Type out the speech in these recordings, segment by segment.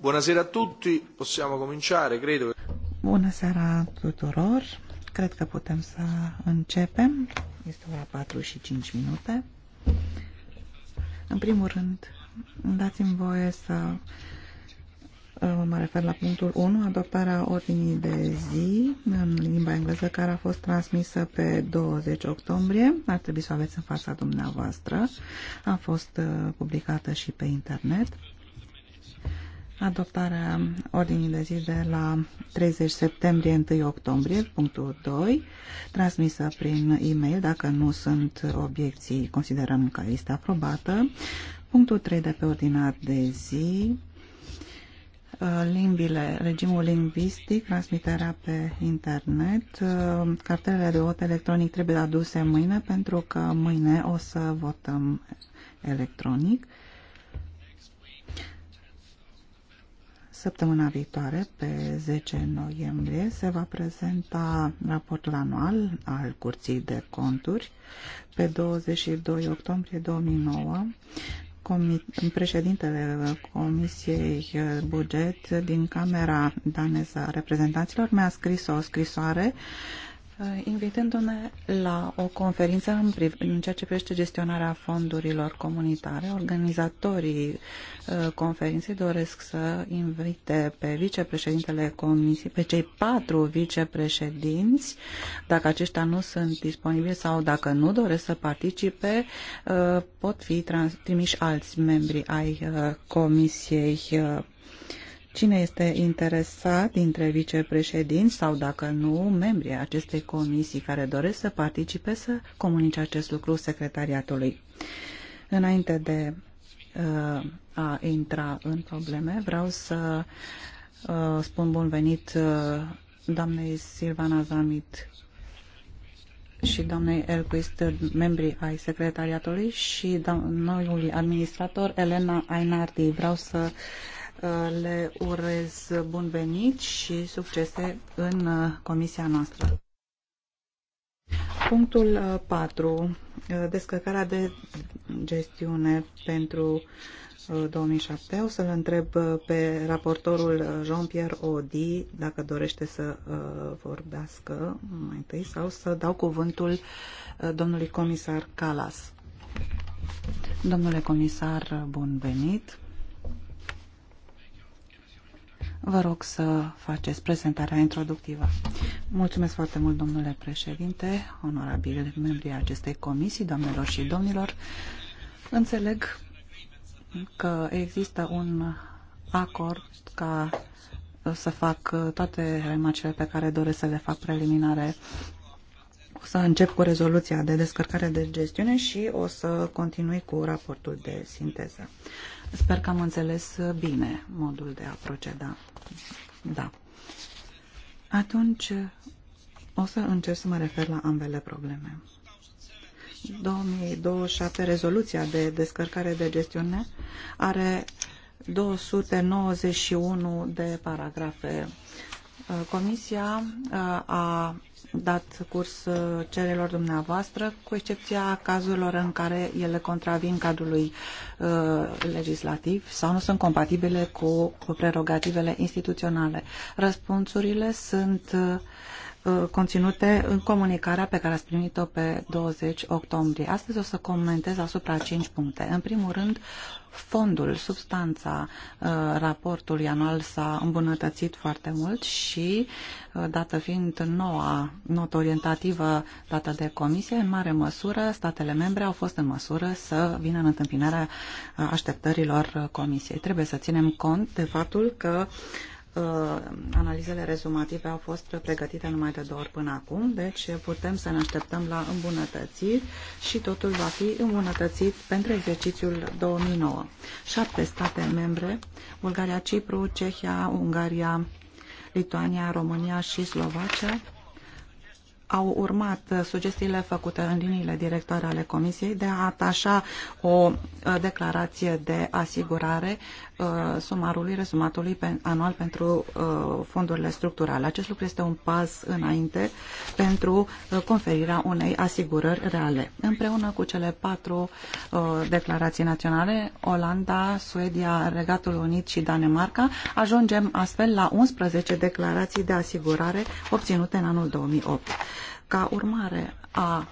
Buonasera a tutti, possiamo cominciare, credo. Bună seara tuturor. Cred că putem să începem. Este ora 4 și 5 minute. În primul rând, dați-mi voie să uh, mă refer la punctul 1, adoptarea ordinii de zi în limba engleză care a fost transmisă pe 20 octombrie. Ar trebui să o aveți în fața dumneavoastră. A fost uh, publicată și pe internet. Adoptarea ordinii de zi de la 30 septembrie, 1 octombrie, punctul 2, transmisă prin e-mail, dacă nu sunt obiecții, considerăm că este aprobată. Punctul 3 de pe ordinea de zi, uh, limbile, regimul lingvistic, transmiterea pe internet. Uh, cartelele de vot electronic trebuie aduse mâine pentru că mâine o să votăm electronic. Săptămâna viitoare, pe 10 noiembrie, se va prezenta raportul anual al Curții de Conturi. Pe 22 octombrie 2009, președintele Comisiei Buget din Camera Daneză a Reprezentanților mi-a scris o scrisoare uh, Uh, invitându-ne la o conferință în, în ceea ce privește gestionarea fondurilor comunitare. Organizatorii uh, conferinței doresc să invite pe vicepreședintele comisiei, pe cei patru vicepreședinți, dacă aceștia nu sunt disponibili sau dacă nu doresc să participe, uh, pot fi trans- trimiși alți membri ai comisiei Cine este interesat dintre vicepreședinți sau, dacă nu, membrii acestei comisii care doresc să participe, să comunice acest lucru secretariatului. Înainte de uh, a intra în probleme, vreau să uh, spun bun venit uh, doamnei Silvana Zamit și doamnei Elquist, membrii ai secretariatului și noiului administrator Elena Ainardi. Vreau să uh, le urez bun venit și succese în uh, comisia noastră. Punctul 4. Uh, uh, descărcarea de gestiune pentru 2007. O să-l întreb pe raportorul Jean-Pierre Odi dacă dorește să vorbească mai întâi sau să dau cuvântul domnului comisar Calas. Domnule comisar, bun venit! Vă rog să faceți prezentarea introductivă. Mulțumesc foarte mult, domnule președinte, onorabili membrii acestei comisii, doamnelor și domnilor. Înțeleg că există un acord ca să fac toate remarcile pe care doresc să le fac preliminare o să încep cu rezoluția de descărcare de gestiune și o să continui cu raportul de sinteză. Sper că am înțeles bine modul de a proceda. Da. Atunci o să încerc să mă refer la ambele probleme. 2027, rezoluția de descărcare de gestiune are 291 de paragrafe. Comisia uh, a dat curs uh, cererilor dumneavoastră, cu excepția cazurilor în care ele contravin cadrului uh, legislativ sau nu sunt compatibile cu prerogativele instituționale. Răspunsurile sunt uh, uh, conținute în comunicarea pe care ați primit-o pe 20 octombrie. Astăzi o să comentez asupra 5 puncte. În primul rând, fondul, substanța uh, raportului anual s-a îmbunătățit foarte mult și, uh, dată fiind noua notă orientativă dată de comisie, în mare măsură statele membre au fost în măsură să vină în întâmpinarea uh, așteptărilor comisiei. Trebuie să ținem cont de faptul că Uh, analizele rezumative au fost pregătite numai de două ori până acum, deci putem să ne așteptăm la îmbunătățiri și totul va fi îmbunătățit pentru exercițiul 2009. Șapte state membre, Bulgaria, Cipru, Cehia, Ungaria, Lituania, România și Slovacia, au urmat sugestiile făcute în liniile directoare ale Comisiei de a atașa o uh, declarație de asigurare uh, sumarului, rezumatului anual pentru uh, fondurile structurale. Acest lucru este un pas înainte pentru conferirea unei asigurări reale. Împreună cu cele patru declarații naționale, Olanda, Suedia, Regatul Unit și Danemarca, ajungem astfel la 11 declarații de asigurare obținute în anul 2008. Ca urmare a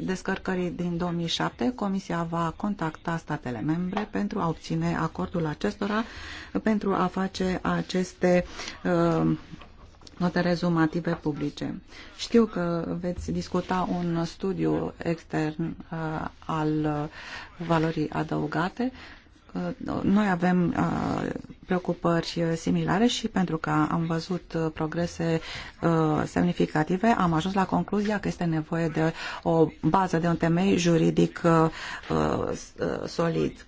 descărcării din 2007, Comisia va contacta statele membre pentru a obține acordul acestora pentru a face aceste note rezumative publice. Știu că veți discuta un studiu extern al valorii adăugate. Uh, noi avem uh, preocupări uh, similare și pentru că am văzut progrese semnificative, am ajuns la concluzia că este nevoie de o bază, de un temei juridic solid.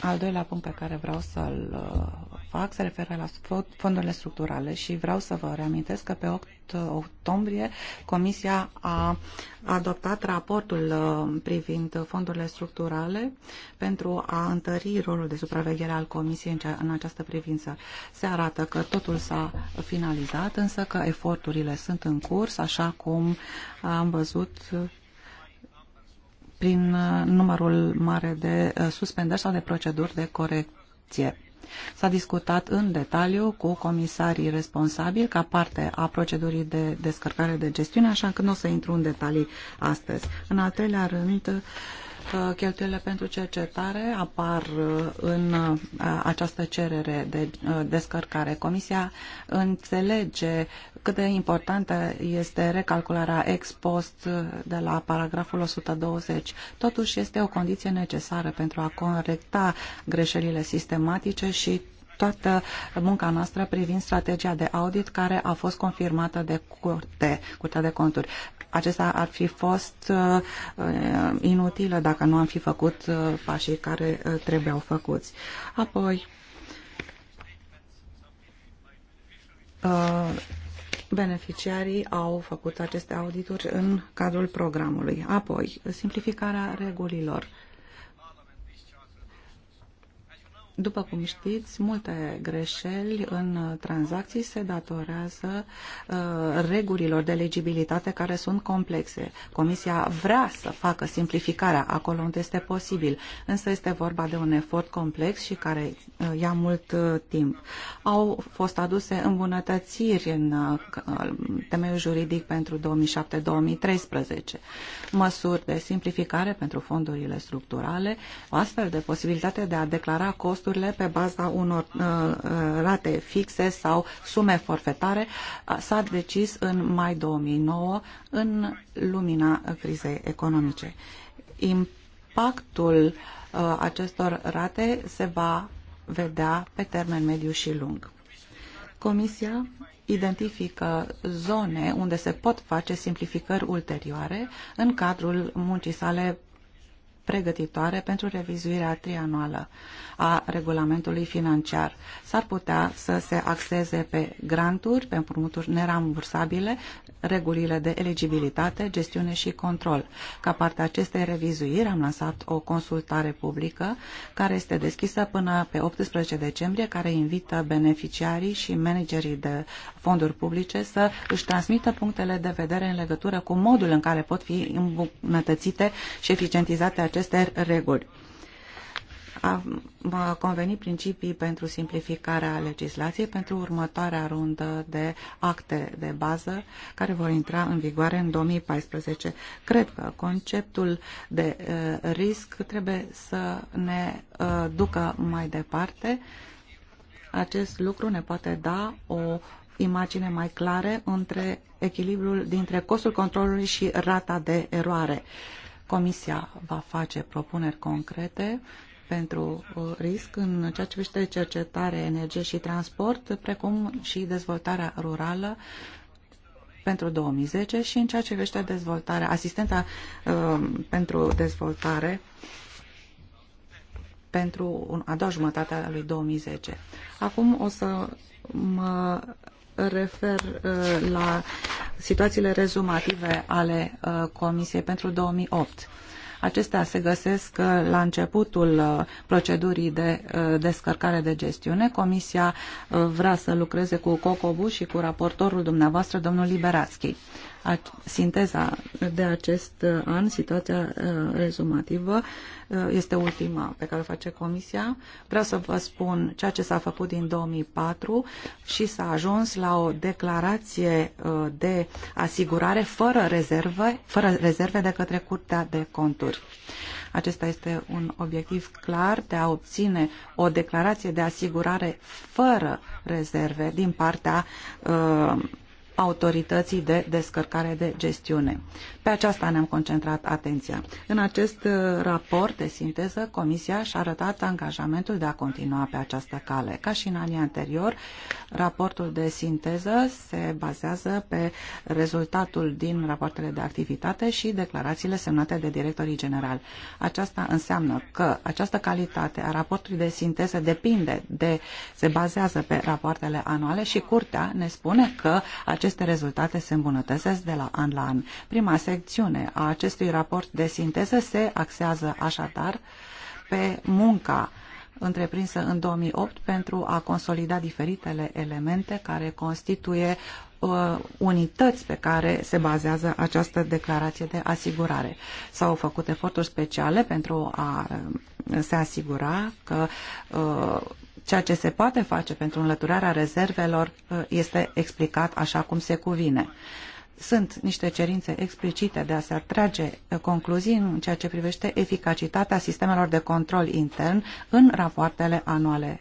Al doilea punct pe care vreau să-l uh, fac se referă la fondurile structurale și vreau să vă reamintesc că pe 8 uh, octombrie Comisia a adoptat raportul uh, privind fondurile structurale pentru a întări rolul de supraveghere al Comisiei în această privință. Se arată că totul s-a finalizat, însă că eforturile sunt în curs, așa cum am văzut prin uh, numărul mare de uh, suspendări sau de proceduri de corecție. S-a discutat în detaliu cu comisarii responsabili ca parte a procedurii de descărcare de gestiune, așa că nu o să intru în detalii astăzi. În al treilea rând, uh, Cheltuielile pentru cercetare apar uh, în uh, această cerere de uh, descărcare. Comisia înțelege cât de importantă este recalcularea ex post de la paragraful 120. Totuși este o condiție necesară pentru a corecta greșelile sistematice și toată munca noastră privind strategia de audit care a fost confirmată de curte, Curtea de Conturi. Acesta ar fi fost uh, inutilă dacă nu am fi făcut uh, pașii care uh, trebuiau făcuți. Apoi, beneficiarii au făcut aceste audituri în cadrul programului. Apoi, simplificarea regulilor După cum știți, multe greșeli în tranzacții se datorează uh, regulilor de legibilitate care sunt complexe. Comisia vrea să facă simplificarea acolo unde este posibil, însă este vorba de un efort complex și care uh, ia mult uh, timp. Au fost aduse îmbunătățiri în uh, uh, temeiul juridic pentru 2007-2013, măsuri de simplificare pentru fondurile structurale, o astfel de posibilitate de a declara costuri costurile pe baza unor uh, uh, rate fixe sau sume forfetare uh, s-a decis în mai 2009 în lumina crizei economice. Impactul acestor rate se va vedea pe termen mediu și lung. Comisia identifică zone unde se pot face simplificări ulterioare în cadrul muncii sale pregătitoare pentru revizuirea trianuală a regulamentului financiar. S-ar putea să se axeze pe granturi, pe împrumuturi nerambursabile, regulile de eligibilitate, gestiune și control. Ca parte a acestei revizuiri am lansat o consultare publică care este deschisă până pe 18 decembrie, care invită beneficiarii și managerii de fonduri publice să își transmită punctele de vedere în legătură cu modul în care pot fi îmbunătățite și eficientizate aceste aceste reguli. Am convenit principii pentru simplificarea legislației pentru următoarea rundă de acte de bază care vor intra în vigoare în 2014. Cred că conceptul de risc trebuie să ne ducă mai departe. Acest lucru ne poate da o imagine mai clare între echilibrul dintre costul controlului și rata de eroare. Uh, Comisia va face propuneri concrete pentru uh, risc în ceea ce privește cercetare, energie și transport, precum și dezvoltarea rurală pentru 2010 și în ceea ce privește dezvoltarea, asistența uh, pentru dezvoltare pentru a doua jumătate a lui 2010. Acum o să mă refer uh, la situațiile rezumative ale uh, Comisiei pentru 2008. Acestea se găsesc uh, la începutul procedurii de descărcare de gestiune. Comisia vrea să lucreze cu COCOBU și cu raportorul dumneavoastră, domnul Liberațchi sinteza de acest uh, an, situația uh, rezumativă, uh, este ultima pe care o face Comisia. Vreau să vă spun ceea ce s-a făcut din 2004 și s-a ajuns la o declarație de asigurare fără rezerve, fără rezerve de către Curtea de Conturi. Acesta este un obiectiv clar de a obține o declarație de asigurare fără rezerve din partea uh, autorității de descărcare de gestiune. Pe aceasta ne-am concentrat atenția. În acest uh, raport de sinteză, Comisia și-a arătat angajamentul de a continua pe această cale. Ca și în anii anterior, raportul de sinteză se bazează pe rezultatul din rapoartele de activitate și declarațiile semnate de directorii generali. Aceasta înseamnă că această calitate a raportului de sinteză depinde de, se bazează pe rapoartele anuale și Curtea ne spune că acest aceste rezultate se îmbunătățesc de la an la an. Prima secțiune a acestui raport de sinteză se axează așadar pe munca întreprinsă în 2008 pentru a consolida diferitele elemente care constituie uh, unități pe care se bazează această declarație de asigurare. S-au făcut eforturi speciale pentru a uh, se asigura că uh, Ceea ce se poate face pentru înlăturarea rezervelor uh, este explicat așa cum se cuvine. Sunt niște cerințe explicite de a se atrage uh, concluzii în ceea ce privește eficacitatea sistemelor de control intern în rapoartele anuale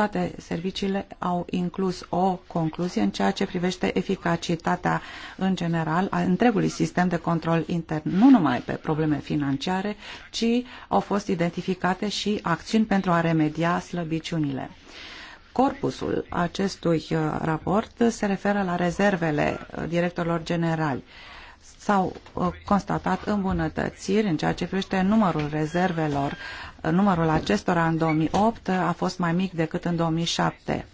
toate serviciile au inclus o concluzie în ceea ce privește eficacitatea în general a întregului sistem de control intern, nu numai pe probleme financiare, ci au fost identificate și acțiuni pentru a remedia slăbiciunile. Corpusul acestui uh, raport se referă la rezervele uh, directorilor generali s-au uh, constatat îmbunătățiri în ceea ce privește numărul rezervelor numărul acestora în 2008 a fost mai mic decât în 2007.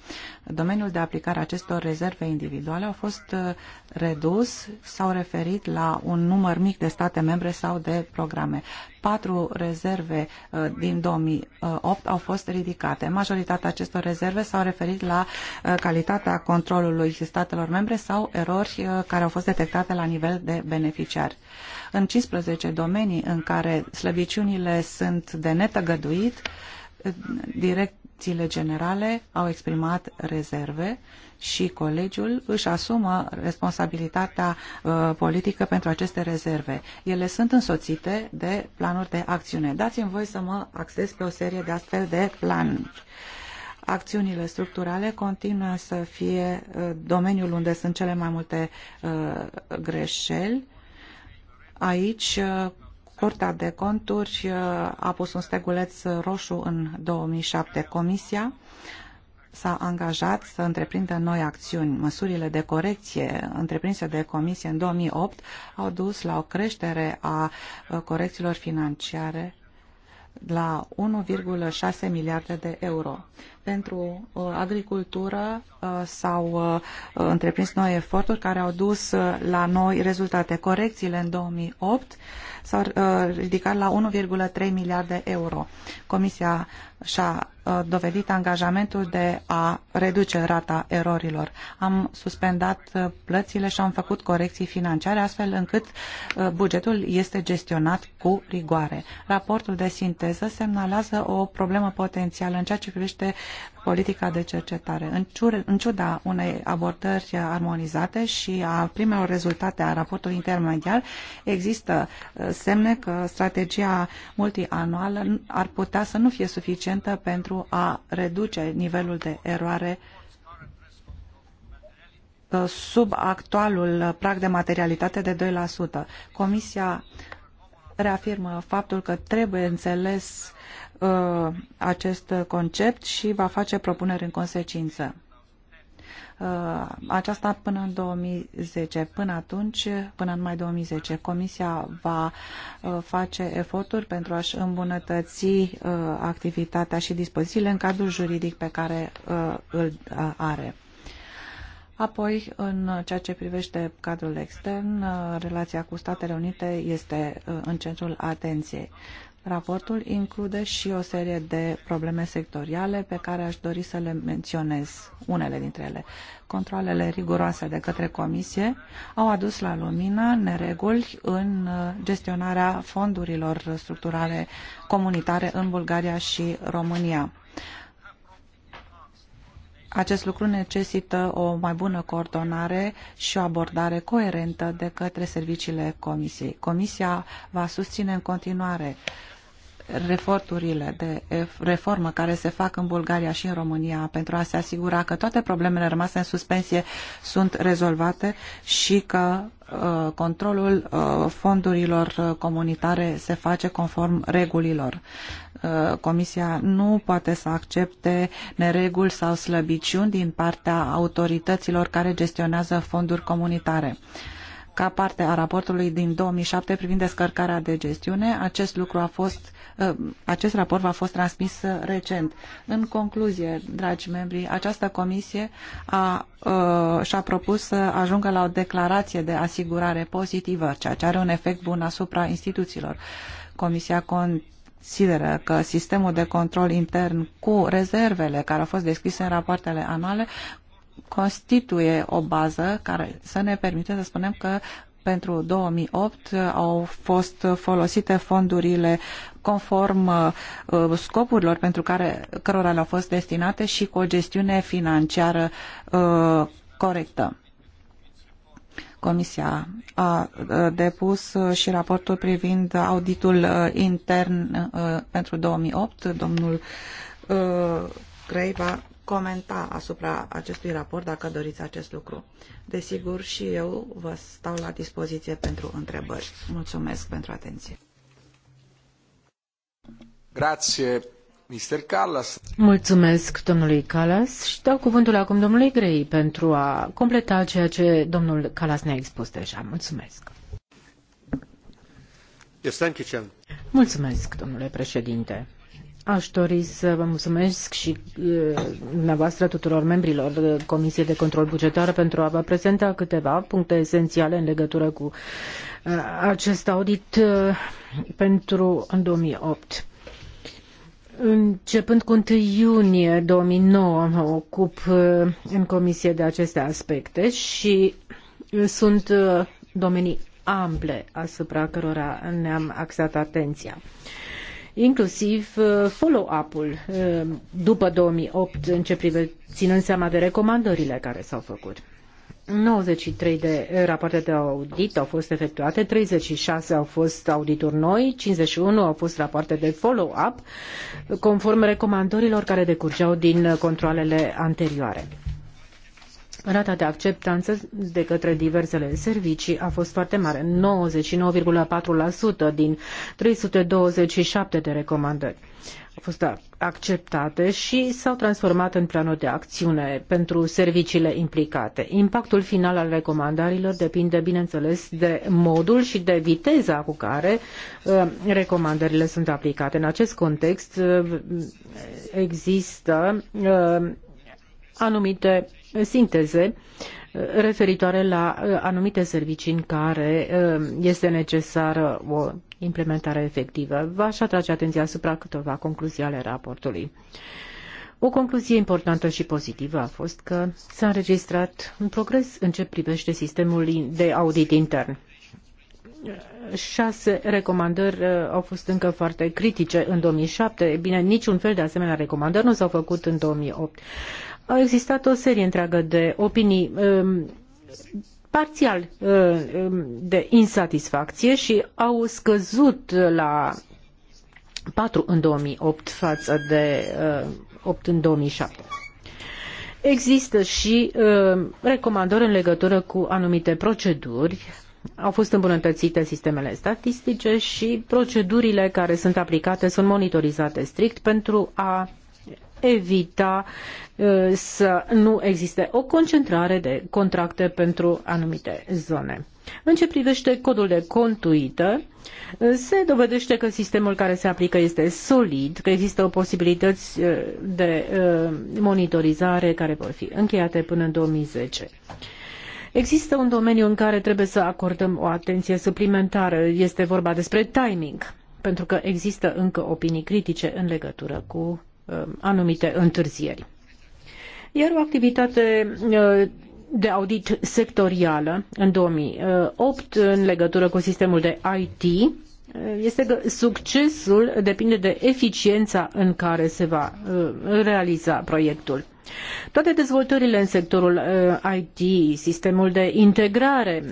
Domeniul de aplicare a acestor rezerve individuale a fost uh, redus, sau referit la un număr mic de state membre sau de programe. Patru rezerve uh, din 2008 au fost ridicate. Majoritatea acestor rezerve s-au referit la uh, calitatea controlului statelor membre sau erori care au fost detectate la nivel de beneficiari. În 15 domenii în care slăbiciunile sunt de netăgăduit, direcțiile generale au exprimat rezerve și colegiul își asumă responsabilitatea uh, politică pentru aceste rezerve. Ele sunt însoțite de planuri de acțiune. Dați-mi voi să mă acces pe o serie de astfel de planuri. Acțiunile structurale continuă să fie uh, domeniul unde sunt cele mai multe uh, greșeli Aici, uh, Curtea de Conturi uh, a pus un steguleț roșu în 2007. Comisia s-a angajat să întreprindă noi acțiuni. Măsurile de corecție întreprinse de Comisie în 2008 au dus la o creștere a uh, corecțiilor financiare la 1,6 miliarde de euro pentru uh, agricultură uh, s-au uh, întreprins noi eforturi care au dus la noi rezultate. Corecțiile în 2008 s-au ridicat la 1,3 miliarde euro. Comisia și-a uh, dovedit angajamentul de a reduce rata erorilor. Am suspendat uh, plățile și am făcut corecții financiare, astfel încât uh, bugetul este gestionat cu rigoare. Raportul de sinteză semnalează o problemă potențială în ceea ce privește politica de cercetare. În ciuda unei abordări armonizate și a primelor rezultate a raportului intermediar, există semne că strategia multianuală ar putea să nu fie suficientă eficientă pentru a reduce nivelul de eroare uh, sub actualul prag de materialitate de 2%. Comisia reafirmă faptul că trebuie înțeles uh, acest concept și va face propuneri în consecință. Uh, aceasta până în 2010. Până atunci, până în mai 2010, Comisia va uh, face eforturi pentru a-și îmbunătăți uh, activitatea și dispozițiile în cadrul juridic pe care îl are. Apoi, în ceea ce privește cadrul extern, relația cu Statele Unite este în centrul atenției. Raportul include și o serie de probleme sectoriale pe care aș dori să le menționez, unele dintre ele. Controlele riguroase de către Comisie au adus la lumină nereguli în uh, gestionarea fondurilor structurale comunitare în Bulgaria și România. Acest lucru necesită o mai bună coordonare și o abordare coerentă de către serviciile Comisiei. Comisia va susține în continuare eforturile de reformă care se fac în Bulgaria și în România pentru a se asigura că toate problemele rămase în suspensie sunt rezolvate și că uh, controlul uh, fondurilor uh, comunitare se face conform regulilor. Uh, Comisia nu poate să accepte nereguli sau slăbiciuni din partea autorităților care gestionează fonduri comunitare ca parte a raportului din 2007 privind descărcarea de gestiune. Acest lucru a fost Uh, acest raport va fost transmis uh, recent. În concluzie, dragi membri, această comisie a, a, uh, și-a propus să ajungă la o declarație de asigurare pozitivă, ceea ce are un efect bun asupra instituțiilor. Comisia con consideră că sistemul de control intern cu rezervele care au fost descrise în rapoartele anuale constituie o bază care să ne permite să spunem că pentru 2008 au fost folosite fondurile conform uh, scopurilor pentru care cărora le-au fost destinate și cu o gestiune financiară uh, corectă. Comisia a uh, depus și raportul privind auditul intern pentru 2008. Domnul Grei va comenta asupra acestui raport dacă doriți acest lucru. Desigur, și eu vă stau la dispoziție pentru întrebări. Mulțumesc pentru atenție. Grazie, Mr. Callas. Mulțumesc domnului Callas și dau cuvântul acum domnului Grei pentru a completa ceea ce domnul Callas ne-a expus deja. Mulțumesc. Yes, thank you, Mulțumesc, domnule președinte. Aș dori să vă mulțumesc și dumneavoastră tuturor membrilor Comisiei de Control Bugetar pentru a vă prezenta câteva puncte esențiale în legătură cu acest audit pentru 2008. Începând cu 1 iunie 2009 mă ocup în comisie de aceste aspecte și sunt domenii ample asupra cărora ne-am axat atenția. Uh, inclusiv uh, follow-up-ul uh, după 2008 în ce privește ținând seama de recomandările care s-au făcut. 93 de rapoarte de audit au fost efectuate, 36 au fost audituri noi, 51 au fost rapoarte de follow-up, conform recomandărilor care decurgeau din controlele anterioare. Rata de acceptanță de către diversele servicii a fost foarte mare, 99,4% din 327 de recomandări au fost acceptate și s-au transformat în planuri de acțiune pentru serviciile implicate. Impactul final al recomandărilor depinde, bineînțeles, de modul și de viteza cu care uh, recomandările sunt aplicate. În acest context uh, există uh, anumite sinteze uh, referitoare la uh, anumite servicii în care uh, este necesară o implementare efectivă. V-aș atrage atenția asupra câteva concluzii ale raportului. O concluzie importantă și pozitivă a fost că s-a înregistrat un progres în ce privește sistemul de audit intern. Șase recomandări au fost încă foarte critice în 2007. bine, niciun fel de asemenea recomandări nu s-au făcut în 2008. Au existat o serie întreagă de opinii um, parțial uh, um, de insatisfacție și au scăzut la 4 în 2008 față de uh, 8 în 2007. Există și uh, recomandări în legătură cu anumite proceduri. Au fost îmbunătățite sistemele statistice și procedurile care sunt aplicate sunt monitorizate strict pentru a evita uh, să nu existe o concentrare de contracte pentru anumite zone. În ce privește codul de contuită, uh, se dovedește că sistemul care se aplică este solid, că există o posibilități uh, de monitorizare care vor fi încheiate până în 2010. Există un domeniu în care trebuie să acordăm o atenție suplimentară, este vorba despre timing, pentru că există încă opinii critice în legătură cu Uh, anumite întârzieri. Iar o activitate uh, de audit sectorială în 2008 în legătură cu sistemul de IT uh, este că succesul depinde de eficiența în care se va realiza proiectul. Toate dezvoltările în sectorul IT, sistemul de integrare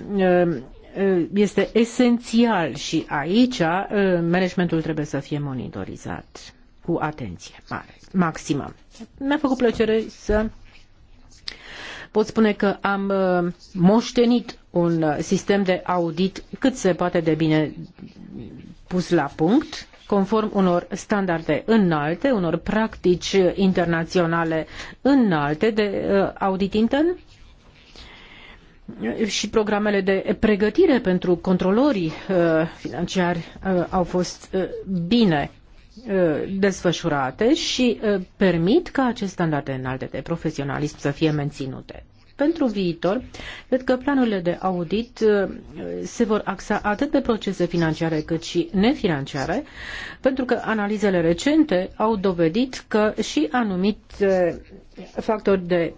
este esențial și aici managementul trebuie să fie monitorizat cu atenție mare, maximă. Mi-a făcut plăcere să pot spune că am uh, moștenit un uh, sistem de audit cât se poate de bine pus la punct, conform unor standarde înalte, unor practici internaționale înalte de uh, audit intern și programele de pregătire pentru controlorii financiari au fost bine Uh, desfășurate și uh, permit ca aceste standarde înalte de profesionalism să fie menținute. Pentru viitor, cred că planurile de audit uh, se vor axa atât pe procese financiare cât și nefinanciare, pentru că analizele recente au dovedit că și anumite factori de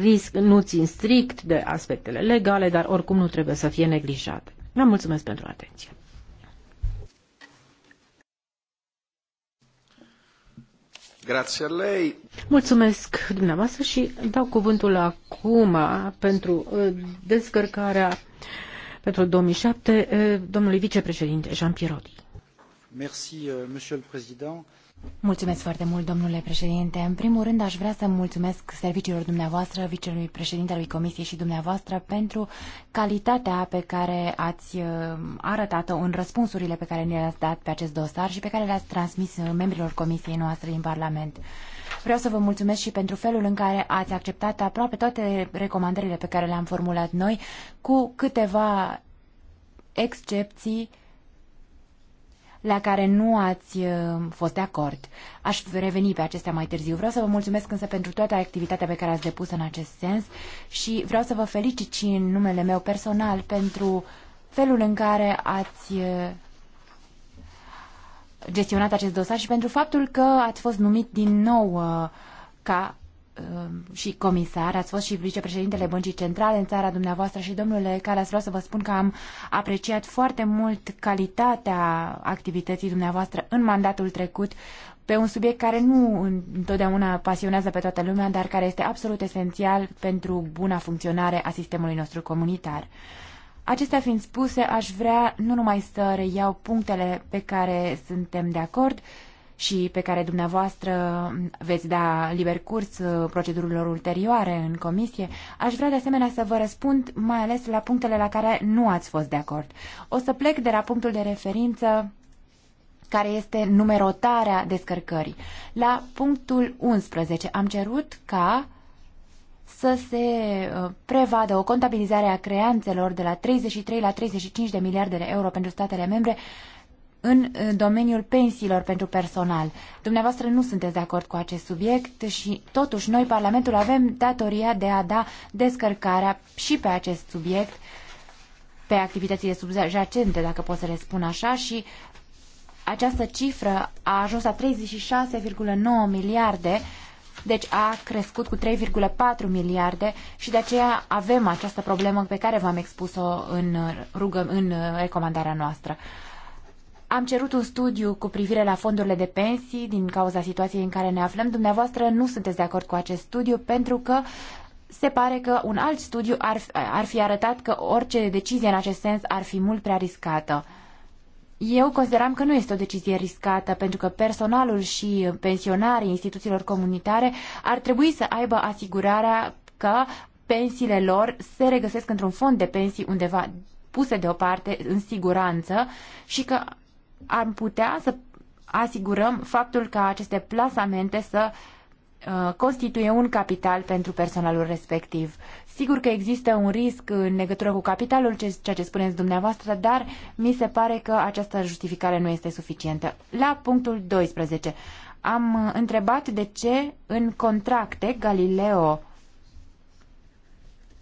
risc nu țin strict de aspectele legale, dar oricum nu trebuie să fie neglijate. Vă mulțumesc pentru atenție. Grazie a lei. Mulțumesc dumneavoastră și dau cuvântul acum pentru uh, descărcarea pentru 2007 uh, domnului vicepreședinte Jean Pierodi. Merci, uh, monsieur le président. Mulțumesc foarte mult, domnule președinte. În primul rând, aș vrea să mulțumesc serviciilor dumneavoastră, vicelui președintelui Comisiei și dumneavoastră pentru calitatea pe care ați uh, arătat-o în răspunsurile pe care le-ați dat pe acest dosar și pe care le-ați transmis uh, membrilor Comisiei noastre din Parlament. Vreau să vă mulțumesc și pentru felul în care ați acceptat aproape toate recomandările pe care le-am formulat noi, cu câteva excepții la care nu ați uh, fost de acord. Aș reveni pe acestea mai târziu. Vreau să vă mulțumesc însă pentru toată activitatea pe care ați depus în acest sens și vreau să vă felicit și în numele meu personal pentru felul în care ați uh, gestionat acest dosar și pentru faptul că ați fost numit din nou uh, ca Um, și comisar, ați fost și vicepreședintele Băncii Centrale în țara dumneavoastră și domnule care ați vrea să vă spun că am apreciat foarte mult calitatea activității dumneavoastră în mandatul trecut pe un subiect care nu întotdeauna pasionează pe toată lumea, dar care este absolut esențial pentru buna funcționare a sistemului nostru comunitar. Acestea fiind spuse, aș vrea nu numai să reiau punctele pe care suntem de acord, și pe care dumneavoastră veți da liber curs uh, procedurilor ulterioare în comisie, aș vrea de asemenea să vă răspund mai ales la punctele la care nu ați fost de acord. O să plec de la punctul de referință care este numerotarea descărcării. La punctul 11 am cerut ca să se uh, prevadă o contabilizare a creanțelor de la 33 la 35 de miliarde de euro pentru statele membre în uh, domeniul pensiilor pentru personal. Dumneavoastră nu sunteți de acord cu acest subiect și totuși noi, Parlamentul, avem datoria de a da descărcarea și pe acest subiect, pe activitățile subjacente, dacă pot să le spun așa, și această cifră a ajuns la 36,9 miliarde, deci a crescut cu 3,4 miliarde și de aceea avem această problemă pe care v-am expus-o în, rugă, în uh, recomandarea noastră. Am cerut un studiu cu privire la fondurile de pensii din cauza situației în care ne aflăm. Dumneavoastră nu sunteți de acord cu acest studiu pentru că se pare că un alt studiu ar, ar fi arătat că orice decizie în acest sens ar fi mult prea riscată. Eu consideram că nu este o decizie riscată, pentru că personalul și pensionarii instituțiilor comunitare ar trebui să aibă asigurarea că pensiile lor se regăsesc într-un fond de pensii undeva puse deoparte în siguranță și că am putea să asigurăm faptul ca aceste plasamente să uh, constituie un capital pentru personalul respectiv. Sigur că există un risc în legătură cu capitalul, ceea ce spuneți dumneavoastră, dar mi se pare că această justificare nu este suficientă. La punctul 12 am uh, întrebat de ce în contracte Galileo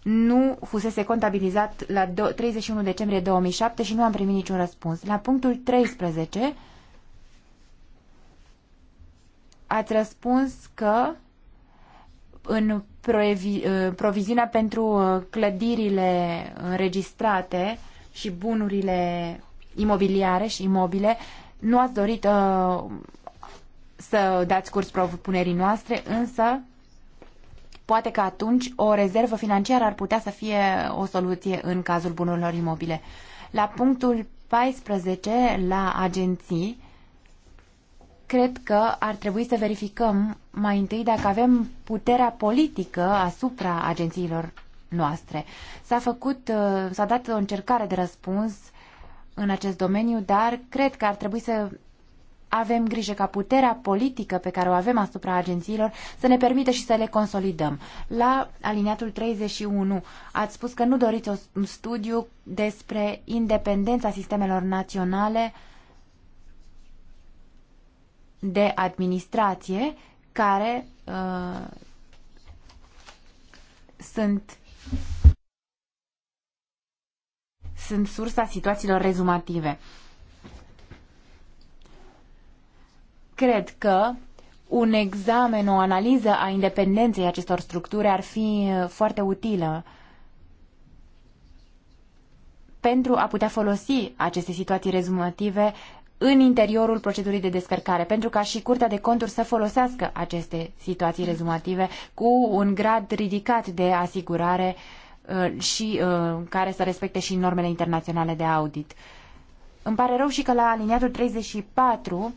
nu fusese contabilizat la 31 decembrie 2007 și nu am primit niciun răspuns. La punctul 13 ați răspuns că în proviziunea pentru uh, clădirile înregistrate și bunurile imobiliare și imobile, nu ați dorit uh, să dați curs propunerii noastre, însă poate că atunci o rezervă financiară ar putea să fie o soluție în cazul bunurilor imobile. La punctul 14, la agenții, cred că ar trebui să verificăm mai întâi dacă avem puterea politică asupra agențiilor noastre. S-a făcut, uh, s-a dat o încercare de răspuns în acest domeniu, dar cred că ar trebui să avem grijă ca puterea politică pe care o avem asupra agențiilor să ne permită și să le consolidăm. La aliniatul 31 ați spus că nu doriți un studiu despre independența sistemelor naționale de administrație care uh, sunt sunt sursa situațiilor rezumative. Uh, Cred că un examen, o analiză a independenței acestor structuri ar fi uh, foarte utilă pentru a putea folosi aceste situații rezumative în interiorul procedurii de descărcare, pentru ca și Curtea de Conturi să folosească aceste situații rezumative cu un grad ridicat de asigurare uh, și uh, care să respecte și normele internaționale de audit. Îmi pare rău și că la aliniatul 34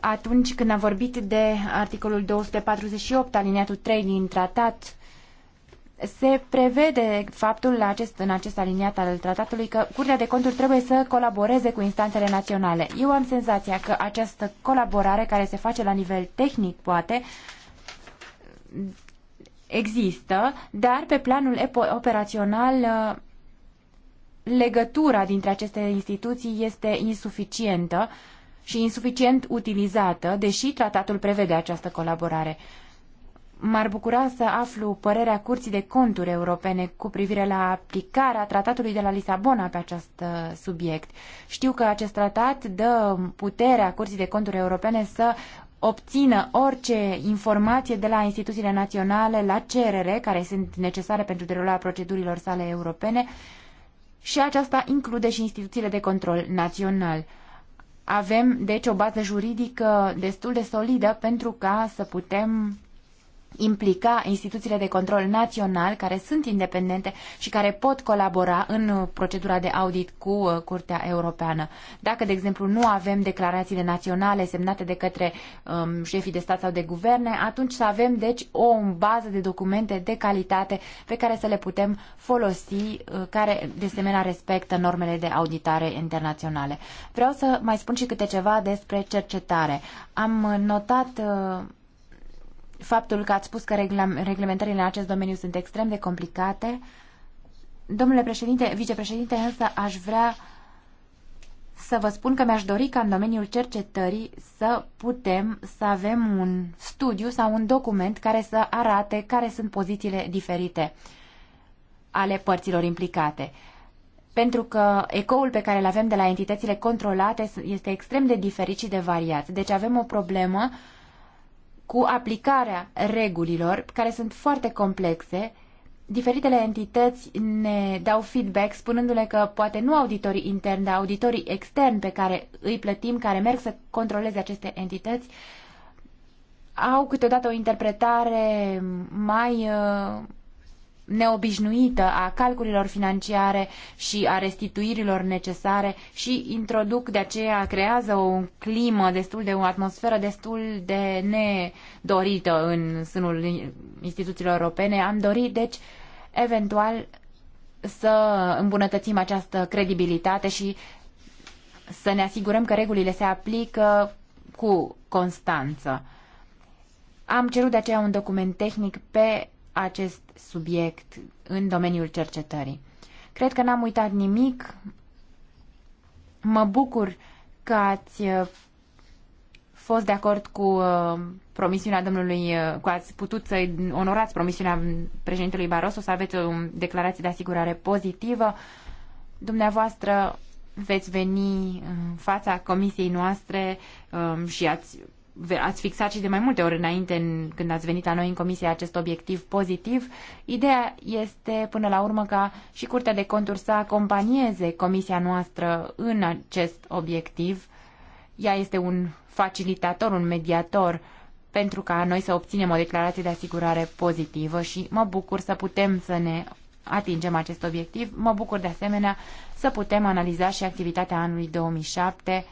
atunci când am vorbit de articolul 248, aliniatul 3 din tratat, se prevede faptul la acest, în acest aliniat al tratatului că Curtea de Conturi trebuie să colaboreze cu instanțele naționale. Eu am senzația că această colaborare care se face la nivel tehnic, poate, există, dar pe planul operațional legătura dintre aceste instituții este insuficientă și insuficient utilizată, deși tratatul prevede această colaborare. M-ar bucura să aflu părerea Curții de Conturi Europene cu privire la aplicarea tratatului de la Lisabona pe acest uh, subiect. Știu că acest tratat dă puterea Curții de Conturi Europene să obțină orice informație de la instituțiile naționale la cerere care sunt necesare pentru derularea procedurilor sale europene și aceasta include și instituțiile de control național. Avem, deci, o bază juridică destul de solidă pentru ca să putem implica instituțiile de control național care sunt independente și care pot colabora în uh, procedura de audit cu uh, Curtea Europeană. Dacă, de exemplu, nu avem declarațiile naționale semnate de către um, șefii de stat sau de guverne, atunci să avem, deci, o bază de documente de calitate pe care să le putem folosi, uh, care, de asemenea, respectă normele de auditare internaționale. Vreau să mai spun și câte ceva despre cercetare. Am notat uh, faptul că ați spus că reglementările în acest domeniu sunt extrem de complicate. Domnule președinte, vicepreședinte, însă aș vrea să vă spun că mi-aș dori ca în domeniul cercetării să putem să avem un studiu sau un document care să arate care sunt pozițiile diferite ale părților implicate. Pentru că ecoul pe care îl avem de la entitățile controlate este extrem de diferit și de variat. Deci avem o problemă uh, cu aplicarea regulilor, care sunt foarte complexe, diferitele entități ne dau feedback spunându-le că poate nu auditorii interni, dar auditorii externi pe care îi plătim, care merg să controleze aceste entități, au câteodată o interpretare mai uh, neobișnuită a calculilor financiare și a restituirilor necesare și introduc de aceea, creează o climă destul de, o atmosferă destul de nedorită în sânul instituțiilor europene. Am dorit, deci, eventual să îmbunătățim această credibilitate și să ne asigurăm că regulile se aplică cu constanță. Am cerut de aceea un document tehnic pe acest subiect în domeniul cercetării. Cred că n-am uitat nimic. Mă bucur că ați uh, fost de acord cu uh, promisiunea domnului, uh, că ați putut să onorați promisiunea președintelui Barroso, să aveți o declarație de asigurare pozitivă. Dumneavoastră veți veni în fața comisiei noastre um, și ați ați fixat și de mai multe ori înainte în, când ați venit la noi în comisie acest obiectiv pozitiv. Ideea este până la urmă ca și Curtea de Conturi să acompanieze comisia noastră în acest obiectiv. Ea este un facilitator, un mediator pentru ca noi să obținem o declarație de asigurare pozitivă și mă bucur să putem să ne atingem acest obiectiv. Mă bucur de asemenea să putem analiza și activitatea anului 2007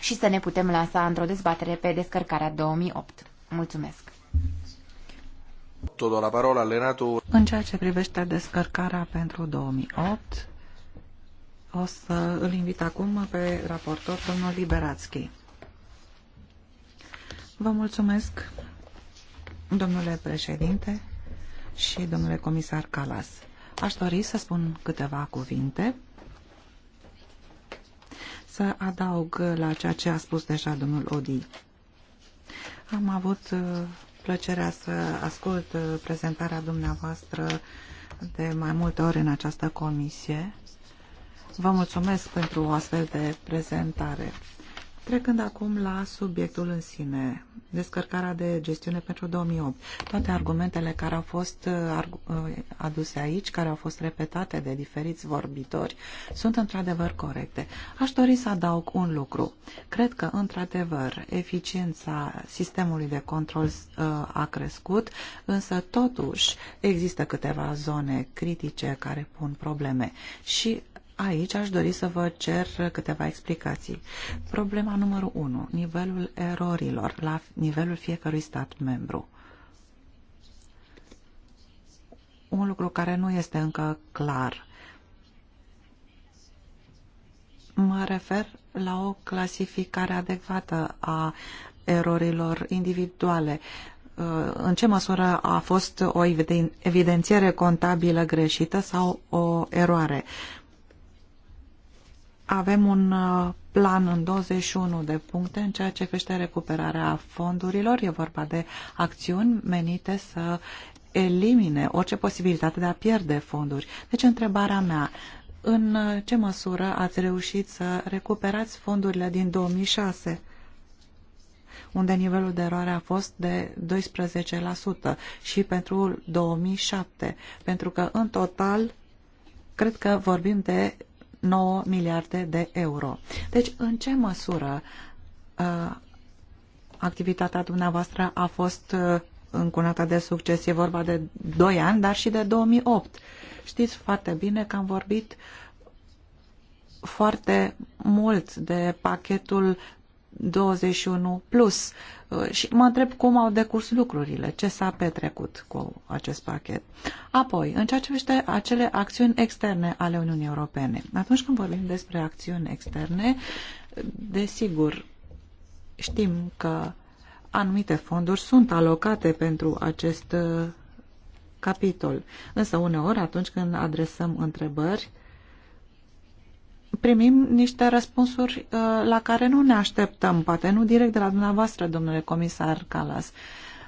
și să ne putem lansa într-o dezbatere pe descărcarea 2008. Mulțumesc! La parola, Lenato. În ceea ce privește descărcarea pentru 2008, o să îl invit acum pe raportor, domnul Liberațchi. Vă mulțumesc, domnule președinte și domnule comisar Calas. Aș dori să spun câteva cuvinte să adaug la ceea ce a spus deja domnul Odi. Am avut uh, plăcerea să ascult uh, prezentarea dumneavoastră de mai multe ori în această comisie. Vă mulțumesc pentru o astfel de prezentare. Trecând acum la subiectul în sine, descărcarea de gestiune pentru 2008. Toate argumentele care au fost uh, uh, aduse aici, care au fost repetate de diferiți vorbitori, sunt într-adevăr corecte. Aș dori să adaug un lucru. Cred că, într-adevăr, eficiența sistemului de control uh, a crescut, însă, totuși, există câteva zone critice care pun probleme și Aici aș dori să vă cer câteva explicații. Problema numărul 1, nivelul erorilor la nivelul fiecărui stat membru. Un lucru care nu este încă clar. Mă refer la o clasificare adecvată a erorilor individuale. Uh, în ce măsură a fost o evidențiere contabilă greșită sau o eroare? Avem un uh, plan în 21 de puncte în ceea ce crește recuperarea fondurilor. E vorba de acțiuni menite să elimine orice posibilitate de a pierde fonduri. Deci întrebarea mea, în uh, ce măsură ați reușit să recuperați fondurile din 2006? unde nivelul de eroare a fost de 12% și pentru 2007, pentru că în total cred că vorbim de 9 miliarde de euro. Deci, în ce măsură uh, activitatea dumneavoastră a fost uh, încunată de succes? E vorba de 2 ani, dar și de 2008. Știți foarte bine că am vorbit foarte mult de pachetul 21 plus uh, și mă întreb cum au decurs lucrurile, ce s-a petrecut cu acest pachet. Apoi, în ceea ce vește acele acțiuni externe ale Uniunii Europene, atunci când vorbim despre acțiuni externe, desigur, știm că anumite fonduri sunt alocate pentru acest uh, capitol. Însă uneori, atunci când adresăm întrebări, primim niște răspunsuri uh, la care nu ne așteptăm, poate nu direct de la dumneavoastră, domnule comisar Calas,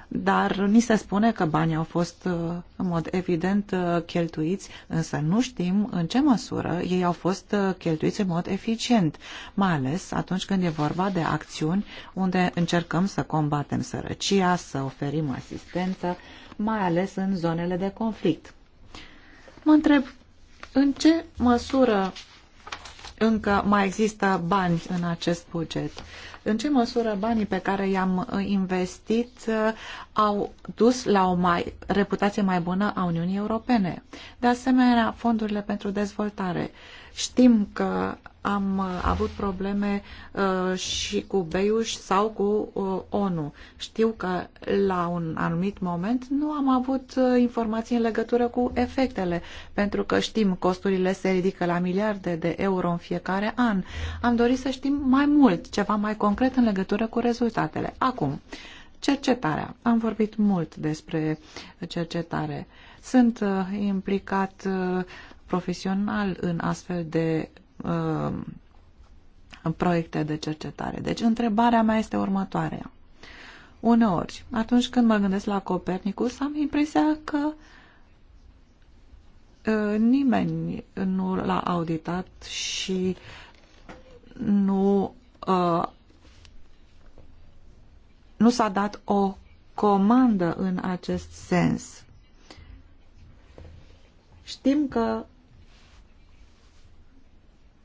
dar ni se spune că banii au fost uh, în mod evident uh, cheltuiți, însă nu știm în ce măsură ei au fost cheltuiți în mod eficient, mai ales atunci când e vorba de acțiuni unde încercăm să combatem sărăcia, să oferim asistență, mai ales în zonele de conflict. Mă întreb în ce măsură încă mai există bani în acest buget. În ce măsură banii pe care i-am uh, investit uh, au dus la o mai, reputație mai bună a Uniunii Europene? De asemenea, fondurile pentru dezvoltare. Știm că am uh, avut probleme uh, și cu Beiuș sau cu uh, ONU. Știu că la un anumit moment nu am avut informații în legătură cu efectele, pentru că știm costurile se ridică la miliarde de euro în fiecare an. Am dorit să știm mai mult, ceva mai concret în legătură cu rezultatele. Acum, cercetarea. Am vorbit mult despre cercetare. Sunt implicat profesional în astfel de Uh, proiecte de cercetare. Deci, întrebarea mea este următoarea. Uneori, atunci când mă gândesc la Copernicus, am impresia că uh, nimeni nu l-a auditat și nu uh, nu s-a dat o comandă în acest sens. Știm că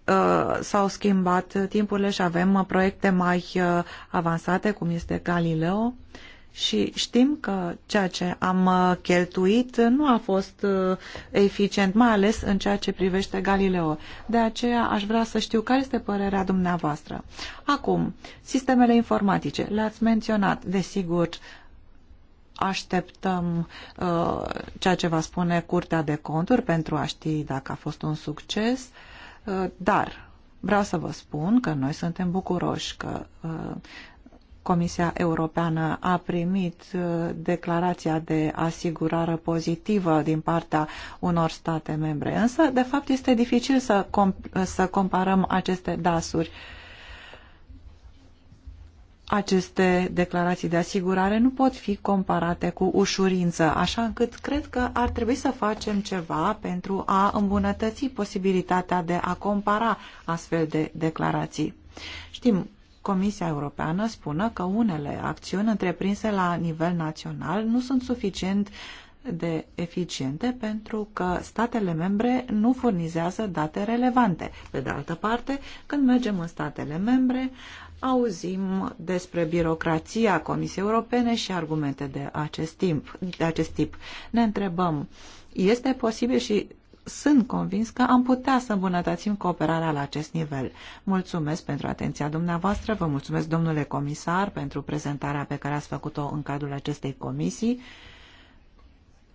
Uh, s-au schimbat timpurile și avem uh, proiecte mai uh, avansate, cum este Galileo, și știm că ceea ce am cheltuit nu a fost eficient, mai ales în ceea ce privește Galileo. De aceea aș vrea să știu care este părerea dumneavoastră. Acum, sistemele informatice, le-ați menționat, desigur, așteptăm uh, ceea ce va spune Curtea de Conturi pentru a ști dacă a fost un succes. Uh, Uh, dar vreau să vă spun că noi suntem bucuroși că uh, Comisia Europeană a primit uh, declarația de asigurare pozitivă din partea unor state membre. Însă, de fapt, este dificil să, comp să comparăm aceste dasuri uh, aceste declarații de asigurare nu pot fi comparate cu ușurință, așa încât cred că ar trebui să facem ceva pentru a îmbunătăți posibilitatea de a compara astfel de declarații. Știm, Comisia Europeană spune că unele acțiuni întreprinse la nivel național nu sunt suficient de eficiente pentru că statele membre nu furnizează date relevante. Pe de altă parte, când mergem în statele membre, auzim despre birocrația Comisiei Europene și argumente de acest, timp, de acest tip. Ne întrebăm, este posibil și sunt convins că am putea să îmbunătățim cooperarea la acest nivel. Mulțumesc pentru atenția dumneavoastră, vă mulțumesc domnule comisar pentru prezentarea pe care ați făcut-o în cadrul acestei comisii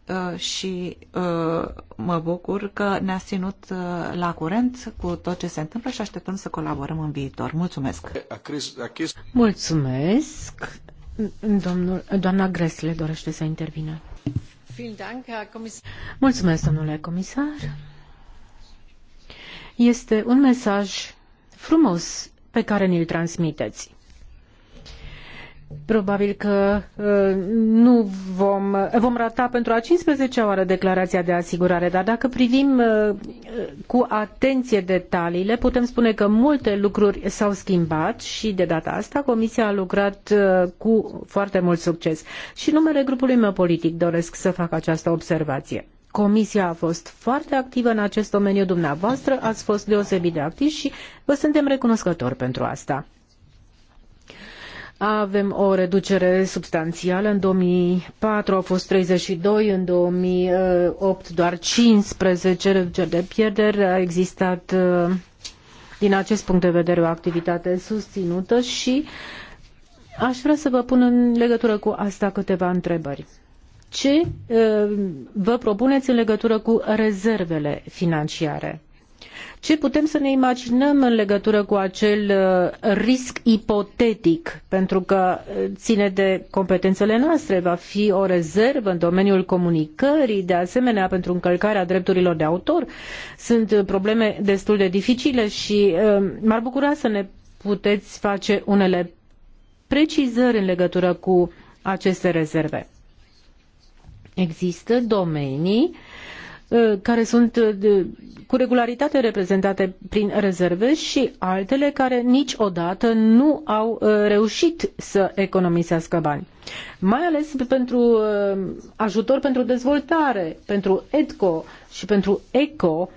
Uh, și uh, mă bucur că ne a ținut uh, la curent cu tot ce se întâmplă și așteptăm să colaborăm în viitor. Mulțumesc! Mulțumesc! Domnul, doamna Gresle dorește să intervină. Mulțumesc, domnule comisar. Este un mesaj frumos pe care ni-l transmiteți. Probabil că uh, nu vom, uh, vom rata pentru a 15-a oară declarația de asigurare, dar dacă privim uh, cu atenție detaliile, putem spune că multe lucruri s-au schimbat și de data asta Comisia a lucrat cu foarte mult succes. Și numele grupului meu politic doresc să fac această observație. Comisia a fost foarte activă în acest domeniu dumneavoastră, ați fost deosebit de activi și vă suntem recunoscători pentru asta. Avem o reducere substanțială. În 2004 au fost 32, în 2008 doar 15 reduceri de pierderi. A existat uh, din acest punct de vedere o activitate susținută și aș vrea să vă pun în legătură cu asta câteva întrebări. Ce uh, vă propuneți în legătură cu rezervele financiare? Ce putem să ne imaginăm în legătură cu acel uh, risc ipotetic? Pentru că uh, ține de competențele noastre, va fi o rezervă în domeniul comunicării, de asemenea pentru încălcarea drepturilor de autor. Sunt uh, probleme destul de dificile și m-ar bucura să ne puteți face unele precizări în legătură cu aceste rezerve. Există domenii Uh, care sunt uh, cu regularitate reprezentate prin rezerve și altele care niciodată nu au uh, reușit să economisească bani. Mai ales pentru ajutor pentru dezvoltare, pentru EDCO și pentru ECO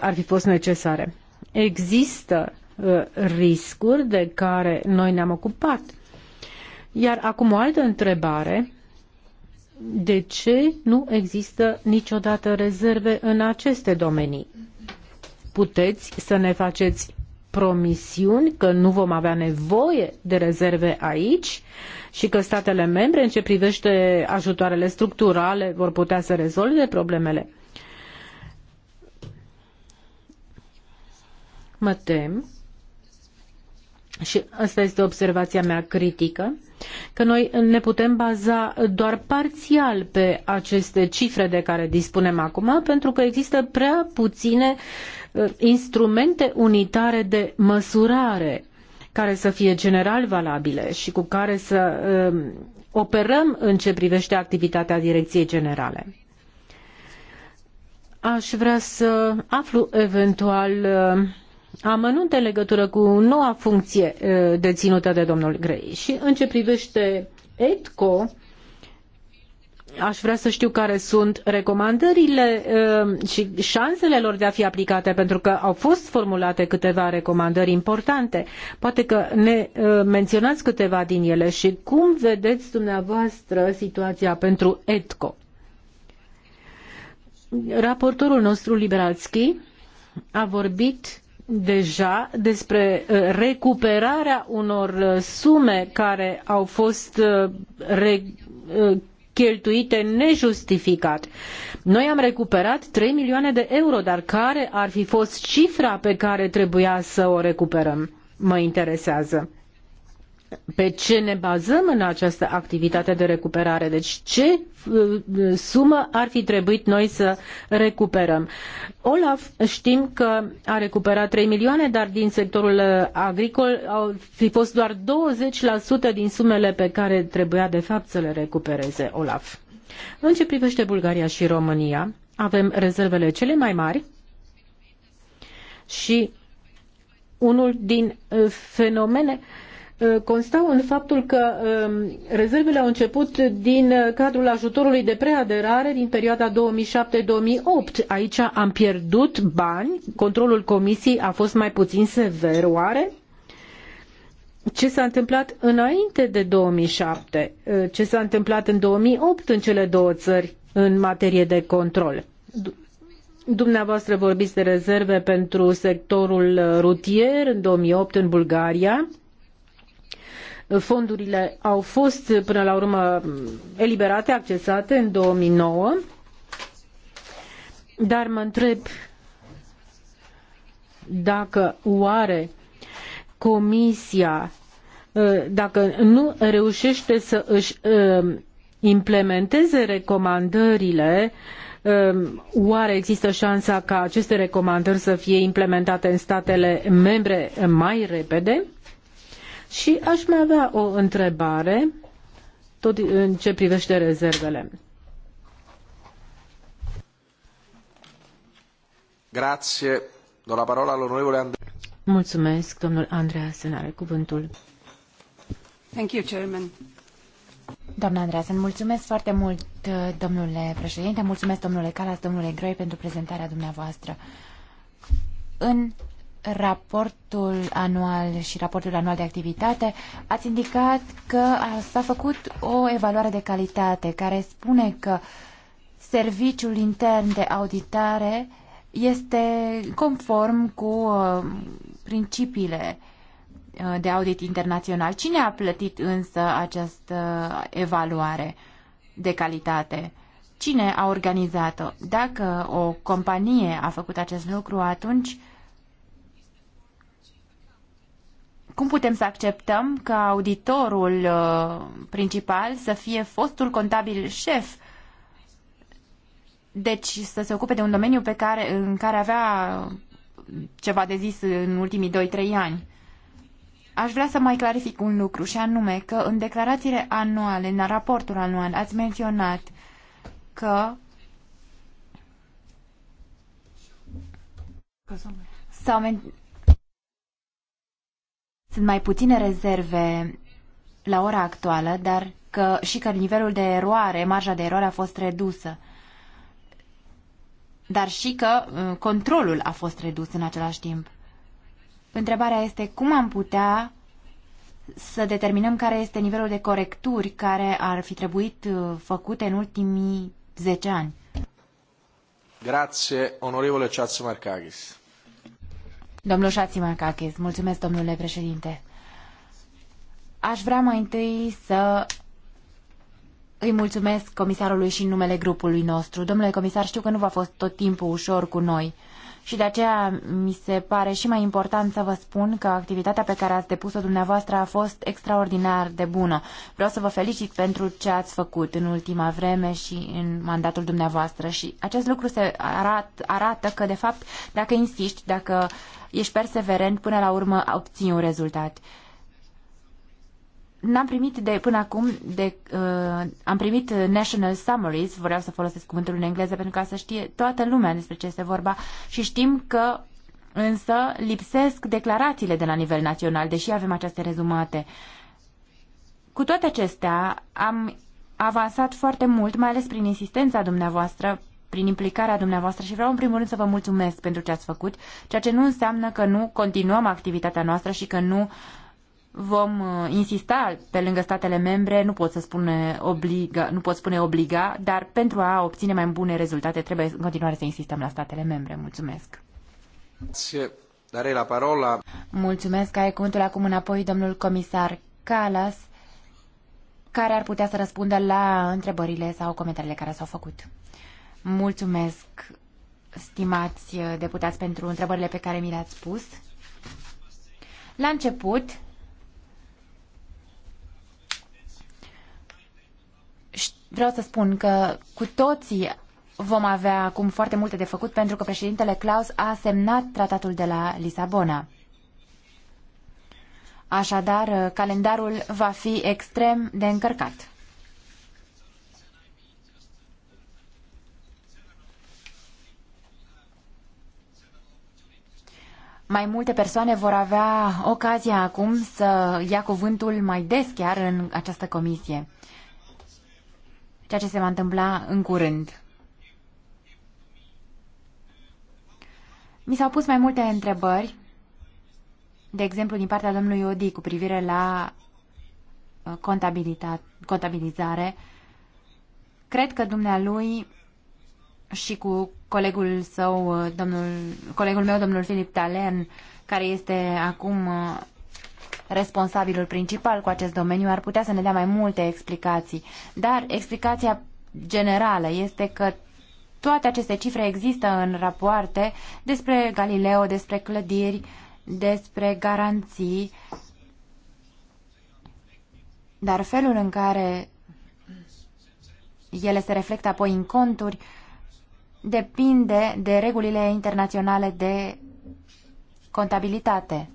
ar fi fost necesare. Există riscuri de care noi ne-am ocupat. Iar acum o altă întrebare de ce nu există niciodată rezerve în aceste domenii? Puteți să ne faceți promisiuni că nu vom avea nevoie de rezerve aici și că statele membre, în ce privește ajutoarele structurale, vor putea să rezolve problemele? Mă tem și asta este observația mea critică, că noi ne putem baza doar parțial pe aceste cifre de care dispunem acum, pentru că există prea puține uh, instrumente unitare de măsurare care să fie general valabile și cu care să uh, operăm în ce privește activitatea Direcției Generale. Aș vrea să aflu eventual uh, amănunte în legătură cu noua funcție deținută de domnul Grey. Și în ce privește ETCO, aș vrea să știu care sunt recomandările și șansele lor de a fi aplicate, pentru că au fost formulate câteva recomandări importante. Poate că ne menționați câteva din ele și cum vedeți dumneavoastră situația pentru ETCO. Raportorul nostru, Liberalski, a vorbit deja despre uh, recuperarea unor uh, sume care au fost uh, cheltuite nejustificat. Noi am recuperat 3 milioane de euro, dar care ar fi fost cifra pe care trebuia să o recuperăm? Mă interesează pe ce ne bazăm în această activitate de recuperare, deci ce uh, sumă ar fi trebuit noi să recuperăm. Olaf știm că a recuperat 3 milioane, dar din sectorul uh, agricol au fi fost doar 20% din sumele pe care trebuia de fapt să le recupereze Olaf. În ce privește Bulgaria și România, avem rezervele cele mai mari și unul din uh, fenomene uh, Uh, constau în faptul că um, rezervele au început din uh, cadrul ajutorului de preaderare din perioada 2007-2008. Aici am pierdut bani, controlul comisiei a fost mai puțin sever, oare? ce s-a întâmplat înainte de 2007, uh, ce s-a întâmplat în 2008 în cele două țări în materie de control. Dumneavoastră vorbiți de rezerve pentru sectorul rutier în 2008 în Bulgaria, Fondurile au fost până la urmă eliberate, accesate în 2009, dar mă întreb dacă oare Comisia, ă, dacă nu reușește să își ă, implementeze recomandările, ă, oare există șansa ca aceste recomandări să fie implementate în statele membre mai repede? Și aș mai avea o întrebare tot în ce privește rezervele. Grazie. Do la parola all'onorevole Andrea. Mulțumesc, domnul Andrea Senare, cuvântul. Thank you, Chairman. Doamna să mulțumesc foarte mult, domnule președinte, mulțumesc domnule Calas, domnule Grey pentru prezentarea dumneavoastră. În raportul anual și raportul anual de activitate, ați indicat că s-a făcut o evaluare de calitate care spune că serviciul intern de auditare este conform cu uh, principiile uh, de audit internațional. Cine a plătit însă această evaluare de calitate? Cine a organizat-o? Dacă o companie a făcut acest lucru, atunci uh, cum putem să acceptăm ca auditorul uh, principal să fie fostul contabil șef deci să se ocupe de un domeniu pe care, în care avea ceva de zis în ultimii 2-3 ani. Aș vrea să mai clarific un lucru și anume că în declarațiile anuale, în raportul anual, ați menționat că s-au men- sunt mai puține rezerve la ora actuală, dar că, și că nivelul de eroare, marja de eroare a fost redusă. Dar și că uh, controlul a fost redus în același timp. Întrebarea este cum am putea să determinăm care este nivelul de corecturi care ar fi trebuit uh, făcute în ultimii 10 ani. Grazie, onorevole Ciazzo Marcagis. Domnul Șațimacachis, mulțumesc, domnule președinte. Aș vrea mai întâi să îi mulțumesc comisarului și în numele grupului nostru. Domnule comisar, știu că nu v-a fost tot timpul ușor cu noi și de aceea mi se pare și mai important să vă spun că activitatea pe care ați depus-o dumneavoastră a fost extraordinar de bună. Vreau să vă felicit pentru ce ați făcut în ultima vreme și în mandatul dumneavoastră și acest lucru se arat, arată că, de fapt, dacă insiști, dacă ești perseverent, până la urmă obții un rezultat. N-am primit de, până acum, de, uh, am primit National Summaries, vreau să folosesc cuvântul în engleză pentru ca să știe toată lumea despre ce este vorba și știm că însă lipsesc declarațiile de la nivel național, deși avem aceste rezumate. Cu toate acestea, am avansat foarte mult, mai ales prin insistența dumneavoastră, prin implicarea dumneavoastră și vreau în primul rând să vă mulțumesc pentru ce ați făcut, ceea ce nu înseamnă că nu continuăm activitatea noastră și că nu uh, vom uh, insista pe lângă statele membre, nu pot să spune obliga, nu pot spune obliga, dar pentru a obține mai bune rezultate trebuie în continuare să insistăm la statele membre. Mulțumesc. Darei la parola. Mulțumesc, ai cuvântul acum înapoi domnul comisar Calas, care ar putea să răspundă la întrebările sau comentariile care s-au făcut. Mulțumesc, stimați deputați, pentru întrebările pe care mi le-ați pus. La început, vreau să spun că cu toții vom avea acum foarte multe de făcut pentru că președintele Klaus a semnat tratatul de la Lisabona. Așadar, calendarul va fi extrem de încărcat. Mai multe persoane vor avea ocazia acum să ia cuvântul mai des chiar în această comisie ceea ce se va întâmpla în curând. Mi s-au pus mai multe întrebări, de exemplu din partea domnului Odi cu privire la uh, contabilizare. Cred că dumnealui și cu colegul său, uh, domnul, colegul meu, domnul Filip Talen, care este acum uh, responsabilul principal cu acest domeniu ar putea să ne dea mai multe explicații. Dar explicația generală este că toate aceste cifre există în rapoarte despre Galileo, despre clădiri, despre garanții, dar felul în care ele se reflectă apoi în conturi depinde de regulile internaționale de contabilitate.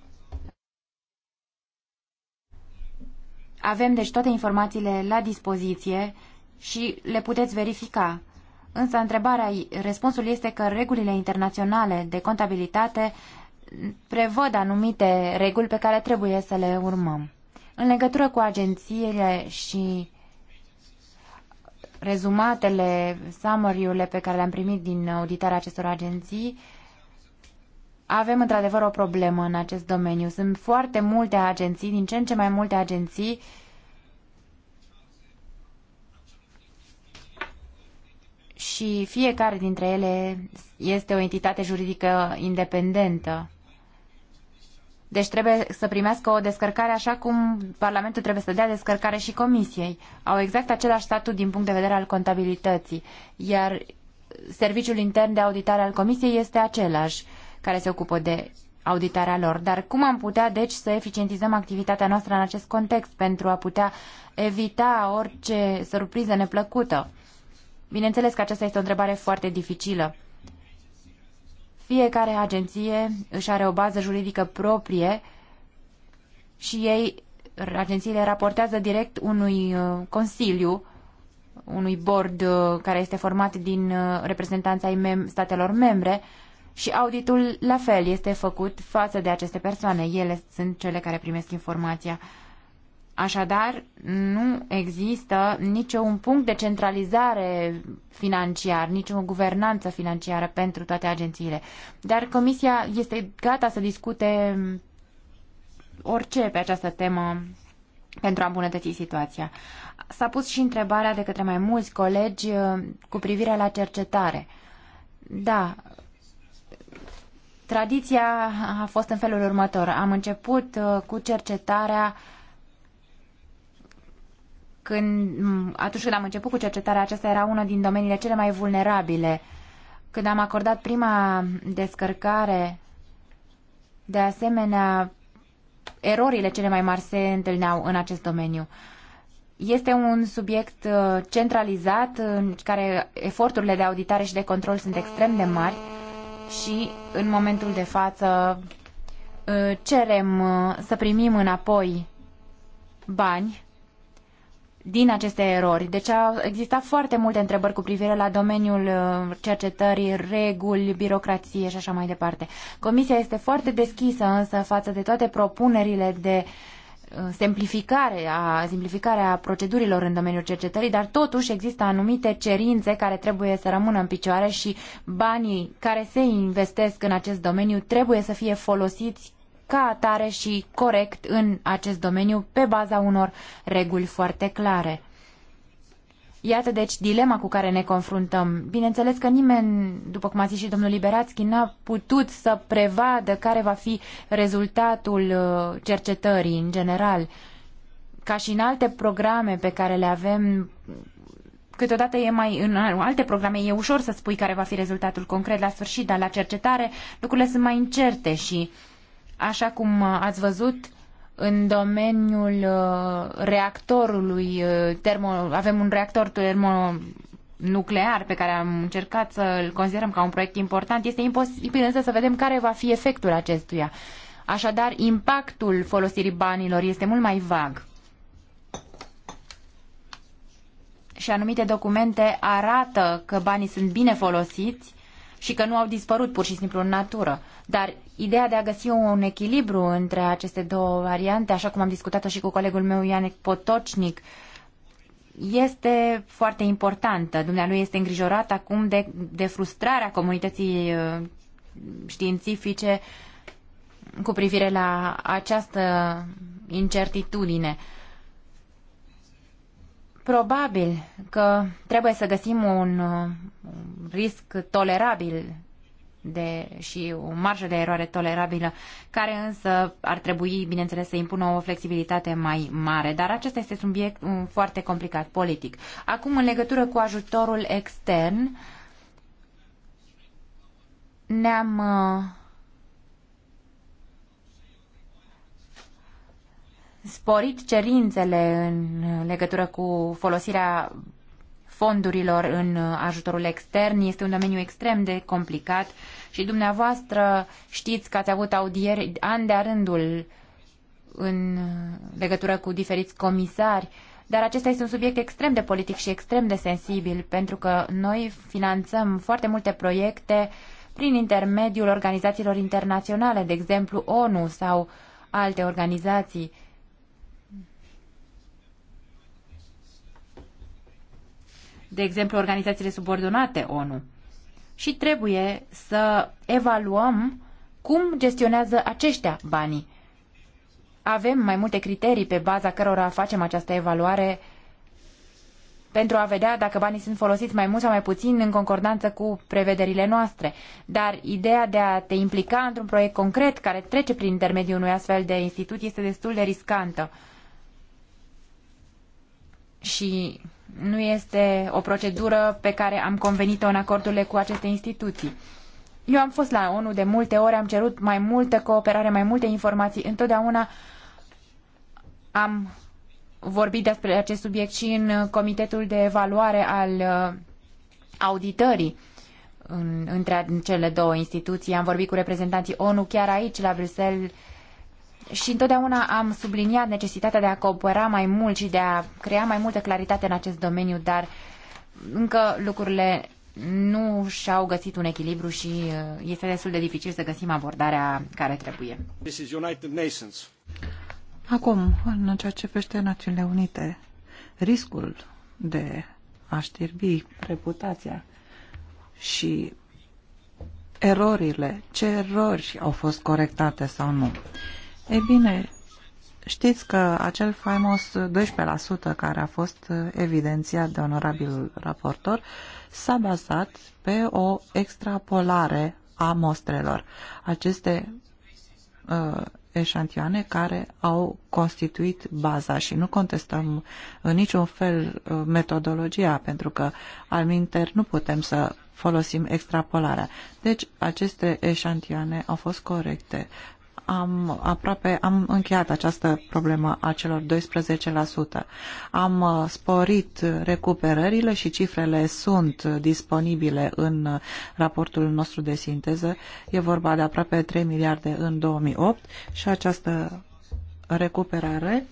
Avem deci toate informațiile la dispoziție și le puteți verifica. Însă întrebarea, răspunsul este că regulile internaționale de contabilitate prevăd anumite reguli pe care trebuie să le urmăm. În legătură cu agențiile și rezumatele, summary-urile pe care le-am primit din auditarea acestor agenții, uh, avem într-adevăr o problemă în acest domeniu. Sunt foarte multe agenții, din ce în ce mai multe agenții și fiecare dintre ele este o entitate juridică independentă. Deci trebuie să primească o descărcare așa cum Parlamentul trebuie să dea descărcare și Comisiei. Au exact același statut din punct de vedere al contabilității, iar Serviciul Intern de Auditare al Comisiei este același care se ocupă de auditarea lor. Dar cum am putea, deci, să eficientizăm activitatea noastră în acest context pentru a putea evita orice surpriză neplăcută? Bineînțeles că aceasta este o întrebare foarte dificilă. Fiecare agenție își are o bază juridică proprie și ei, agențiile, raportează direct unui uh, consiliu, unui board uh, care este format din uh, reprezentanța statelor membre, și auditul la fel este făcut față de aceste persoane. Ele sunt cele care primesc informația. Așadar, nu există niciun punct de centralizare financiar, nicio guvernanță financiară pentru toate agențiile. Dar Comisia este gata să discute orice pe această temă pentru a îmbunătăți situația. S-a pus și întrebarea de către mai mulți colegi uh, cu privire la cercetare. Da, Tradiția a fost în felul următor. Am început uh, cu cercetarea când, atunci când am început cu cercetarea aceasta era una din domeniile cele mai vulnerabile. Când am acordat prima descărcare, de asemenea, erorile cele mai mari se întâlneau în acest domeniu. Este un subiect uh, centralizat în care eforturile de auditare și de control sunt extrem de mari și în momentul de față ă, cerem ă, să primim înapoi bani din aceste erori. Deci au existat foarte multe întrebări cu privire la domeniul ă, cercetării, reguli, birocrație și așa mai departe. Comisia este foarte deschisă însă față de toate propunerile de uh, Uh, simplificare a, simplificare a procedurilor în domeniul cercetării, dar totuși există anumite cerințe care trebuie să rămână în picioare și banii care se investesc în acest domeniu trebuie să fie folosiți ca atare și corect în acest domeniu pe baza unor reguli foarte clare. Iată deci dilema cu care ne confruntăm. Bineînțeles că nimeni, după cum a zis și domnul Liberațchi, n-a putut să prevadă care va fi rezultatul uh, cercetării în general. Ca și în alte programe pe care le avem, câteodată e mai, în alte programe e ușor să spui care va fi rezultatul concret la sfârșit, dar la cercetare lucrurile sunt mai incerte și, așa cum uh, ați văzut, în domeniul uh, reactorului uh, termo, avem un reactor termo nuclear pe care am încercat să-l considerăm ca un proiect important, este imposibil însă să vedem care va fi efectul acestuia. Așadar, impactul folosirii banilor este mult mai vag. Și anumite documente arată că banii sunt bine folosiți, și că nu au dispărut pur și simplu în natură. Dar ideea de a găsi un echilibru între aceste două variante, așa cum am discutat-o și cu colegul meu Ianec Potocnic, este foarte importantă. Dumnealui este îngrijorat acum de, de frustrarea comunității uh, științifice cu privire la această incertitudine. Probabil că trebuie să găsim uh, un risc tolerabil de, și o marjă de eroare tolerabilă, care însă ar trebui, bineînțeles, să impună o flexibilitate mai mare. Dar acesta este subiect foarte complicat politic. Acum, în legătură cu ajutorul extern, ne-am uh, sporit cerințele în legătură cu folosirea fondurilor în ajutorul extern. Este un domeniu extrem de complicat și dumneavoastră știți că ați avut audieri an de rândul în legătură cu diferiți comisari, dar acesta este un subiect extrem de politic și extrem de sensibil, pentru că noi finanțăm foarte multe proiecte prin intermediul organizațiilor internaționale, de exemplu ONU sau alte organizații de exemplu, organizațiile subordonate ONU. Și trebuie să evaluăm cum gestionează aceștia banii. Avem mai multe criterii pe baza cărora facem această evaluare pentru a vedea dacă banii sunt folosiți mai mult sau mai puțin în concordanță cu prevederile noastre. Dar ideea de a te implica într-un proiect concret care trece prin intermediul unui astfel de institut este destul de riscantă. Și nu este o procedură pe care am convenit-o în acordurile cu aceste instituții. Eu am fost la ONU de multe ori, am cerut mai multă cooperare, mai multe informații. Întotdeauna am vorbit despre acest subiect și în Comitetul de Evaluare al uh, Auditării în, între cele două instituții. Am vorbit cu reprezentanții ONU chiar aici, la Bruxelles, și întotdeauna am subliniat necesitatea de a coopera mai mult și de a crea mai multă claritate în acest domeniu, dar încă lucrurile nu și-au găsit un echilibru și uh, este destul de dificil să găsim abordarea care trebuie. Acum, în ceea ce privește Națiunile Unite, riscul de a știrbi reputația și erorile, ce erori au fost corectate sau nu. E bine, știți că acel faimos 12% care a fost evidențiat de onorabil raportor s-a bazat pe o extrapolare a mostrelor. Aceste uh, eșantioane care au constituit baza și nu contestăm în uh, niciun fel uh, metodologia, pentru că al minter nu putem să folosim extrapolarea. Deci aceste eșantioane au fost corecte am aproape am încheiat această problemă a celor 12%. Am uh, sporit recuperările și cifrele sunt disponibile în uh, raportul nostru de sinteză. E vorba de aproape 3 miliarde în 2008 și această recuperare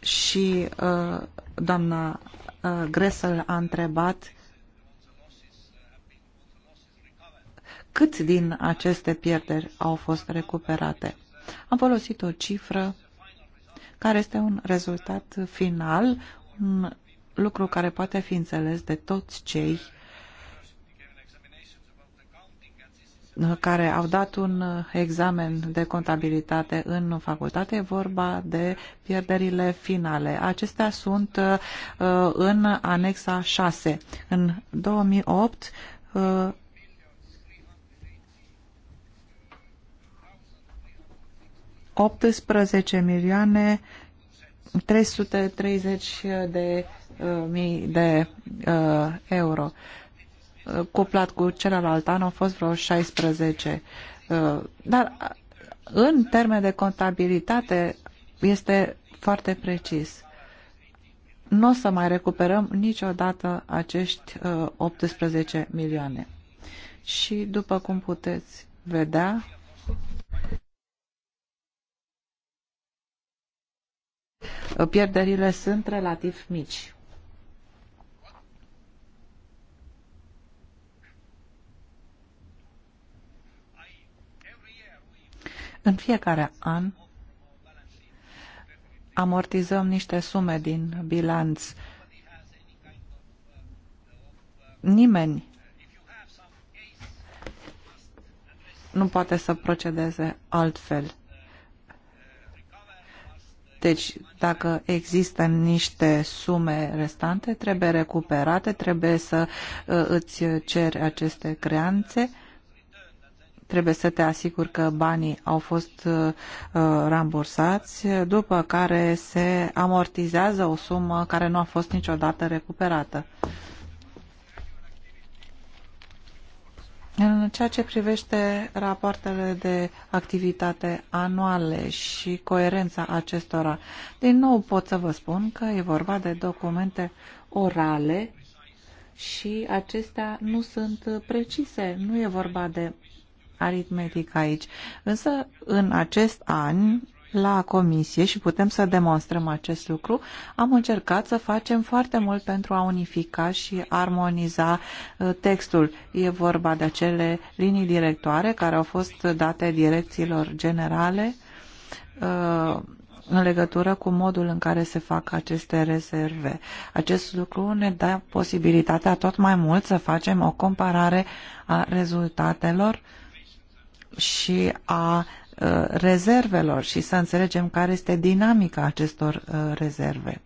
și uh, doamna Gresel a întrebat cât din aceste pierderi au fost recuperate. Am folosit o cifră care este un rezultat final, un lucru care poate fi înțeles de toți cei care au dat un examen de contabilitate în facultate, e vorba de pierderile finale. Acestea sunt uh, în anexa 6. În 2008 18 milioane 330 de uh, mii de uh, euro. Uh, cuplat cu celălalt an au fost vreo 16. Uh, dar uh, în termen de contabilitate este foarte precis. Nu o să mai recuperăm niciodată acești uh, 18 milioane. Și după cum puteți vedea, pierderile sunt relativ mici. În fiecare an amortizăm niște sume din bilanț. Nimeni nu poate să procedeze altfel. Deci, dacă există niște sume restante, trebuie recuperate, trebuie să uh, îți ceri aceste creanțe, trebuie să te asiguri că banii au fost uh, uh, rambursați, după care se amortizează o sumă care nu a fost niciodată recuperată. În ceea ce privește rapoartele de activitate anuale și coerența acestora, din nou pot să vă spun că e vorba de documente orale și acestea nu sunt precise, nu e vorba de aritmetică aici. Însă, în acest an, la comisie și putem să demonstrăm acest lucru, am încercat să facem foarte mult pentru a unifica și armoniza uh, textul. E vorba de acele linii directoare care au fost date direcțiilor generale uh, în legătură cu modul în care se fac aceste rezerve. Acest lucru ne dă posibilitatea tot mai mult să facem o comparare a rezultatelor și a Uh, rezervelor și să înțelegem care este dinamica acestor uh, rezerve.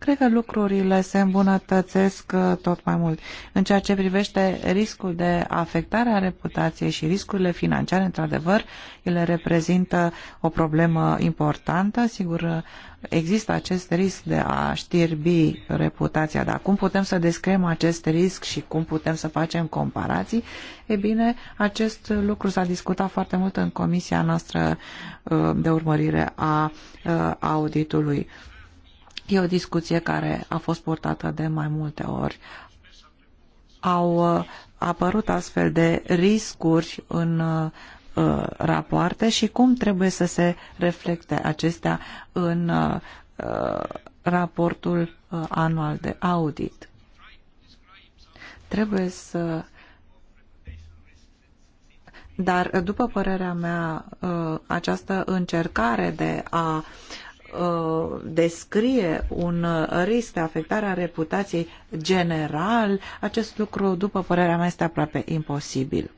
Cred că lucrurile se îmbunătățesc uh, tot mai mult. În ceea ce privește riscul de afectare a reputației și riscurile financiare, într-adevăr, ele reprezintă o problemă importantă. Sigur, uh, există acest risc de a știrbi reputația, dar cum putem să descriem acest risc și cum putem să facem comparații? E bine, acest lucru s-a discutat foarte mult în comisia noastră uh, de urmărire a auditului. E o discuție care a fost purtată de mai multe ori. Au uh, apărut astfel de riscuri în uh, uh, rapoarte și cum trebuie să se reflecte acestea în raportul anual de audit. Trebuie să dar, după părerea mea, această încercare de a Uh, descrie un risc de afectare a reputației general, acest lucru, după părerea mea, este aproape imposibil.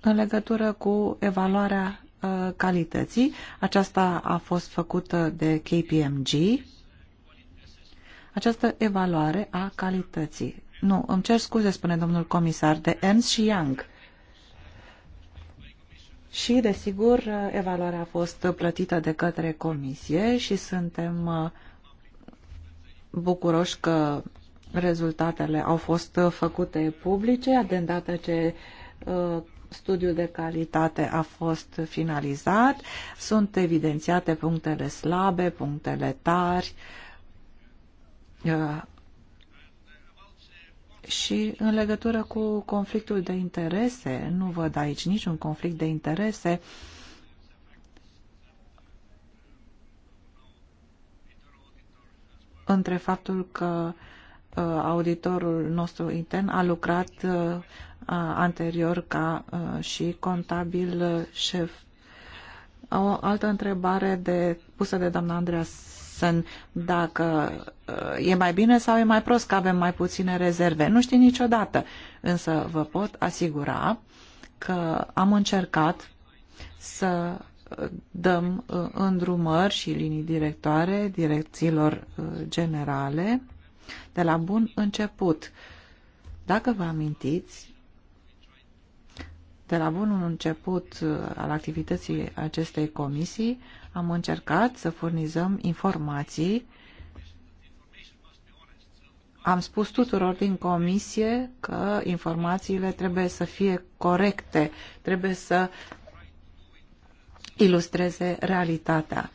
În legătură cu evaluarea uh, calității, aceasta a fost făcută de KPMG. Această evaluare a calității. Nu, îmi cer scuze, spune domnul comisar, de Ernst și Young și, desigur, evaluarea a fost plătită de către comisie și suntem uh, bucuroși că rezultatele au fost făcute publice, de îndată ce uh, studiul de calitate a fost finalizat, sunt evidențiate punctele slabe, punctele tari, uh, și în legătură cu conflictul de interese, nu văd aici niciun conflict de interese, între faptul că uh, auditorul nostru intern a lucrat uh, anterior ca uh, și contabil uh, șef. O altă întrebare de, pusă de doamna Andreas sunt dacă uh, e mai bine sau e mai prost că avem mai puține rezerve. Nu știu niciodată, însă vă pot asigura că am încercat să uh, dăm uh, îndrumări și linii directoare direcțiilor generale de la bun început. Dacă vă amintiți, de la bunul început al activității acestei comisii, am încercat să furnizăm informații. Am spus tuturor din comisie că informațiile trebuie să fie corecte, trebuie să ilustreze realitatea.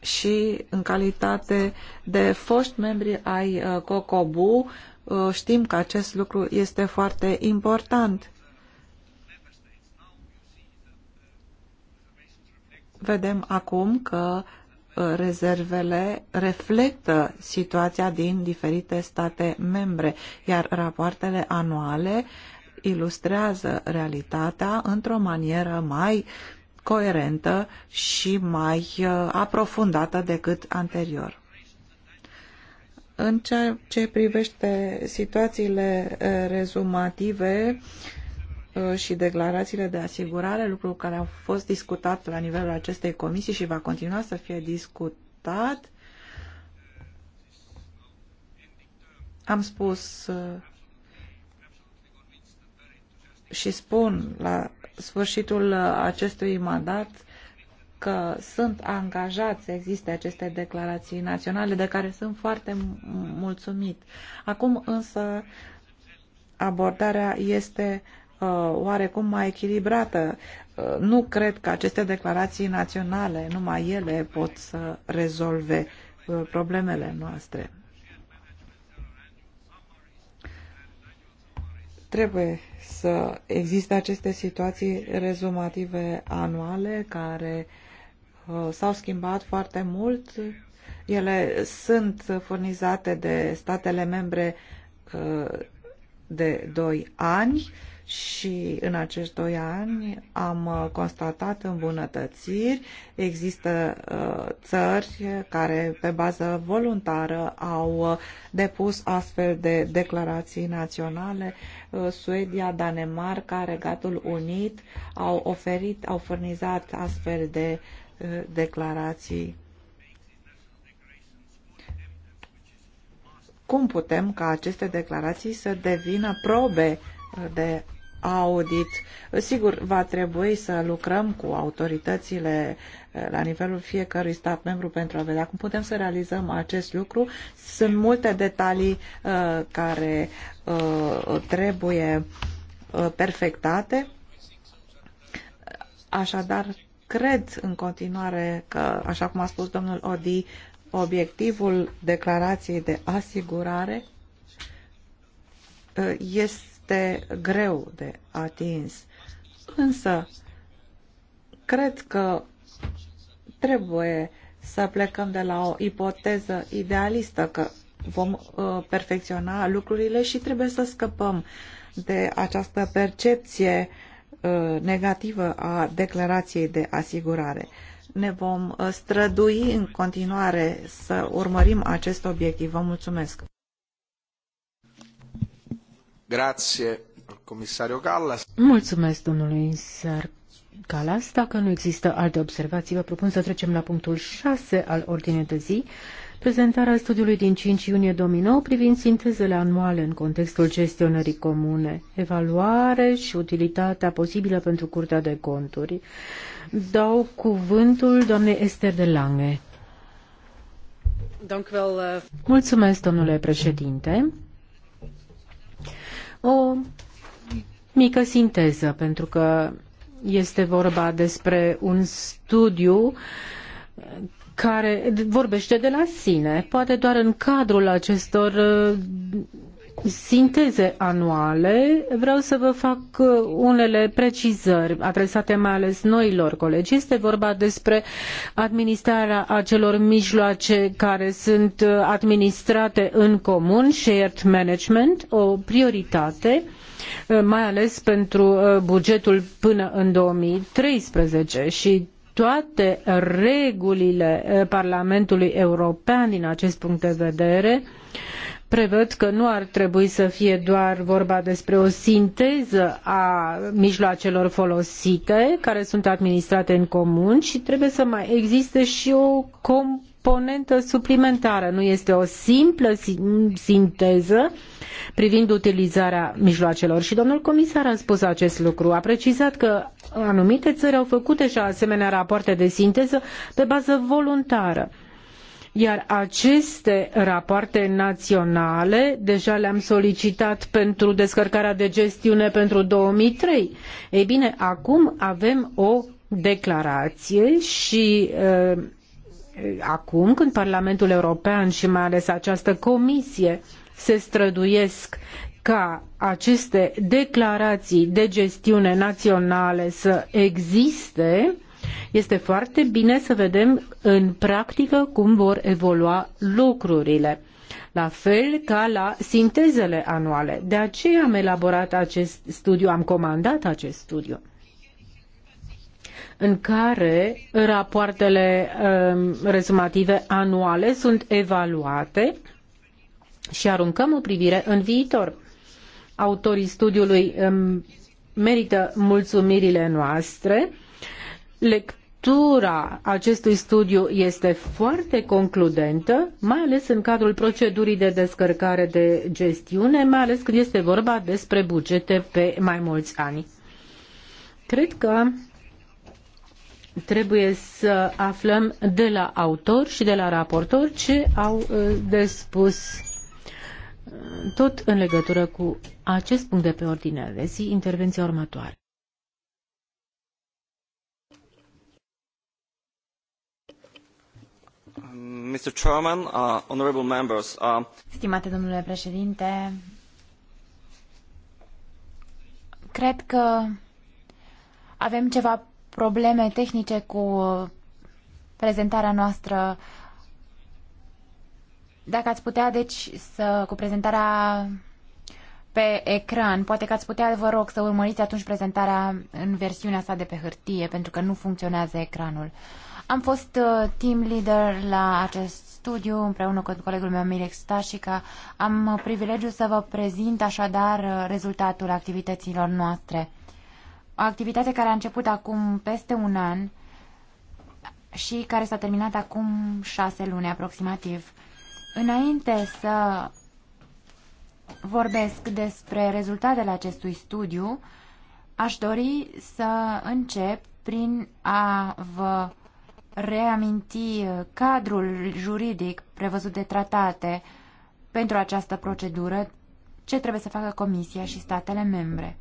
și în calitate de foști membri ai uh, COCOBU uh, știm că acest lucru este foarte important. vedem acum că uh, rezervele reflectă situația din diferite state membre, iar rapoartele anuale ilustrează realitatea într-o manieră mai coerentă și mai uh, aprofundată decât anterior. În ceea ce privește situațiile uh, rezumative, Uh, și declarațiile de asigurare, lucru care a fost discutat la nivelul acestei comisii și va continua să fie discutat. Am spus uh, și spun la sfârșitul uh, acestui mandat că sunt angajați să existe aceste declarații naționale de care sunt foarte mulțumit. Acum însă abordarea este Uh, oarecum mai echilibrată. Uh, nu cred că aceste declarații naționale, numai ele, pot să rezolve uh, problemele noastre. Trebuie să existe aceste situații rezumative anuale care s-au schimbat foarte mult. Ele sunt furnizate de statele membre de 2 ani și în acești doi ani am uh, constatat îmbunătățiri. Există uh, țări care pe bază voluntară au uh, depus astfel de declarații naționale. Suedia, Danemarca, Regatul Unit au oferit, au furnizat astfel de declarații. Cum putem ca aceste declarații să devină probe de audit. Sigur, va trebui să lucrăm cu autoritățile eh, la nivelul fiecărui stat membru pentru a vedea cum putem să realizăm acest lucru. Sunt multe detalii uh, care uh, trebuie uh, perfectate. Așadar, cred în continuare că, așa cum a spus domnul Odi, obiectivul declarației de asigurare este este greu de atins. Însă, cred că trebuie să plecăm de la o ipoteză idealistă că vom uh, perfecționa lucrurile și trebuie să scăpăm de această percepție uh, negativă a declarației de asigurare. Ne vom uh, strădui în continuare să urmărim acest obiectiv. Vă mulțumesc! Grazie, comisario Callas. Mulțumesc domnului Sar Calas. Dacă nu există alte observații, vă propun să trecem la punctul 6 al ordinei de zi, prezentarea studiului din 5 iunie 2009 privind sintezele anuale în contextul gestionării comune, evaluare și utilitatea posibilă pentru Curtea de Conturi. Dau cuvântul doamnei Esther de Lange. Eh. Mulțumesc, domnule președinte o mică sinteză, pentru că este vorba despre un studiu care vorbește de la sine. Poate doar în cadrul acestor sinteze anuale, vreau să vă fac uh, unele precizări adresate mai ales noilor colegi. Este vorba despre administrarea acelor mijloace care sunt uh, administrate în comun, shared management, o prioritate uh, mai ales pentru bugetul până în 2013 și toate regulile Parlamentului European din acest punct de vedere uh, prevăd că nu ar trebui să fie doar vorba despre o sinteză a mijloacelor folosite, care sunt administrate în comun, ci trebuie să mai existe și o componentă suplimentară. Nu este o simplă sinteză privind utilizarea mijloacelor. Și domnul comisar a spus acest lucru. A precizat că anumite țări au făcut deja asemenea rapoarte de sinteză pe bază voluntară. Iar aceste rapoarte naționale deja le-am solicitat pentru descărcarea de gestiune pentru 2003. Ei bine, acum avem o declarație și uh, acum când Parlamentul European și mai ales această comisie se străduiesc ca aceste declarații de gestiune naționale să existe, este foarte bine să vedem în practică cum vor evolua lucrurile la fel ca la sintezele anuale. De aceea am elaborat acest studiu, am comandat acest studiu în care rapoartele um, rezumative anuale sunt evaluate și aruncăm o privire în viitor. Autorii studiului um, merită mulțumirile noastre Lectura acestui studiu este foarte concludentă, mai ales în cadrul procedurii de descărcare de gestiune, mai ales când este vorba despre bugete pe mai mulți ani. Cred că trebuie să aflăm de la autor și de la raportor ce au uh, de spus uh, tot în legătură cu acest punct de pe ordinea de zi, intervenția următoare. Uh, uh, Stimate domnule președinte, cred că avem ceva probleme tehnice cu prezentarea noastră. Dacă ați putea, deci, să, cu prezentarea pe ecran, poate că ați putea, vă rog, să urmăriți atunci prezentarea în versiunea sa de pe hârtie, pentru că nu funcționează ecranul. Uh, am fost uh, team leader la acest studiu împreună cu colegul meu Mirex Stașica. Am uh, privilegiu să vă prezint așadar uh, rezultatul activităților noastre. O activitate care a început acum peste un an și care s-a terminat acum șase luni aproximativ. Înainte să vorbesc despre rezultatele acestui studiu, aș dori să încep prin a vă reaminti uh, cadrul juridic prevăzut de tratate pentru această procedură, ce trebuie să facă Comisia și statele membre.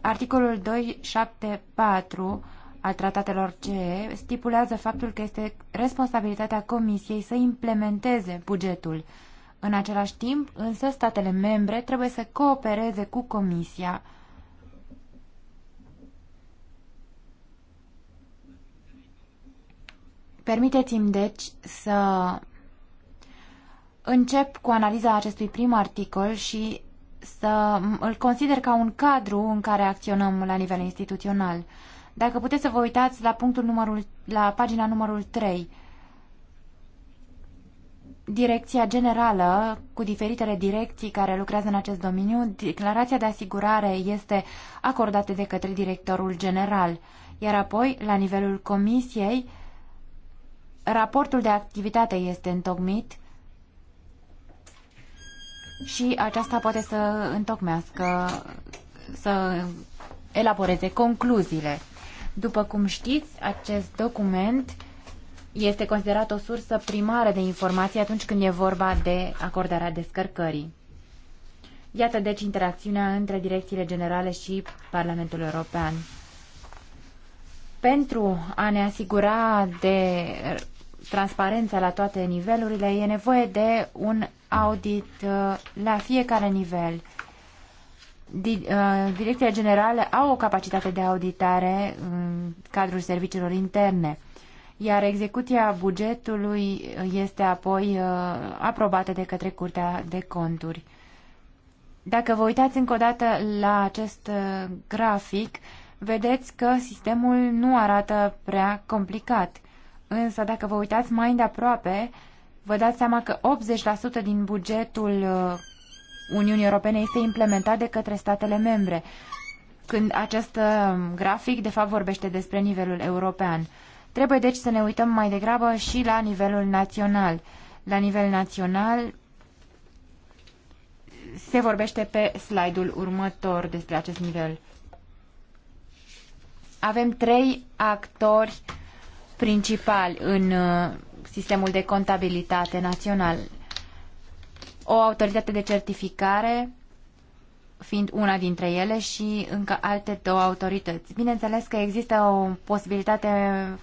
Articolul 274 al tratatelor CE stipulează faptul că este responsabilitatea Comisiei să implementeze bugetul. În același timp, însă, statele membre trebuie să coopereze cu Comisia Permiteți-mi, deci, să încep cu analiza acestui prim articol și să îl consider ca un cadru în care acționăm la nivel instituțional. Dacă puteți să vă uitați la punctul numărul, la pagina numărul 3, Direcția Generală, cu diferitele direcții care lucrează în acest domeniu, declarația de asigurare este acordată de către directorul general, iar apoi, la nivelul comisiei, Raportul de activitate este întocmit și aceasta poate să întocmească, să elaboreze concluziile. După cum știți, acest document este considerat o sursă primară de informații atunci când e vorba de acordarea descărcării. Iată deci interacțiunea între direcțiile generale și Parlamentul European. Pentru a ne asigura de transparența la toate nivelurile, e nevoie de un audit uh, la fiecare nivel. Uh, direcțiile generale au o capacitate de auditare în cadrul serviciilor interne, iar execuția bugetului este apoi uh, aprobată de către Curtea de Conturi. Dacă vă uitați încă o dată la acest grafic, vedeți că sistemul nu arată prea complicat. Însă, dacă vă uitați mai îndeaproape, vă dați seama că 80% din bugetul uh, Uniunii Europene este implementat de către statele membre, când acest uh, grafic, de fapt, vorbește despre nivelul european. Trebuie, deci, să ne uităm mai degrabă și la nivelul național. La nivel național se vorbește pe slide-ul următor despre acest nivel. Avem trei actori uh, principali în uh, sistemul de contabilitate național. O autoritate de certificare fiind una dintre ele și încă alte două autorități. Bineînțeles că există o posibilitate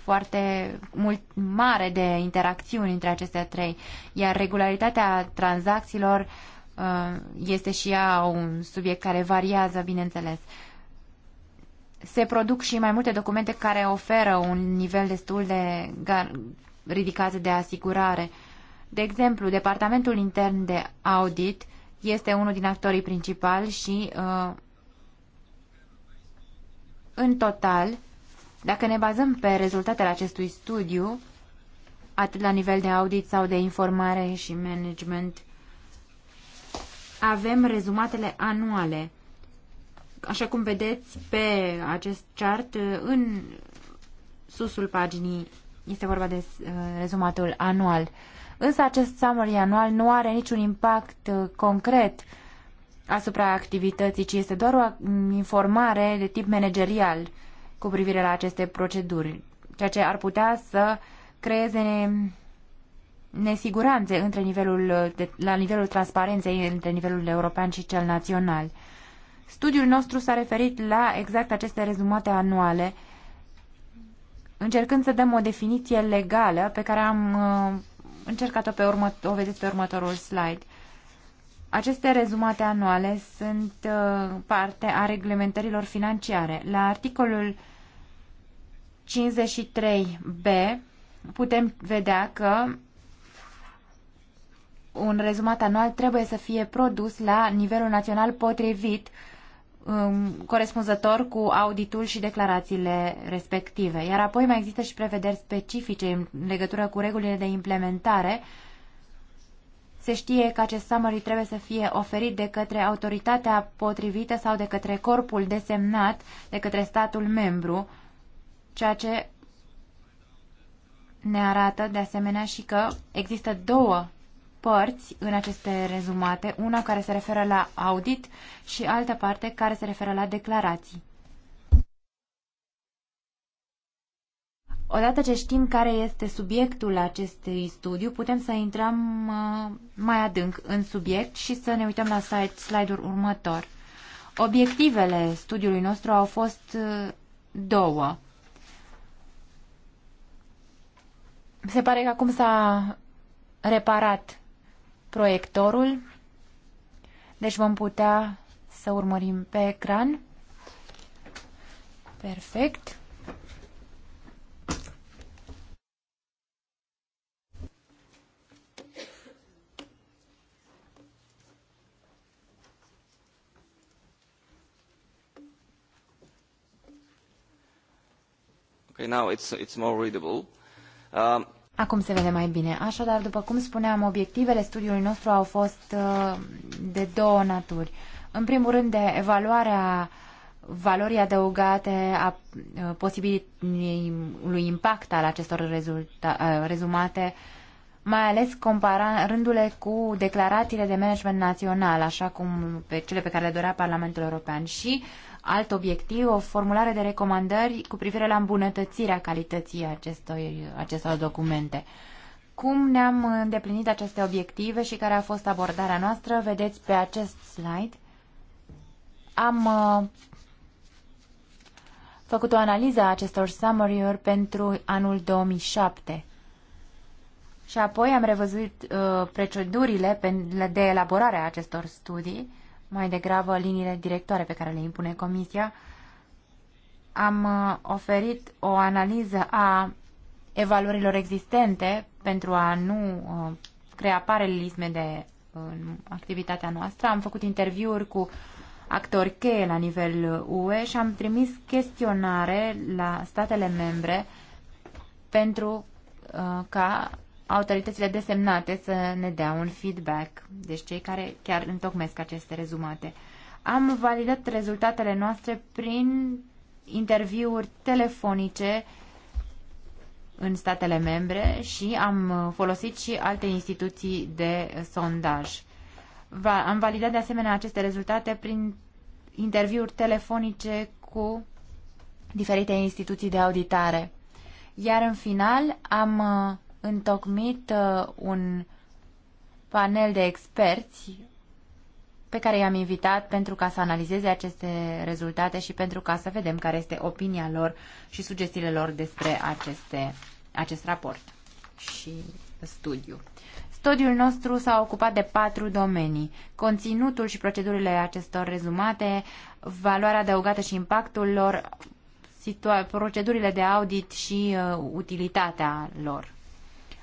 foarte mult, mare de interacțiuni între aceste trei, iar regularitatea tranzacțiilor uh, este și ea un subiect care variază, bineînțeles. Uh, se produc și mai multe documente care oferă un nivel destul de ridicat de asigurare. De exemplu, Departamentul Intern de Audit este unul din actorii principali și uh, în total, dacă ne bazăm pe rezultatele acestui studiu, atât la nivel de audit sau de informare și management, avem rezumatele anuale Așa cum vedeți pe acest chart, în susul paginii este vorba de uh, rezumatul anual. Însă acest summary anual nu are niciun impact uh, concret asupra activității, ci este doar o informare de tip managerial cu privire la aceste proceduri, ceea ce ar putea să creeze nesiguranțe între nivelul uh, de, la nivelul transparenței între nivelul european și cel național. Studiul nostru s-a referit la exact aceste rezumate anuale, încercând să dăm o definiție legală pe care am uh, încercat-o pe urmă, o vedeți pe următorul slide. Aceste rezumate anuale sunt uh, parte a reglementărilor financiare. La articolul 53b putem vedea că un rezumat anual trebuie să fie produs la nivelul național potrivit Um, corespunzător cu auditul și declarațiile respective. Iar apoi mai există și prevederi specifice în legătură cu regulile de implementare. Se știe că acest summary trebuie să fie oferit de către autoritatea potrivită sau de către corpul desemnat, de către statul membru, ceea ce ne arată de asemenea și că există două părți în aceste rezumate, una care se referă la audit și alta parte care se referă la declarații. Odată ce știm care este subiectul acestui studiu, putem să intrăm uh, mai adânc în subiect și să ne uităm la slide-ul următor. Obiectivele studiului nostru au fost uh, două. Se pare că acum s-a reparat proiectorul, deci vom putea să urmărim pe ecran. Perfect. Okay, now it's, it's more readable. Um, Acum se vede mai bine. Așadar, după cum spuneam, obiectivele studiului nostru au fost uh, de două naturi. În primul rând, de evaluarea valorii adăugate a uh, posibilului impact al acestor uh, rezumate, mai ales comparându-le cu declarațiile de management național, așa cum pe cele pe care le dorea Parlamentul European. Și alt obiectiv, o formulare de recomandări cu privire la îmbunătățirea calității acestor, acestor documente. Cum ne-am îndeplinit aceste obiective și care a fost abordarea noastră, vedeți pe acest slide. Am uh, făcut o analiză a acestor summary-uri pentru anul 2007. Și apoi am revăzut uh, procedurile de elaborare a acestor studii mai degrabă liniile directoare pe care le impune Comisia, am uh, oferit o analiză a evaluărilor existente pentru a nu uh, crea paralelisme de activitatea noastră. Am făcut interviuri cu actori cheie la nivel UE și am trimis chestionare la statele membre pentru uh, ca autoritățile desemnate să ne dea un feedback, deci cei care chiar întocmesc aceste rezumate. Am validat rezultatele noastre prin interviuri telefonice în statele membre și am folosit și alte instituții de sondaj. Va, am validat de asemenea aceste rezultate prin interviuri telefonice cu diferite instituții de auditare. Iar în final am întocmit uh, un panel de experți pe care i-am invitat pentru ca să analizeze aceste rezultate și pentru ca să vedem care este opinia lor și sugestiile lor despre aceste, acest raport și studiu. Studiul nostru s-a ocupat de patru domenii. Conținutul și procedurile acestor rezumate, valoarea adăugată și impactul lor, procedurile de audit și uh, utilitatea lor.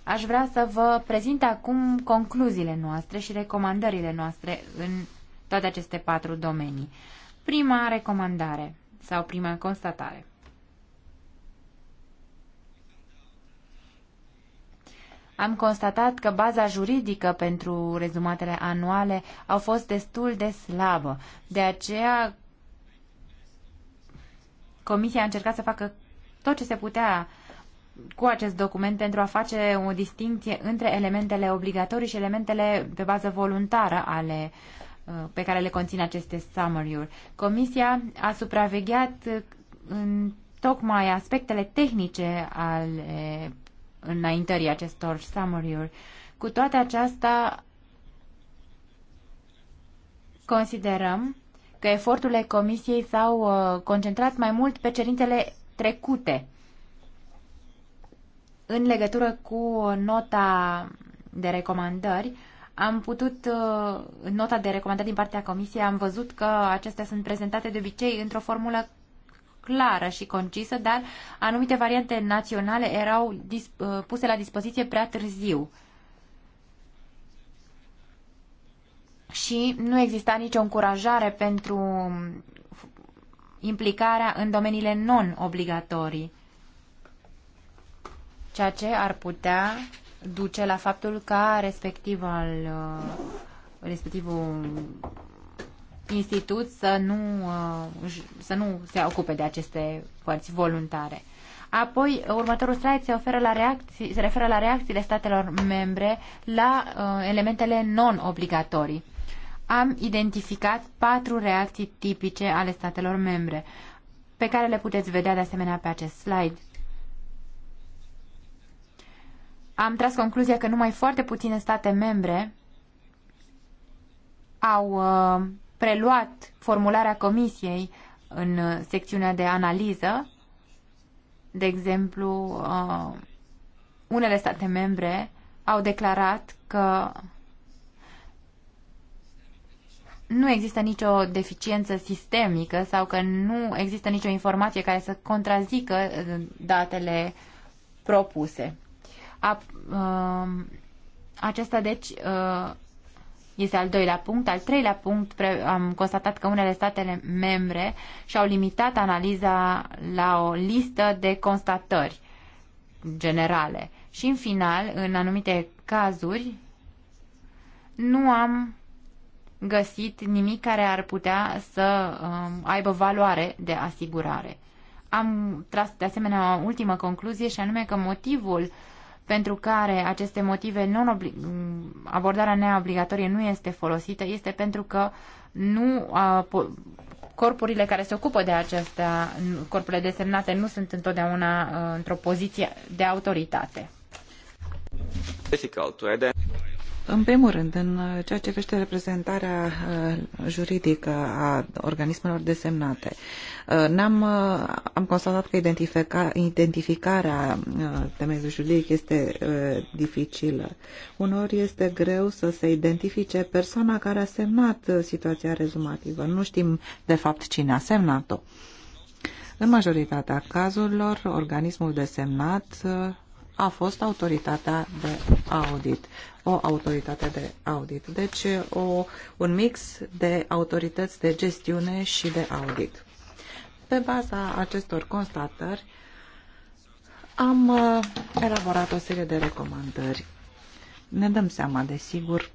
Aș vrea să vă prezint acum concluziile noastre și recomandările noastre în toate aceste patru domenii. Prima recomandare sau prima constatare. Am constatat că baza juridică pentru rezumatele anuale au fost destul de slabă. De aceea, Comisia a încercat să facă tot ce se putea cu acest document pentru a face o distinție între elementele obligatorii și elementele pe bază voluntară ale uh, pe care le conțin aceste summary-uri. Comisia a supravegheat uh, în tocmai aspectele tehnice ale înaintării acestor summary-uri. Cu toate aceasta, considerăm că eforturile Comisiei s-au uh, concentrat mai mult pe cerințele trecute în legătură cu nota de recomandări, am putut, în uh, nota de recomandări din partea Comisiei, am văzut că acestea sunt prezentate de obicei într-o formulă clară și concisă, dar anumite variante naționale erau uh, puse la dispoziție prea târziu. Și nu exista nicio încurajare pentru implicarea în domeniile non-obligatorii ceea ce ar putea duce la faptul ca respectivul, uh, respectivul institut să nu, uh, să nu se ocupe de aceste părți voluntare. Apoi, următorul slide se, oferă la reacții, se referă la reacțiile statelor membre la uh, elementele non-obligatorii. Am identificat patru reacții tipice ale statelor membre, pe care le puteți vedea de asemenea pe acest slide. am tras concluzia că numai foarte puține state membre au uh, preluat formularea comisiei în uh, secțiunea de analiză. De exemplu, uh, unele state membre au declarat că nu există nicio deficiență sistemică sau că nu există nicio informație care să contrazică datele propuse. A, uh, um, acesta, deci, uh, este al doilea punct. Al treilea punct, pre, am constatat că unele statele membre și-au limitat analiza la o listă de constatări generale. Și, în final, în anumite cazuri, nu am găsit nimic care ar putea să uh, aibă valoare de asigurare. Am tras de asemenea o ultimă concluzie și anume că motivul uh, pentru care aceste motive, non abordarea neobligatorie nu este folosită, este pentru că nu a, corpurile care se ocupă de acestea, corpurile desemnate, nu sunt întotdeauna într-o poziție de autoritate. În primul rând, în uh, ceea ce vește reprezentarea uh, juridică a organismelor desemnate, uh, -am, am constatat că identifica, identificarea temeiului juridic este dificilă. Unor este greu să se identifice persoana care a semnat situația rezumativă. Nu știm, de fapt, cine a semnat-o. În majoritatea cazurilor, organismul desemnat a fost autoritatea de audit. O autoritate de audit. Deci o, un mix de autorități de gestiune și de audit. Pe baza acestor constatări am uh, elaborat o serie de recomandări. Ne dăm seama, desigur,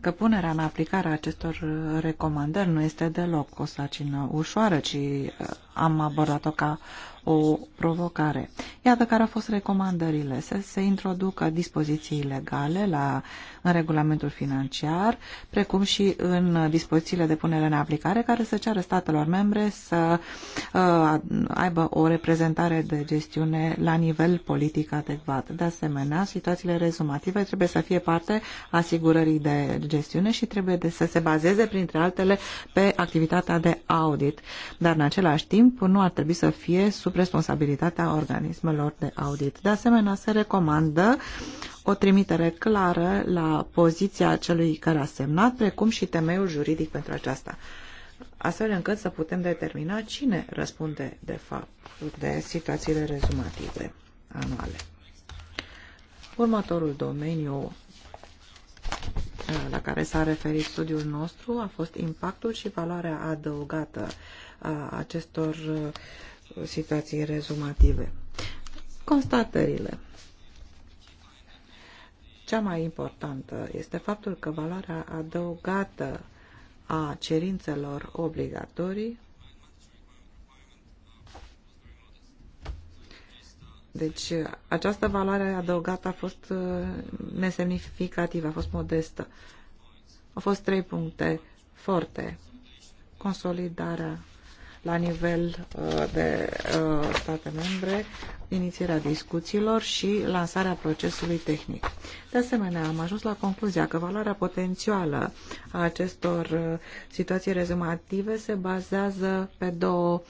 că punerea în aplicare a acestor uh, recomandări nu este deloc o sacină ușoară, ci uh, am abordat-o ca o provocare. Iată care au fost recomandările, să se introducă dispoziții legale la în regulamentul financiar, precum și în dispozițiile de punere în aplicare, care să ceară statelor membre să uh, aibă o reprezentare de gestiune la nivel politic adecvat. De asemenea, situațiile rezumative trebuie să fie parte asigurării de gestiune și trebuie de să se bazeze, printre altele, pe activitatea de audit. Dar, în același timp, nu ar trebui să fie sub responsabilitatea organismelor de audit. De asemenea, se recomandă o trimitere clară la poziția celui care a semnat, precum și temeiul juridic pentru aceasta, astfel încât să putem determina cine răspunde, de fapt, de situațiile rezumative anuale. Următorul domeniu la care s-a referit studiul nostru a fost impactul și valoarea adăugată a acestor uh, situații rezumative. Constatările cea mai importantă este faptul că valoarea adăugată a cerințelor obligatorii Deci această valoare adăugată a fost uh, nesemnificativă, a fost modestă. Au fost trei puncte forte. Consolidarea la nivel uh, de uh, state membre, inițierea discuțiilor și lansarea procesului tehnic. De asemenea, am ajuns la concluzia că valoarea potențială a acestor uh, situații rezumative se bazează pe două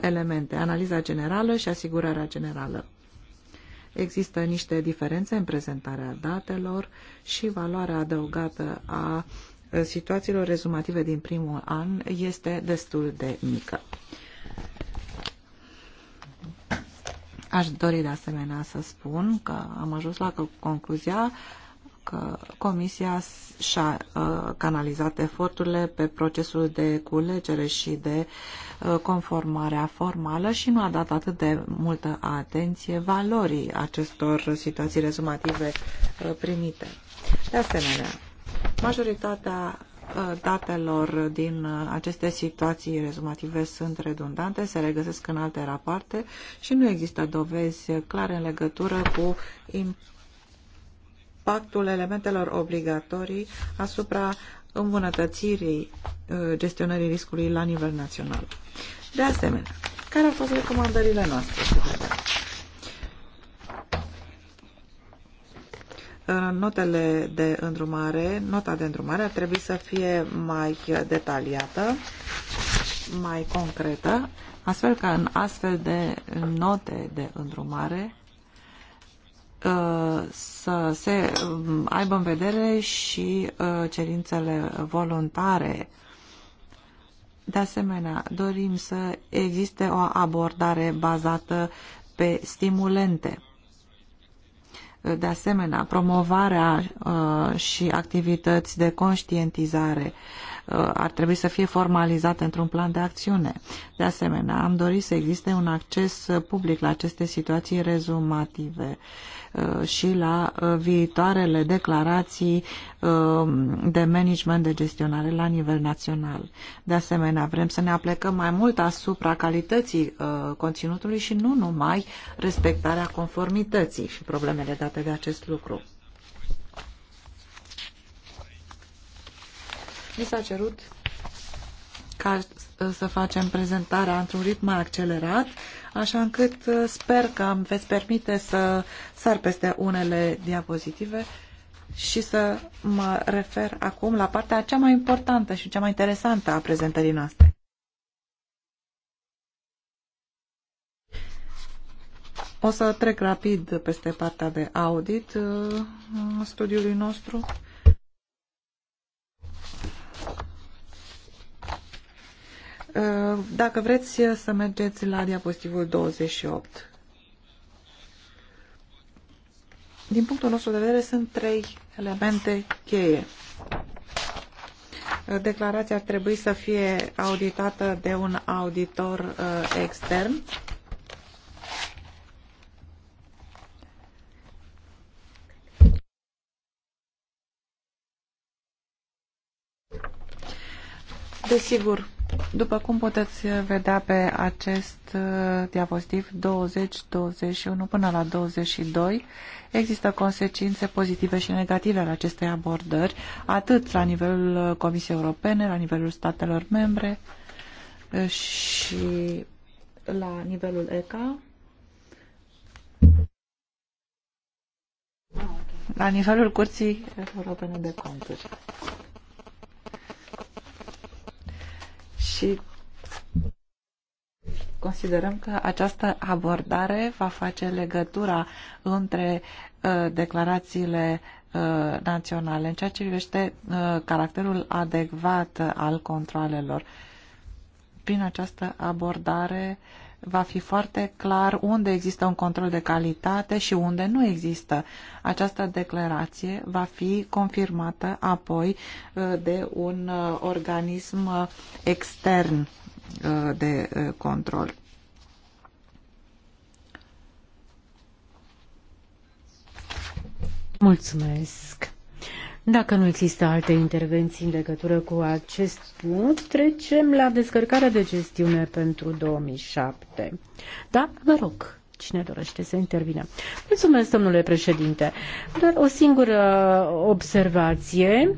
elemente, analiza generală și asigurarea generală. Există niște diferențe în prezentarea datelor și valoarea adăugată a situațiilor rezumative din primul an este destul de mică. Aș dori de asemenea să spun că am ajuns la concluzia că Comisia și-a uh, canalizat eforturile pe procesul de culegere și de uh, conformarea formală și nu a dat atât de multă atenție valorii acestor situații rezumative uh, primite. De asemenea, Majoritatea uh, datelor din uh, aceste situații rezumative sunt redundante, se regăsesc în alte rapoarte și nu există dovezi clare în legătură cu impactul elementelor obligatorii asupra îmbunătățirii uh, gestionării riscului la nivel național. De asemenea, care au fost recomandările noastre? Notele de îndrumare, nota de îndrumare ar trebui să fie mai detaliată, mai concretă, astfel ca în astfel de note de îndrumare uh, să se um, aibă în vedere și uh, cerințele voluntare. De asemenea, dorim să existe o abordare bazată pe stimulente. De asemenea, promovarea uh, și activități de conștientizare uh, ar trebui să fie formalizate într-un plan de acțiune. De asemenea, am dorit să existe un acces public la aceste situații rezumative Uh, și la uh, viitoarele declarații uh, de management de gestionare la nivel național. De asemenea, vrem să ne aplecăm mai mult asupra calității conținutului și nu numai respectarea conformității și problemele date de acest lucru. Mi s-a cerut ca să facem prezentarea într-un ritm mai accelerat așa încât uh, sper că îmi veți permite să sar peste unele diapozitive și să mă refer acum la partea cea mai importantă și cea mai interesantă a prezentării noastre. O să trec rapid peste partea de audit uh, studiului nostru. Uh, dacă vreți să mergeți la diapozitivul 28. Din punctul nostru de vedere sunt trei elemente cheie. Uh, declarația ar trebui să fie auditată de un auditor uh, extern. Desigur, după cum puteți vedea pe acest uh, diapozitiv 20, 21 până la 22, există consecințe pozitive și negative ale acestei abordări, atât la nivelul uh, Comisiei Europene, la nivelul statelor membre uh, și la nivelul ECA. La nivelul Curții Europene de Conturi. și considerăm că această abordare va face legătura între uh, declarațiile uh, naționale în ceea ce privește uh, caracterul adecvat al controlelor. Prin această abordare uh, va fi foarte clar unde există un control de calitate și unde nu există. Această declarație va fi confirmată apoi uh, de un uh, organism uh, extern de control. Mulțumesc. Dacă nu există alte intervenții în legătură cu acest punct, trecem la descărcarea de gestiune pentru 2007. Da, vă rog, cine dorește să intervină. Mulțumesc, domnule președinte. Doar o singură uh, observație.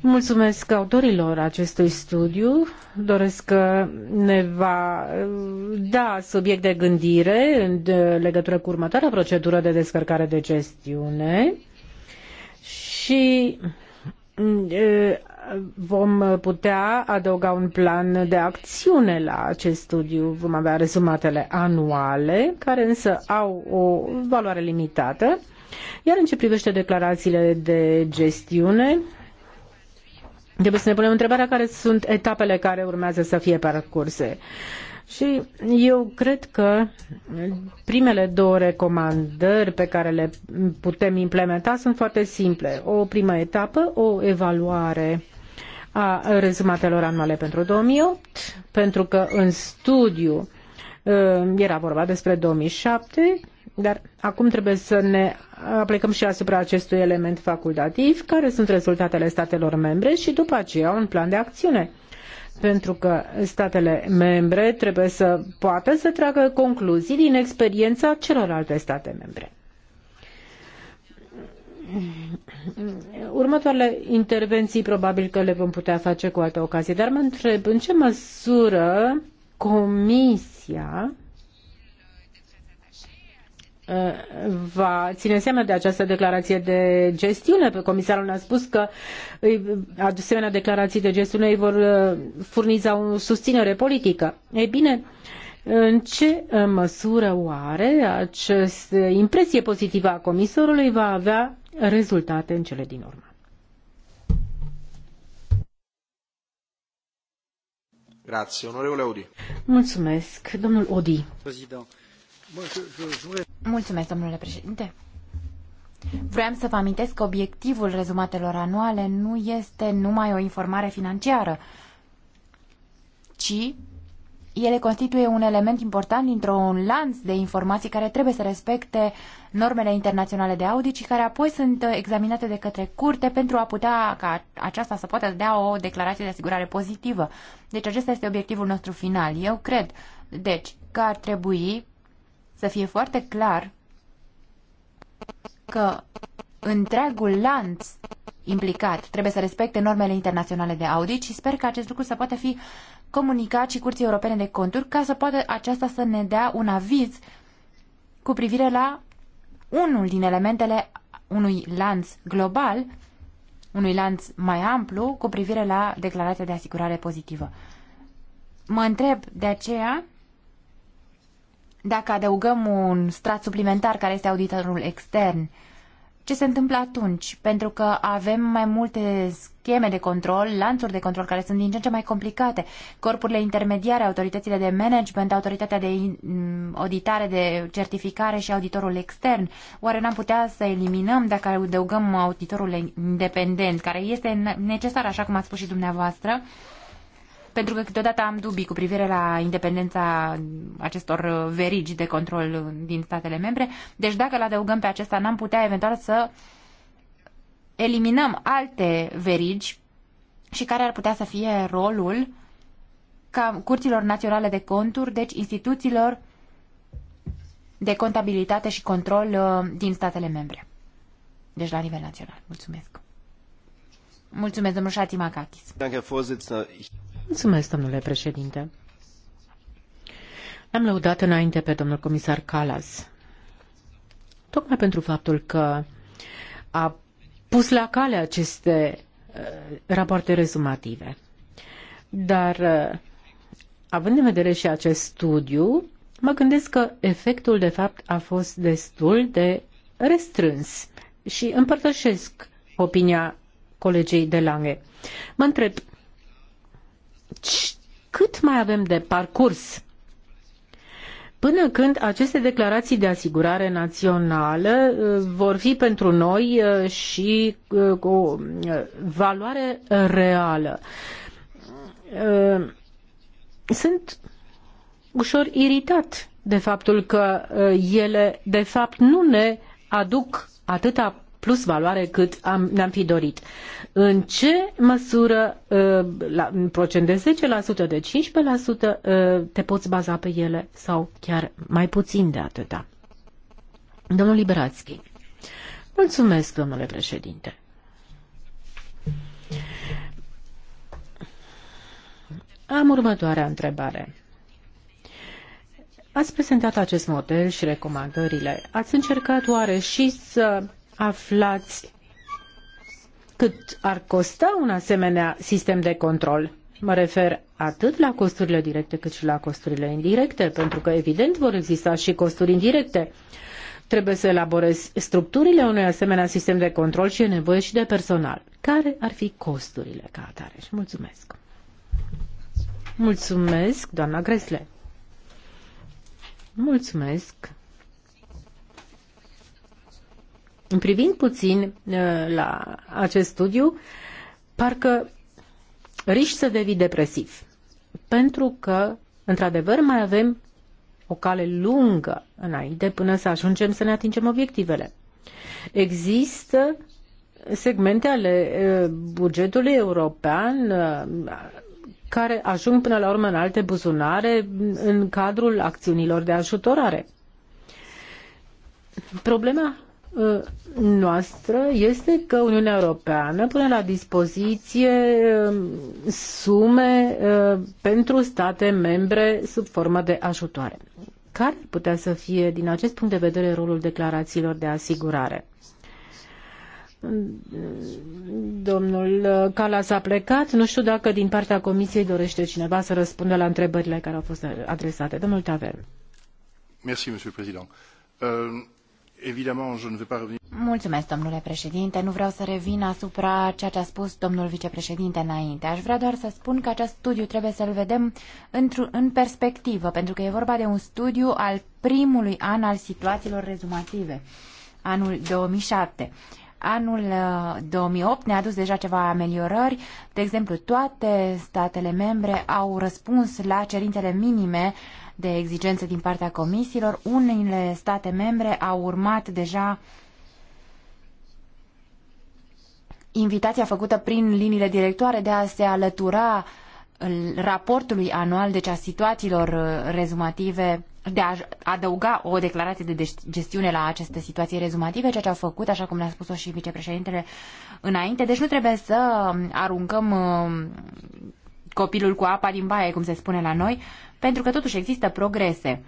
Mulțumesc autorilor acestui studiu. Doresc că ne va uh, da subiect de gândire în uh, legătură cu următoarea procedură de descărcare de gestiune și mm, vom putea adăuga un plan de acțiune la acest studiu. Vom avea rezumatele anuale, care însă au o valoare limitată. Iar în ce privește declarațiile de gestiune, trebuie să ne punem întrebarea care sunt etapele care urmează să fie parcurse. Și eu cred că primele două recomandări pe care le putem implementa sunt foarte simple. O primă etapă, o evaluare a rezumatelor anuale pentru 2008, pentru că în studiu uh, era vorba despre 2007, dar acum trebuie să ne aplicăm și asupra acestui element facultativ, care sunt rezultatele statelor membre și după aceea un plan de acțiune pentru că statele membre trebuie să poată să tragă concluzii din experiența celorlalte state membre. Următoarele intervenții probabil că le vom putea face cu altă ocazie, dar mă întreb în ce măsură Comisia Uh, va ține seama de această declarație de gestiune. Comisarul ne-a spus că asemenea declarații de gestiune îi vor uh, furniza o susținere politică. Ei bine, în ce uh, măsură oare această impresie pozitivă a comisarului va avea rezultate în cele din urmă? Grazie, onorevole Odi. Mulțumesc, domnul Odi. Mulțumesc, domnule președinte. Vreau să vă amintesc că obiectivul rezumatelor anuale nu este numai o informare financiară, ci ele constituie un element important dintr-un lanț de informații care trebuie să respecte normele internaționale de audit și care apoi sunt examinate de către curte pentru a putea ca aceasta să poată dea o declarație de asigurare pozitivă. Deci acesta este obiectivul nostru final. Eu cred, deci, că ar trebui să fie foarte clar că întregul lanț implicat trebuie să respecte normele internaționale de audit și sper că acest lucru să poată fi comunicat și Curții Europene de Conturi ca să poată aceasta să ne dea un aviz cu privire la unul din elementele unui lanț global, unui lanț mai amplu cu privire la declarația de asigurare pozitivă. Mă întreb de aceea dacă adăugăm un strat suplimentar care este auditorul extern, ce se întâmplă atunci? Pentru că avem mai multe scheme de control, lanțuri de control care sunt din ce în ce mai complicate. Corpurile intermediare, autoritățile de management, autoritatea de mm, auditare, de certificare și auditorul extern. Oare n-am putea să eliminăm dacă adăugăm auditorul independent, care este necesar, așa cum ați spus și dumneavoastră? pentru că câteodată am dubii cu privire la independența acestor verigi de control din statele membre. Deci dacă îl adăugăm pe acesta, n-am putea eventual să eliminăm alte verigi și care ar putea să fie rolul ca curților naționale de conturi, deci instituțiilor de contabilitate și control uh, din statele membre. Deci la nivel național. Mulțumesc. Mulțumesc, domnul Șatimacachis. Mulțumesc, domnule președinte. Am lăudat înainte pe domnul comisar Calas, tocmai pentru faptul că a pus la cale aceste uh, rapoarte rezumative. Dar, uh, având în vedere și acest studiu, mă gândesc că efectul, de fapt, a fost destul de restrâns și împărtășesc opinia colegei de Lange. Mă întreb cât mai avem de parcurs până când aceste declarații de asigurare națională uh, vor fi pentru noi uh, și uh, cu valoare reală. Sunt ușor iritat de faptul că ele, de fapt, nu ne aduc atâta plus valoare cât am, ne-am fi dorit. În ce măsură, uh, la, în procent de 10%, de 15%, uh, te poți baza pe ele sau chiar mai puțin de atâta? Domnul Liberațchi. Mulțumesc, domnule președinte. Am următoarea întrebare. Ați prezentat acest model și recomandările. Ați încercat oare și să aflați cât ar costa un asemenea sistem de control. Mă refer atât la costurile directe cât și la costurile indirecte, pentru că evident vor exista și costuri indirecte. Trebuie să elaborezi structurile unui asemenea sistem de control și e nevoie și de personal. Care ar fi costurile ca atare? Și mulțumesc. Mulțumesc, doamna Gresle. Mulțumesc. Privind puțin uh, la acest studiu, parcă riști să devii depresiv, pentru că, într-adevăr, mai avem o cale lungă înainte până să ajungem să ne atingem obiectivele. Există segmente ale uh, bugetului european uh, care ajung până la urmă în alte buzunare în cadrul acțiunilor de ajutorare. Problema Uh, noastră este că Uniunea Europeană pune la dispoziție um, sume uh, pentru state membre sub formă de ajutoare. Care putea să fie, din acest punct de vedere, rolul declarațiilor de asigurare? Domnul Calas a plecat. Nu știu dacă din partea Comisiei dorește cineva să răspundă la întrebările care au fost adresate. Domnul Taver. Mulțumesc, monsieur président. Uh... Evident, je ne vais pas revenir. Mulțumesc, domnule președinte. Nu vreau să revin asupra ceea ce a spus domnul vicepreședinte înainte. Aș vrea doar să spun că acest studiu trebuie să-l vedem în perspectivă, pentru că e vorba de un studiu al primului an al situațiilor rezumative, anul 2007. Anul 2008 uh, ne-a adus deja ceva ameliorări. De exemplu, toate statele membre au răspuns la cerințele minime uh, de exigențe din partea comisiilor. Unele state membre au urmat deja invitația făcută prin liniile directoare de a se alătura uh, raportului anual, deci a situațiilor uh, rezumative, de a adăuga o declarație de deci-, gestiune la aceste situații rezumative, ceea ce au făcut, așa cum le-a spus-o și vicepreședintele înainte. Deci nu trebuie să um, aruncăm um, copilul cu apa din baie, cum se spune la noi, pentru că totuși există progrese.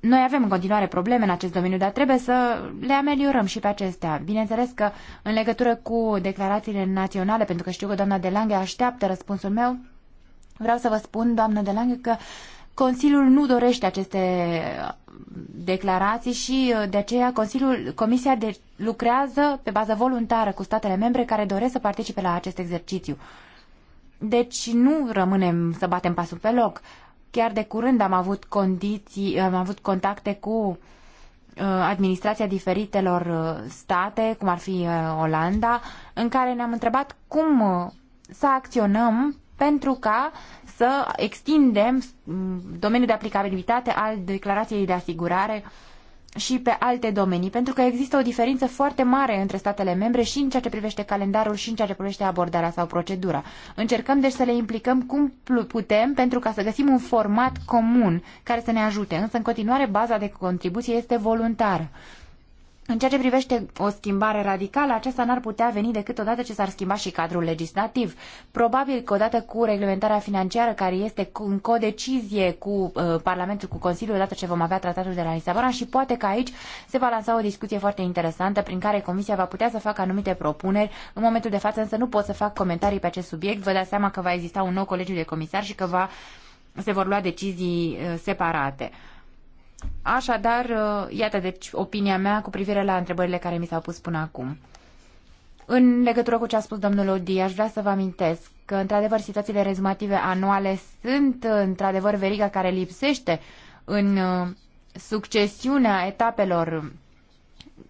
Noi avem în continuare probleme în acest domeniu, dar trebuie să le ameliorăm și pe acestea. Bineînțeles că în legătură cu declarațiile naționale, pentru că știu că doamna de așteaptă răspunsul meu, vreau să vă spun, doamna de că Consiliul nu dorește aceste uh, declarații și uh, de aceea Consiliul, Comisia de, lucrează pe bază voluntară cu statele membre care doresc să participe la acest exercițiu. Deci nu rămânem să batem pasul pe loc. Chiar de curând am avut condiții, am avut contacte cu uh, administrația diferitelor uh, state, cum ar fi uh, Olanda, în care ne-am întrebat cum să acționăm pentru ca să extindem mm, domeniul de aplicabilitate al declarației de asigurare și pe alte domenii, pentru că există o diferență foarte mare între statele membre și în ceea ce privește calendarul și în ceea ce privește abordarea sau procedura. Încercăm deci să le implicăm cum putem pentru ca să găsim un format comun care să ne ajute, însă în continuare baza de contribuție este voluntară. În ceea ce privește o schimbare radicală, aceasta n-ar putea veni decât odată ce s-ar schimba și cadrul legislativ. Probabil că odată cu reglementarea financiară care este în codecizie cu uh, Parlamentul, cu Consiliul, odată ce vom avea tratatul de la Lisabona și poate că aici se va lansa o discuție foarte interesantă prin care Comisia va putea să facă anumite propuneri. În momentul de față însă nu pot să fac comentarii pe acest subiect. Vă dați seama că va exista un nou colegiu de comisar și că va, se vor lua decizii uh, separate. Uh, Așadar, uh, iată deci opinia mea cu privire la întrebările care mi s-au pus până acum. În legătură cu ce a spus domnul Odi, aș vrea să vă amintesc că, într-adevăr, situațiile rezumative anuale sunt, uh, într-adevăr, veriga care lipsește în uh, succesiunea etapelor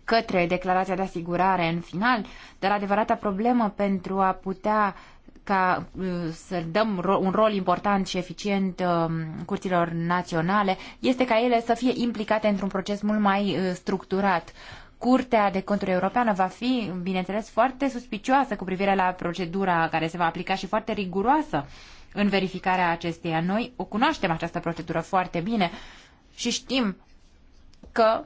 către declarația de asigurare în final, dar adevărata problemă pentru a putea ca uh, să dăm un rol important și eficient um, curților naționale este ca ele să fie implicate într-un proces mult mai uh, structurat. Curtea de Conturi Europeană va fi, bineînțeles, foarte suspicioasă cu privire la procedura care se va aplica și foarte riguroasă în verificarea acesteia. Noi o cunoaștem această procedură foarte bine și știm că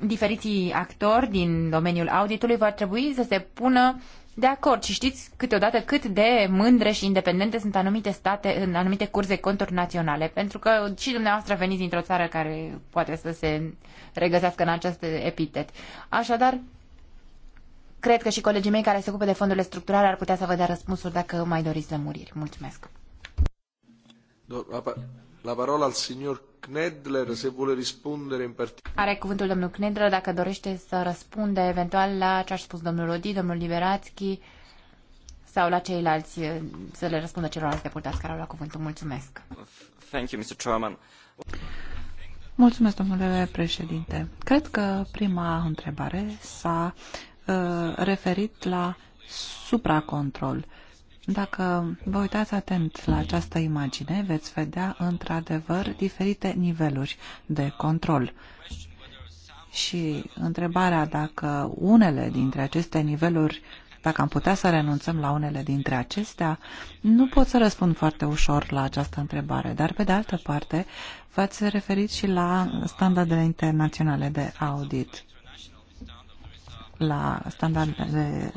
diferiții actori din domeniul auditului vor trebui să se pună de acord și știți câteodată cât de mândre și independente sunt anumite state în anumite curze conturi naționale, pentru că și dumneavoastră veniți dintr-o țară care poate să se regăsească în acest epitet. Așadar, cred că și colegii mei care se ocupă de fondurile structurale ar putea să vă dea răspunsuri dacă mai doriți lămuriri. Mulțumesc! Do- la parola al signor Knedler, se vuole rispondere Are cuvântul domnul Knedler dacă dorește să răspundă eventual la ce a spus domnul Rodi, domnul Liberațchi sau la ceilalți, eh, să le răspundă celorlalți deputați care au luat cuvântul. Mulțumesc. Thank you, Mr. Chairman. Mulțumesc, domnule președinte. Cred că prima întrebare s-a uh, referit la supracontrol. Dacă vă uitați atent la această imagine, veți vedea într-adevăr diferite niveluri de control. Și întrebarea dacă unele dintre aceste niveluri, dacă am putea să renunțăm la unele dintre acestea, nu pot să răspund foarte ușor la această întrebare. Dar, pe de altă parte, v-ați referit și la standardele internaționale de audit, la standardele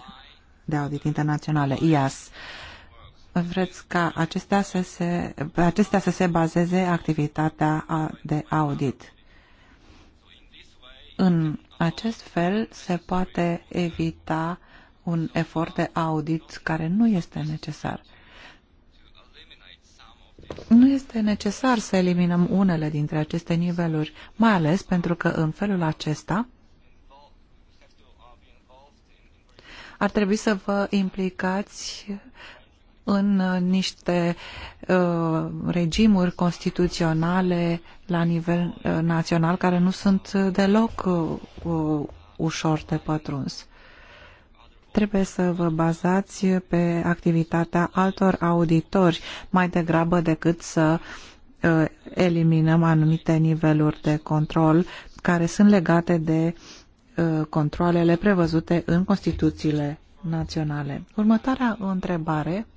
de audit internaționale, IAS. Vreți ca acestea să se, pe acestea să se bazeze activitatea de audit. În acest fel se poate evita un efort de audit care nu este necesar. Nu este necesar să eliminăm unele dintre aceste niveluri, mai ales pentru că în felul acesta ar trebui să vă implicați în uh, niște uh, regimuri constituționale la nivel uh, național care nu sunt deloc uh, ușor de pătruns. Trebuie să vă bazați pe activitatea altor auditori mai degrabă decât să eliminăm anumite niveluri de control care sunt legate de uh, Uh, controlele prevăzute în Constituțiile naționale. Următoarea întrebare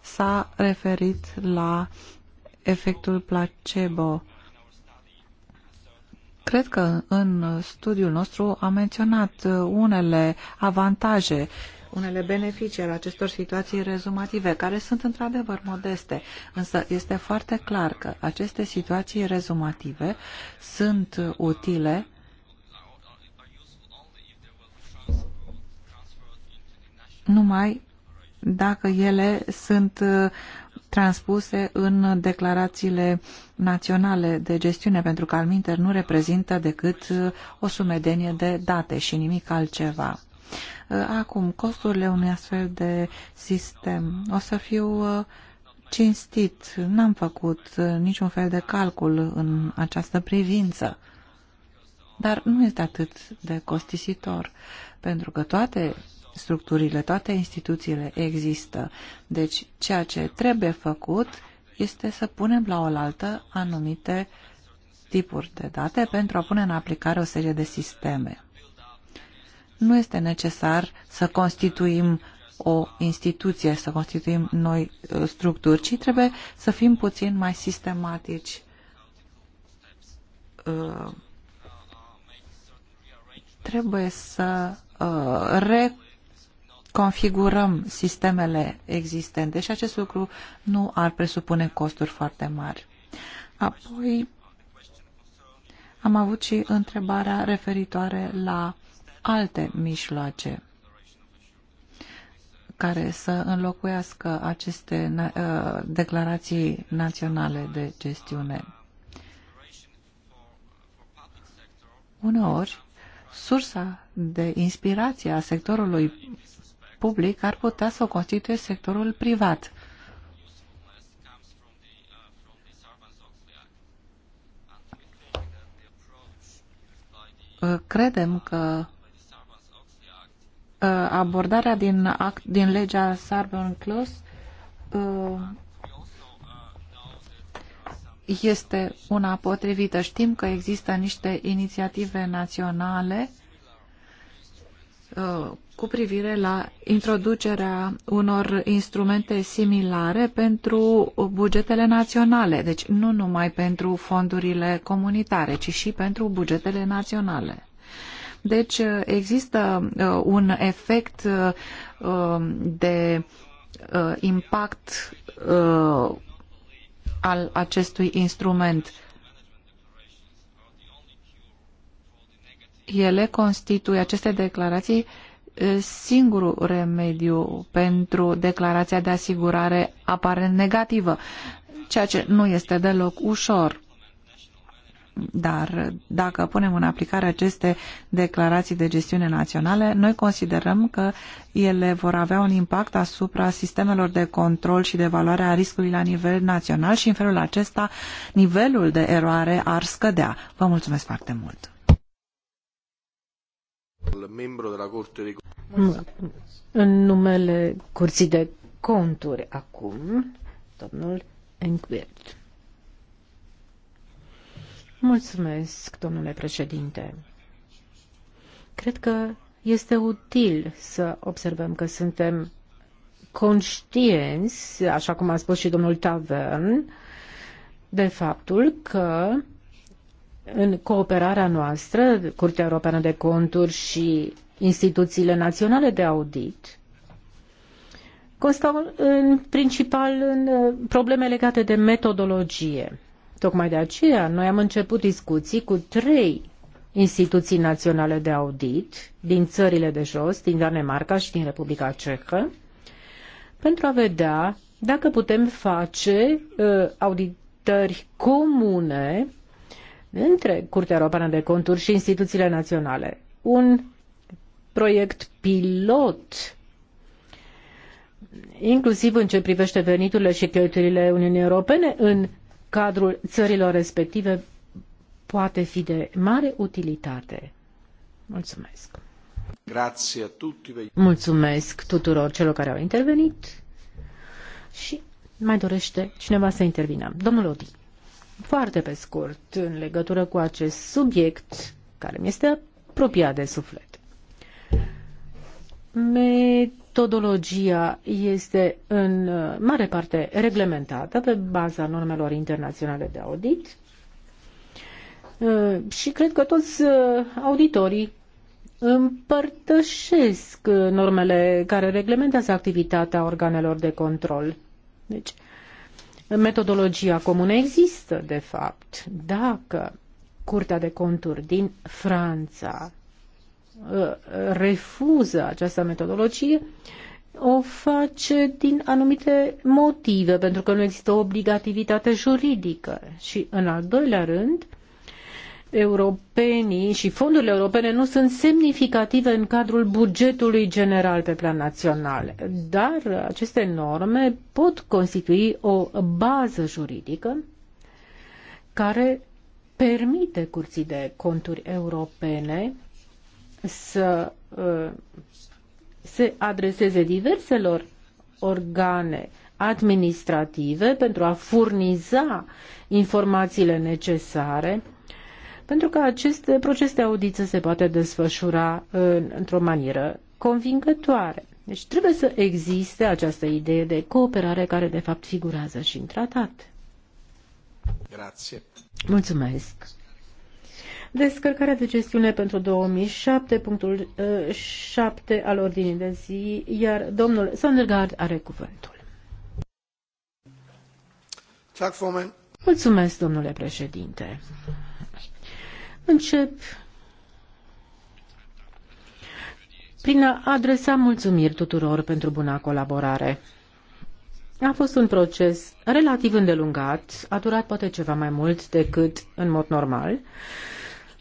s-a referit la efectul placebo. Cred că în studiul nostru am menționat uh, unele avantaje, unele beneficii ale acestor situații rezumative, care sunt într-adevăr modeste, însă este foarte clar că aceste situații rezumative sunt utile numai dacă ele sunt uh, transpuse în declarațiile naționale de gestiune, pentru că alminter nu reprezintă decât uh, o sumedenie de date și nimic altceva. Uh, acum, costurile unui astfel de sistem. O să fiu cinstit, n-am făcut niciun fel de calcul în această privință. Dar nu este atât de costisitor, pentru că toate structurile, toate instituțiile există. Deci ceea ce trebuie făcut este să punem la oaltă anumite tipuri de date pentru a pune în aplicare o serie de sisteme. Nu este necesar să constituim o instituție, să constituim noi uh, structuri, ci trebuie să fim puțin mai sistematici uh, trebuie să uh, configurăm sistemele existente și acest lucru nu ar presupune costuri foarte mari. Apoi am avut și întrebarea referitoare la alte mijloace care să înlocuiască aceste uh, declarații naționale de gestiune. Uneori, sursa de inspirație a sectorului public ar putea să o constituie sectorul privat. Uh, credem că uh, abordarea din, act, din legea sarban clos uh, este una potrivită. Știm că există niște inițiative naționale cu privire la introducerea unor instrumente similare pentru bugetele naționale, deci nu numai pentru fondurile comunitare, ci și pentru bugetele naționale. Deci există uh, un efect uh, de uh, impact al acestui instrument ele constituie, aceste declarații, singurul remediu pentru declarația de asigurare aparent negativă, ceea ce nu este deloc ușor. Dar dacă punem în aplicare aceste declarații de gestiune naționale, noi considerăm că ele vor avea un impact asupra sistemelor de control și de evaluare a riscului la nivel național și în felul acesta nivelul de eroare ar scădea. Vă mulțumesc foarte mult! În numele Curții de Conturi acum, domnul Enquirt. Mulțumesc, domnule președinte. Cred că este util să observăm că suntem conștienți, așa cum a spus și domnul Tavern, de faptul că în cooperarea noastră, Curtea Europeană de Conturi și instituțiile naționale de audit, constau în principal în uh, probleme legate de metodologie. Tocmai de aceea, noi am început discuții cu trei instituții naționale de audit din țările de jos, din Danemarca și din Republica Cehă, pentru a vedea dacă putem face uh, auditări comune între Curtea Europeană de Conturi și instituțiile naționale. Un proiect pilot inclusiv în ce privește veniturile și cheltuielile Uniunii Europene în cadrul țărilor respective poate fi de mare utilitate. Mulțumesc. Mulțumesc tuturor celor care au intervenit și mai dorește cineva să intervină. Domnul Odi foarte pe scurt în legătură cu acest subiect care mi este apropiat de suflet. Metodologia este în uh, mare parte reglementată pe baza normelor internaționale de audit uh, și cred că toți uh, auditorii împărtășesc normele care reglementează activitatea organelor de control. Deci, Metodologia comună există, de fapt. Dacă Curtea de Conturi din Franța uh, refuză această metodologie, o face din anumite motive, pentru că nu există obligativitate juridică. Și, în al doilea rând, europenii și fondurile europene nu sunt semnificative în cadrul bugetului general pe plan național, dar aceste norme pot constitui o bază juridică care permite curții de conturi europene să uh, se adreseze diverselor organe administrative pentru a furniza informațiile necesare pentru că acest proces de audiție se poate desfășura uh, într-o manieră convingătoare. Deci trebuie să existe această idee de cooperare care de fapt figurează și în tratat. Grație. Mulțumesc. Descărcarea de gestiune pentru 2007, punctul 7 uh, al ordinii de zi, iar domnul Sondergaard are cuvântul. Mulțumesc, domnule președinte. Încep prin a adresa mulțumiri tuturor pentru buna colaborare. A fost un proces relativ îndelungat, a durat poate ceva mai mult decât în mod normal.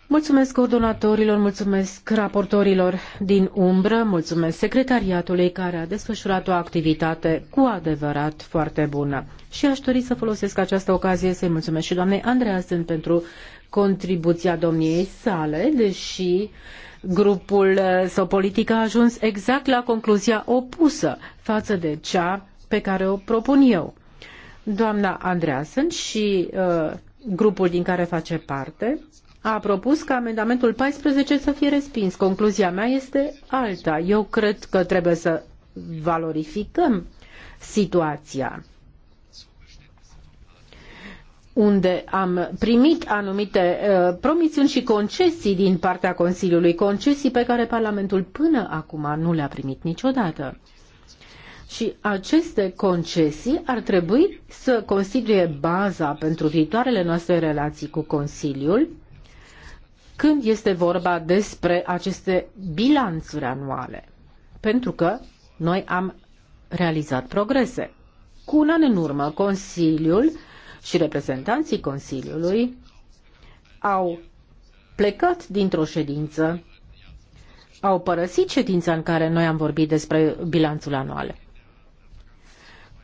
Mulțumesc coordonatorilor, mulțumesc raportorilor din umbră, mulțumesc secretariatului care a desfășurat o activitate cu adevărat foarte bună. Și aș dori să folosesc această ocazie să-i mulțumesc și doamnei Andreasen pentru contribuția domniei sale, deși grupul eh, sau politica a ajuns exact la concluzia opusă față de cea pe care o propun eu. Doamna Andreasen și uh, grupul din care face parte a propus ca amendamentul 14 să fie respins. Concluzia mea este alta. Eu cred că trebuie să valorificăm situația unde am primit anumite uh, promisiuni și concesii din partea Consiliului, concesii pe care Parlamentul până acum nu le-a primit niciodată. Și aceste concesii ar trebui să constituie baza pentru viitoarele noastre relații cu Consiliul când este vorba despre aceste bilanțuri anuale. Pentru că noi am realizat progrese. Cu un an în urmă, Consiliul și reprezentanții Consiliului au plecat dintr-o ședință, au părăsit ședința în care noi am vorbit despre bilanțul anual.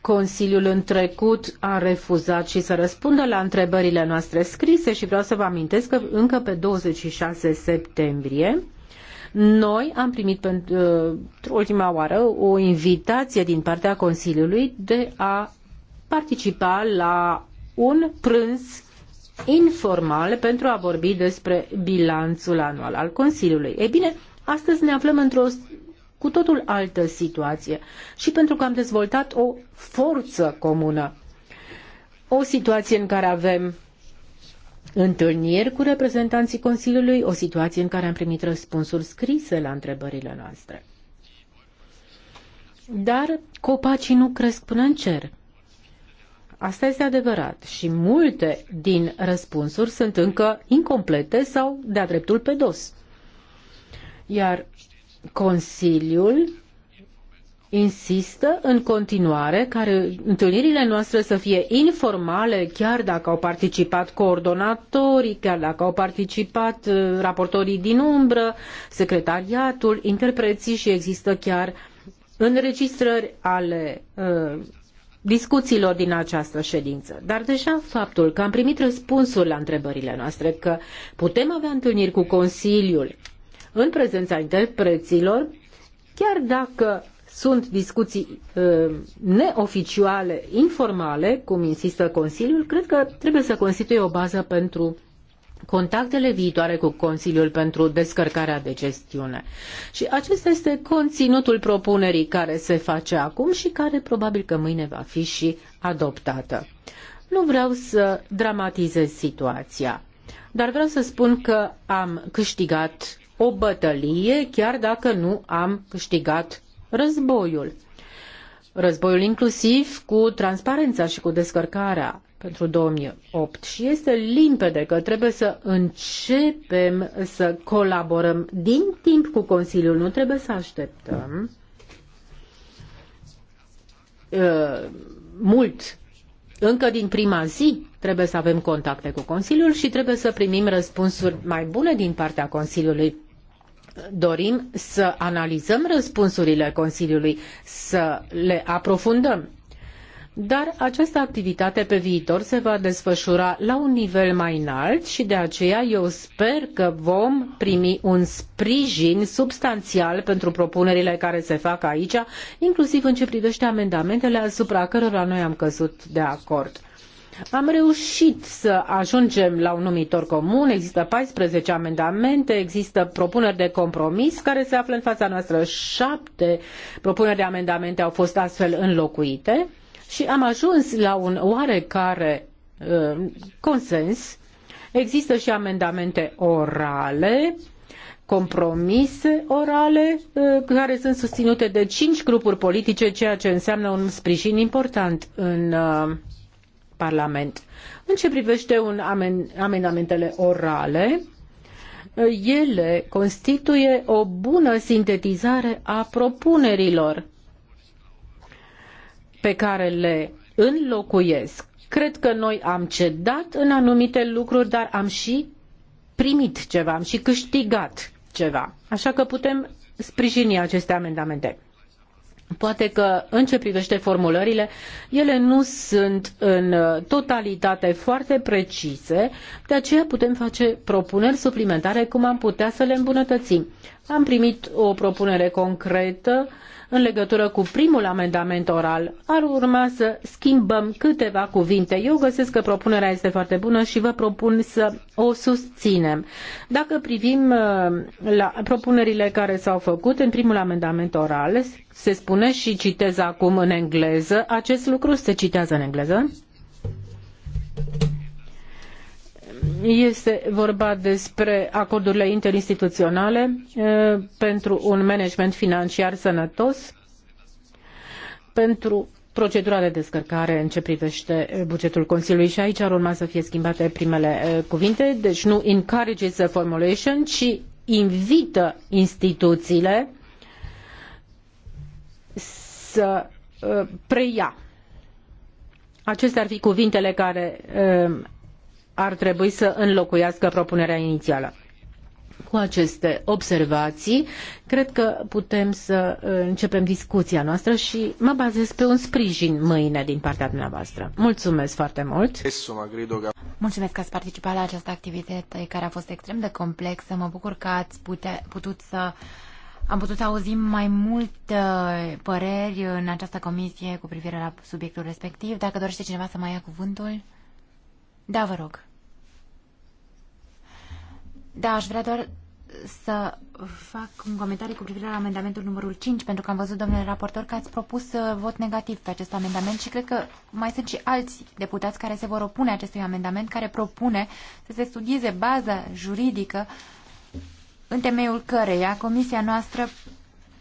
Consiliul în trecut a refuzat și să răspundă la întrebările noastre scrise și vreau să vă amintesc că încă pe 26 septembrie noi am primit pentru ultima oară o invitație din partea Consiliului de a participa la un prânz informal pentru a vorbi despre bilanțul anual al Consiliului. Ei bine, astăzi ne aflăm într-o cu totul altă situație și pentru că am dezvoltat o forță comună. O situație în care avem întâlniri cu reprezentanții Consiliului, o situație în care am primit răspunsuri scrise la întrebările noastre. Dar copacii nu cresc până în cer. Asta este adevărat și multe din răspunsuri sunt încă incomplete sau de-a dreptul pe dos. Iar Consiliul insistă în continuare ca întâlnirile noastre să fie informale, chiar dacă au participat coordonatorii, chiar dacă au participat uh, raportorii din umbră, secretariatul, interpreții și există chiar înregistrări ale uh, discuțiilor din această ședință. Dar deja faptul că am primit răspunsuri la întrebările noastre, că putem avea întâlniri cu Consiliul în prezența interpreților, chiar dacă sunt discuții ă, neoficiale, informale, cum insistă Consiliul, cred că trebuie să constituie o bază pentru contactele viitoare cu Consiliul pentru descărcarea de gestiune. Și acesta este conținutul propunerii care se face acum și care probabil că mâine va fi și adoptată. Nu vreau să dramatizez situația, dar vreau să spun că am câștigat o bătălie, chiar dacă nu am câștigat războiul. Războiul inclusiv cu transparența și cu descărcarea pentru 2008 și este limpede că trebuie să începem să colaborăm din timp cu Consiliul, nu trebuie să așteptăm uh, mult. Încă din prima zi trebuie să avem contacte cu Consiliul și trebuie să primim răspunsuri mai bune din partea Consiliului dorim să analizăm răspunsurile Consiliului, să le aprofundăm. Dar această activitate pe viitor se va desfășura la un nivel mai înalt și de aceea eu sper că vom primi un sprijin substanțial pentru propunerile care se fac aici, inclusiv în ce privește amendamentele asupra cărora noi am căzut de acord. Am reușit să ajungem la un numitor comun, există 14 amendamente, există propuneri de compromis care se află în fața noastră, șapte propuneri de amendamente au fost astfel înlocuite și am ajuns la un oarecare uh, consens. Există și amendamente orale, compromise orale, uh, care sunt susținute de cinci grupuri politice, ceea ce înseamnă un sprijin important în uh, Parlament. În ce privește un amen- amendamentele orale, ele constituie o bună sintetizare a propunerilor pe care le înlocuiesc. Cred că noi am cedat în anumite lucruri, dar am și primit ceva, am și câștigat ceva. Așa că putem sprijini aceste amendamente. Poate că în ce privește formulările, ele nu sunt în totalitate foarte precise, de aceea putem face propuneri suplimentare cum am putea să le îmbunătățim. Am primit o propunere concretă uh, în legătură cu primul amendament oral. Ar urma să schimbăm câteva cuvinte. Eu găsesc că propunerea este foarte bună și vă propun să o susținem. Dacă privim uh, la propunerile care s-au făcut în primul amendament oral, se spune și citez acum în engleză, acest lucru se citează în engleză. Este vorba despre acordurile interinstituționale pentru un management financiar sănătos, pentru procedura de descărcare în ce privește bugetul Consiliului și aici ar urma să fie schimbate primele cuvinte, deci nu encourages the formulation, ci invită instituțiile să preia. Acestea ar fi cuvintele care ar trebui să înlocuiască propunerea inițială. Cu aceste observații, cred că putem să uh, începem discuția noastră și mă bazez pe un sprijin mâine din partea dumneavoastră. Mulțumesc foarte mult! Mulțumesc că ați participat la această activitate care a fost extrem de complexă. Mă bucur că ați putut să am putut să auzim mai multe păreri în această comisie cu privire la subiectul respectiv. Dacă dorește cineva să mai ia cuvântul... Da, vă rog. Da, aș vrea doar să fac un comentariu cu privire la amendamentul numărul 5, pentru că am văzut, domnule raportor, că ați propus uh, vot negativ pe acest amendament și cred că mai sunt și alți deputați care se vor opune acestui amendament, care propune să se studieze baza juridică în temeiul căreia comisia noastră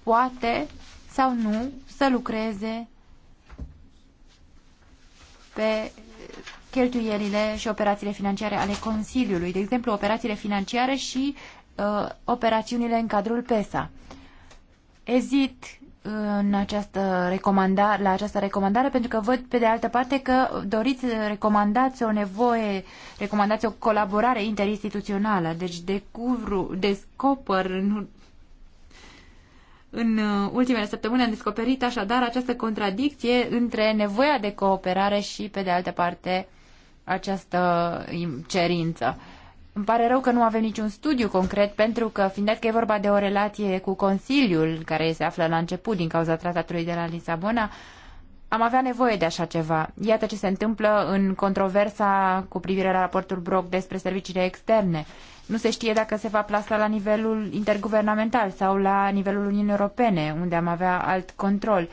poate sau nu să lucreze pe cheltuielile și operațiile financiare ale Consiliului, de exemplu operațiile financiare și uh, operațiunile în cadrul PESA. Ezit în această recomandare, la această recomandare pentru că văd pe de altă parte că doriți uh, recomandați o nevoie, recomandați o colaborare interinstituțională, deci decuvru, descoper în, în uh, ultimele săptămâni am descoperit așadar această contradicție între nevoia de cooperare și pe de altă parte uh, această cerință. Îmi pare rău că nu avem niciun studiu concret, pentru că, fiind că e vorba de o relație cu Consiliul, care se află la început din cauza tratatului de la Lisabona, am avea nevoie de așa ceva. Iată ce se întâmplă în controversa cu privire la raportul Brock despre serviciile externe. Nu se știe dacă se va plasa la nivelul interguvernamental sau la nivelul Uniunii Europene, unde am avea alt control,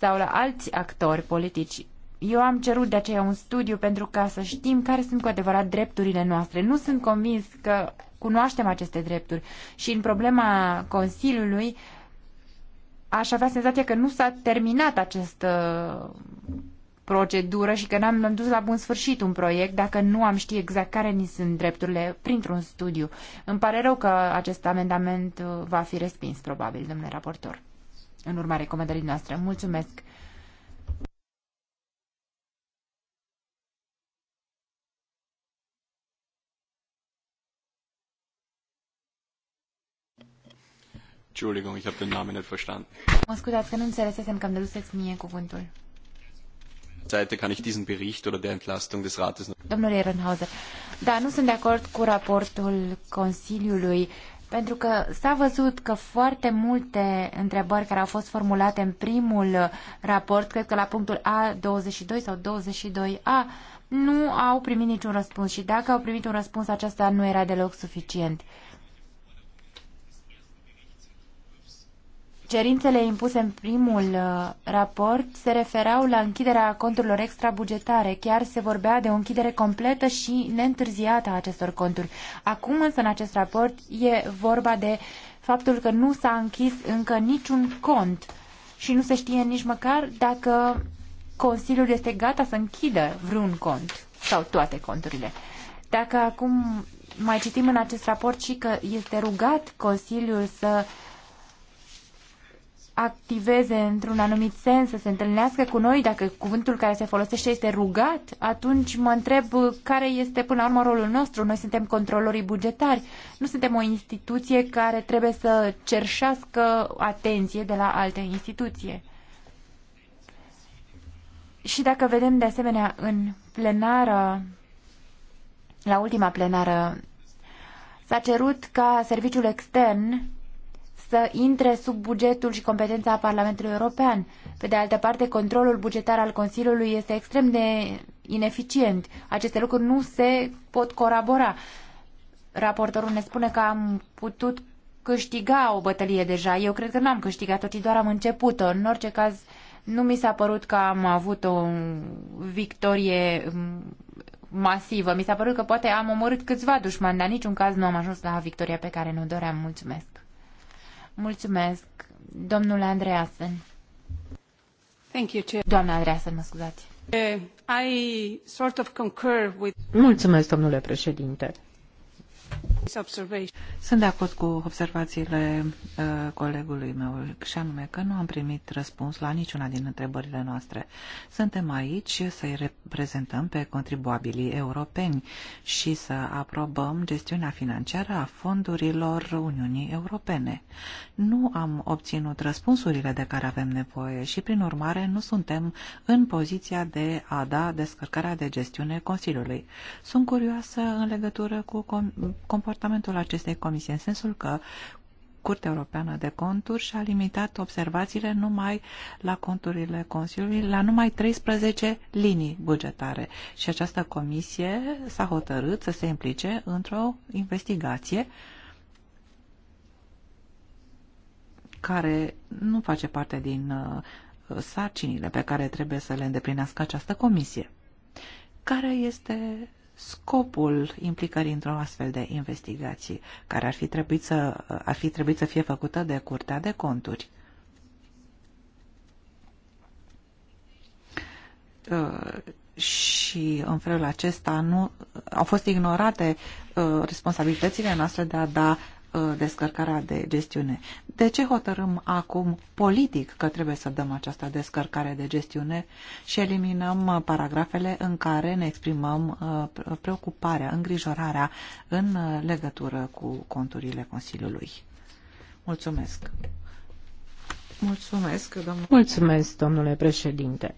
sau la alți actori politici eu am cerut de aceea un studiu pentru ca să știm care sunt cu adevărat drepturile noastre. Nu sunt convins că cunoaștem aceste drepturi și în problema Consiliului aș avea senzația că nu s-a terminat această procedură și că n-am dus la bun sfârșit un proiect dacă nu am ști exact care ni sunt drepturile printr-un studiu. Îmi pare rău că acest amendament uh, va fi respins, probabil, domnule raportor, în urma recomandării noastre. Mulțumesc! Entschuldigung, ich habe den Namen nicht verstanden. Mă scuzați că nu înțelesesem că îmi dăduseți mie cuvântul. Seite kann ich diesen Bericht oder der Entlastung des Rates... Domnule Ehrenhauser, da, nu sunt de acord cu raportul Consiliului, pentru că s-a văzut că foarte multe întrebări care au fost formulate în primul raport, cred că la punctul A22 sau 22A, nu au primit niciun răspuns și dacă au primit un răspuns, acesta nu era deloc suficient. Cerințele impuse în primul uh, raport se referau la închiderea conturilor extrabugetare, chiar se vorbea de o închidere completă și neîntârziată a acestor conturi. Acum însă în acest raport e vorba de faptul că nu s-a închis încă niciun cont și nu se știe nici măcar dacă Consiliul este gata să închidă vreun cont sau toate conturile. Dacă acum mai citim în acest raport și că este rugat Consiliul să activeze într-un anumit sens, să se întâlnească cu noi, dacă cuvântul care se folosește este rugat, atunci mă întreb care este până la urmă rolul nostru. Noi suntem controlorii bugetari, nu suntem o instituție care trebuie să cerșească atenție de la alte instituții. Și dacă vedem de asemenea în plenară, la ultima plenară, s-a cerut ca serviciul extern să intre sub bugetul și competența a Parlamentului European. Pe de altă parte, controlul bugetar al Consiliului este extrem de ineficient. Aceste lucruri nu se pot corabora. Raportorul ne spune că am putut câștiga o bătălie deja. Eu cred că n-am câștigat-o, ci doar am început-o. În orice caz, nu mi s-a părut că am avut o victorie mm, masivă. Mi s-a părut că poate am omorât câțiva dușmani, dar niciun caz nu am ajuns la victoria pe care ne-o doream. Mulțumesc! Mulțumesc, domnule Andreasen. Thank you, Chair. Doamna Andreasen, mă scuzați. Uh, I sort of concur with... Mulțumesc, domnule președinte. Sunt de acord cu observațiile uh, colegului meu și anume că nu am primit răspuns la niciuna din întrebările noastre. Suntem aici să-i reprezentăm pe contribuabilii europeni și să aprobăm gestiunea financiară a fondurilor Uniunii Europene. Nu am obținut răspunsurile de care avem nevoie și, prin urmare, nu suntem în poziția de a da descărcarea de gestiune Consiliului. Sunt curioasă în legătură cu comportamentul comportamentul acestei comisii, în sensul că Curtea Europeană de Conturi și-a limitat observațiile numai la conturile Consiliului, la numai 13 linii bugetare. Și această comisie s-a hotărât să se implice într-o investigație care nu face parte din uh, sarcinile pe care trebuie să le îndeplinească această comisie. Care este scopul implicării într-o astfel de investigație, care ar fi, trebuit să, ar fi trebuit să fie făcută de Curtea de Conturi. Uh, și în felul acesta nu, au fost ignorate uh, responsabilitățile noastre de a da Uh, descărcarea de gestiune. De ce hotărâm acum politic că trebuie să dăm această descărcare de gestiune și eliminăm uh, paragrafele în care ne exprimăm uh, preocuparea, îngrijorarea în legătură cu conturile Consiliului? Mulțumesc! Mulțumesc, domnule. Mulțumesc, domnule președinte.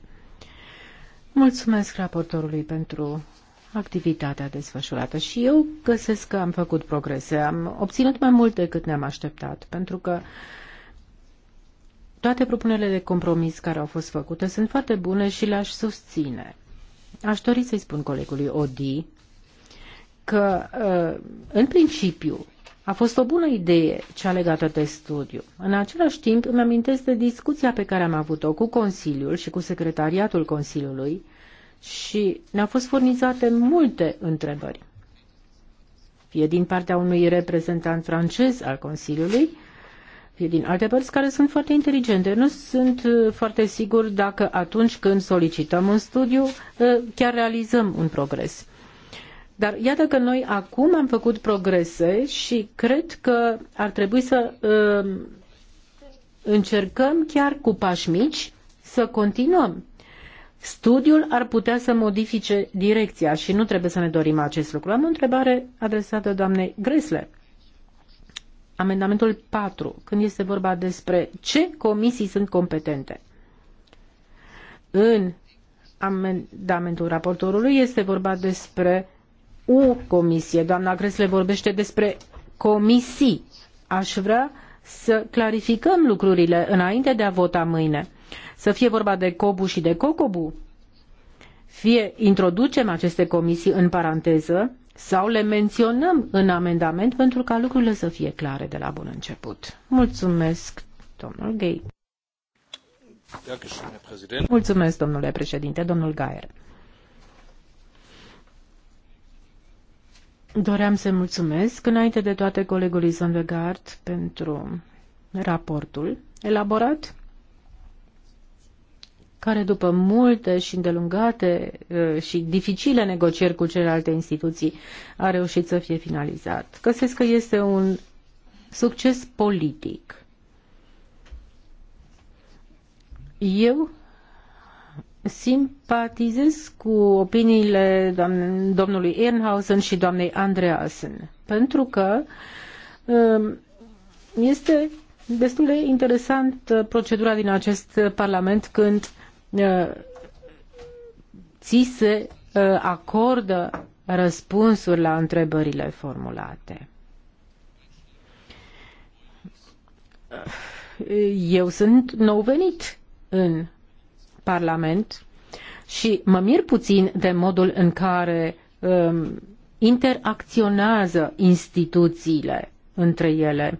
Mulțumesc raportorului pentru activitatea desfășurată și eu găsesc că am făcut progrese. Am obținut mai mult decât ne-am așteptat, pentru că toate propunerile de compromis care au fost făcute sunt foarte bune și le-aș susține. Aș dori să-i spun colegului Odi că, uh, în principiu, a fost o bună idee cea legată de studiu. În același timp, îmi amintesc de discuția pe care am avut-o cu Consiliul și cu Secretariatul Consiliului și ne-au fost furnizate multe întrebări, fie din partea unui reprezentant francez al Consiliului, fie din alte părți care sunt foarte inteligente. Nu sunt uh, foarte sigur dacă atunci când solicităm un studiu uh, chiar realizăm un progres. Dar iată că noi acum am făcut progrese și cred că ar trebui să uh, încercăm chiar cu pași mici să continuăm studiul ar putea să modifice direcția și nu trebuie să ne dorim acest lucru. Am o întrebare adresată doamnei Gresler. Amendamentul 4, când este vorba despre ce comisii sunt competente. În amendamentul raportorului este vorba despre o comisie. Doamna Gresle vorbește despre comisii. Aș vrea să clarificăm lucrurile înainte de a vota mâine să fie vorba de COBU și de COCOBU, fie introducem aceste comisii în paranteză sau le menționăm în amendament pentru ca lucrurile să fie clare de la bun început. Mulțumesc, domnul Gay. Mulțumesc, domnule președinte, domnul Gaer. Doream să mulțumesc înainte de toate colegului Sondergaard pentru raportul elaborat care după multe și îndelungate uh, și dificile negocieri cu celelalte instituții a reușit să fie finalizat. Găsesc că este un succes politic. Eu simpatizez cu opiniile doamne, domnului Ehrenhausen și doamnei Andreasen, pentru că um, este destul de interesant uh, procedura din acest Parlament când Uh, ți se uh, acordă răspunsuri la întrebările formulate. Uh, eu sunt nou venit în Parlament și mă mir puțin de modul în care um, interacționează instituțiile între ele.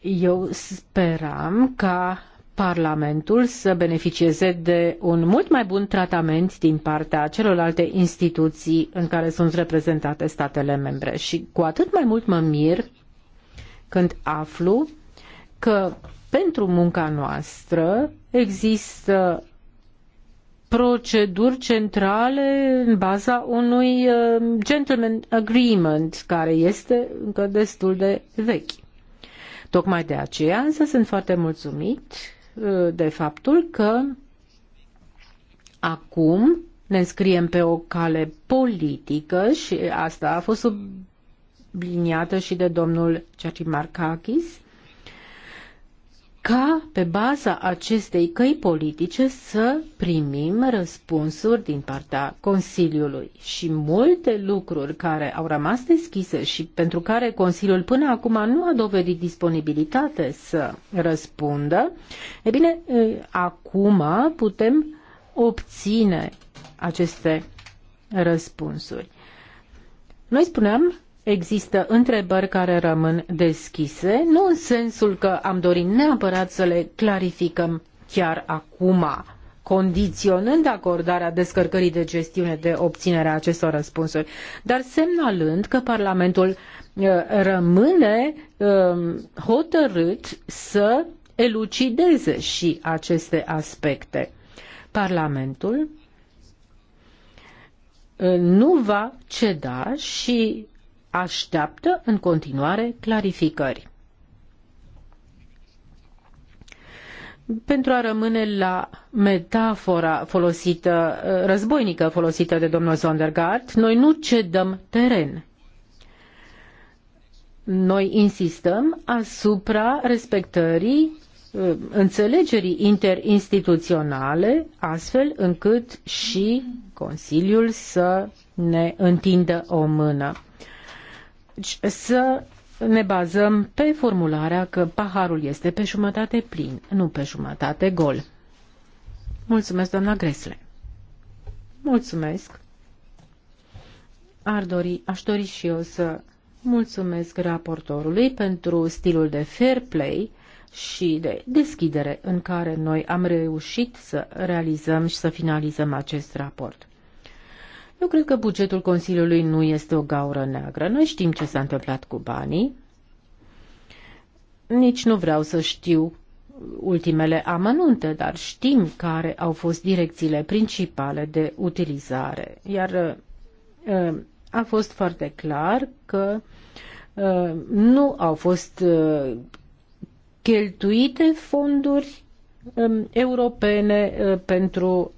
Eu speram ca Parlamentul să beneficieze de un mult mai bun tratament din partea celorlalte instituții în care sunt reprezentate statele membre. Și cu atât mai mult mă mir când aflu că pentru munca noastră există proceduri centrale în baza unui uh, gentleman agreement care este încă destul de vechi. Tocmai de aceea însă sunt foarte mulțumit de faptul că acum ne înscriem pe o cale politică și asta a fost subliniată și de domnul Markakis ca pe baza acestei căi politice să primim răspunsuri din partea Consiliului. Și multe lucruri care au rămas deschise și pentru care Consiliul până acum nu a dovedit disponibilitate să răspundă, e bine, acum putem obține aceste răspunsuri. Noi spuneam există întrebări care rămân deschise, nu în sensul că am dorit neapărat să le clarificăm chiar acum, condiționând acordarea descărcării de gestiune de obținerea acestor răspunsuri, dar semnalând că Parlamentul uh, rămâne um, hotărât să elucideze și aceste aspecte. Parlamentul uh, nu va ceda și așteaptă în continuare clarificări. Pentru a rămâne la metafora folosită, războinică folosită de domnul Sondergaard, noi nu cedăm teren. Noi insistăm asupra respectării înțelegerii interinstituționale, astfel încât și Consiliul să ne întindă o mână. Deci să ne bazăm pe formularea că paharul este pe jumătate plin, nu pe jumătate gol. Mulțumesc, doamna Gresle. Mulțumesc. Ar dori, aș dori și eu să mulțumesc raportorului pentru stilul de fair play și de deschidere în care noi am reușit să realizăm și să finalizăm acest raport. Eu cred că bugetul Consiliului nu este o gaură neagră. Noi știm ce s-a întâmplat cu banii. Nici nu vreau să știu ultimele amănunte, dar știm care au fost direcțiile principale de utilizare. Iar uh, a fost foarte clar că uh, nu au fost uh, cheltuite fonduri um, europene pentru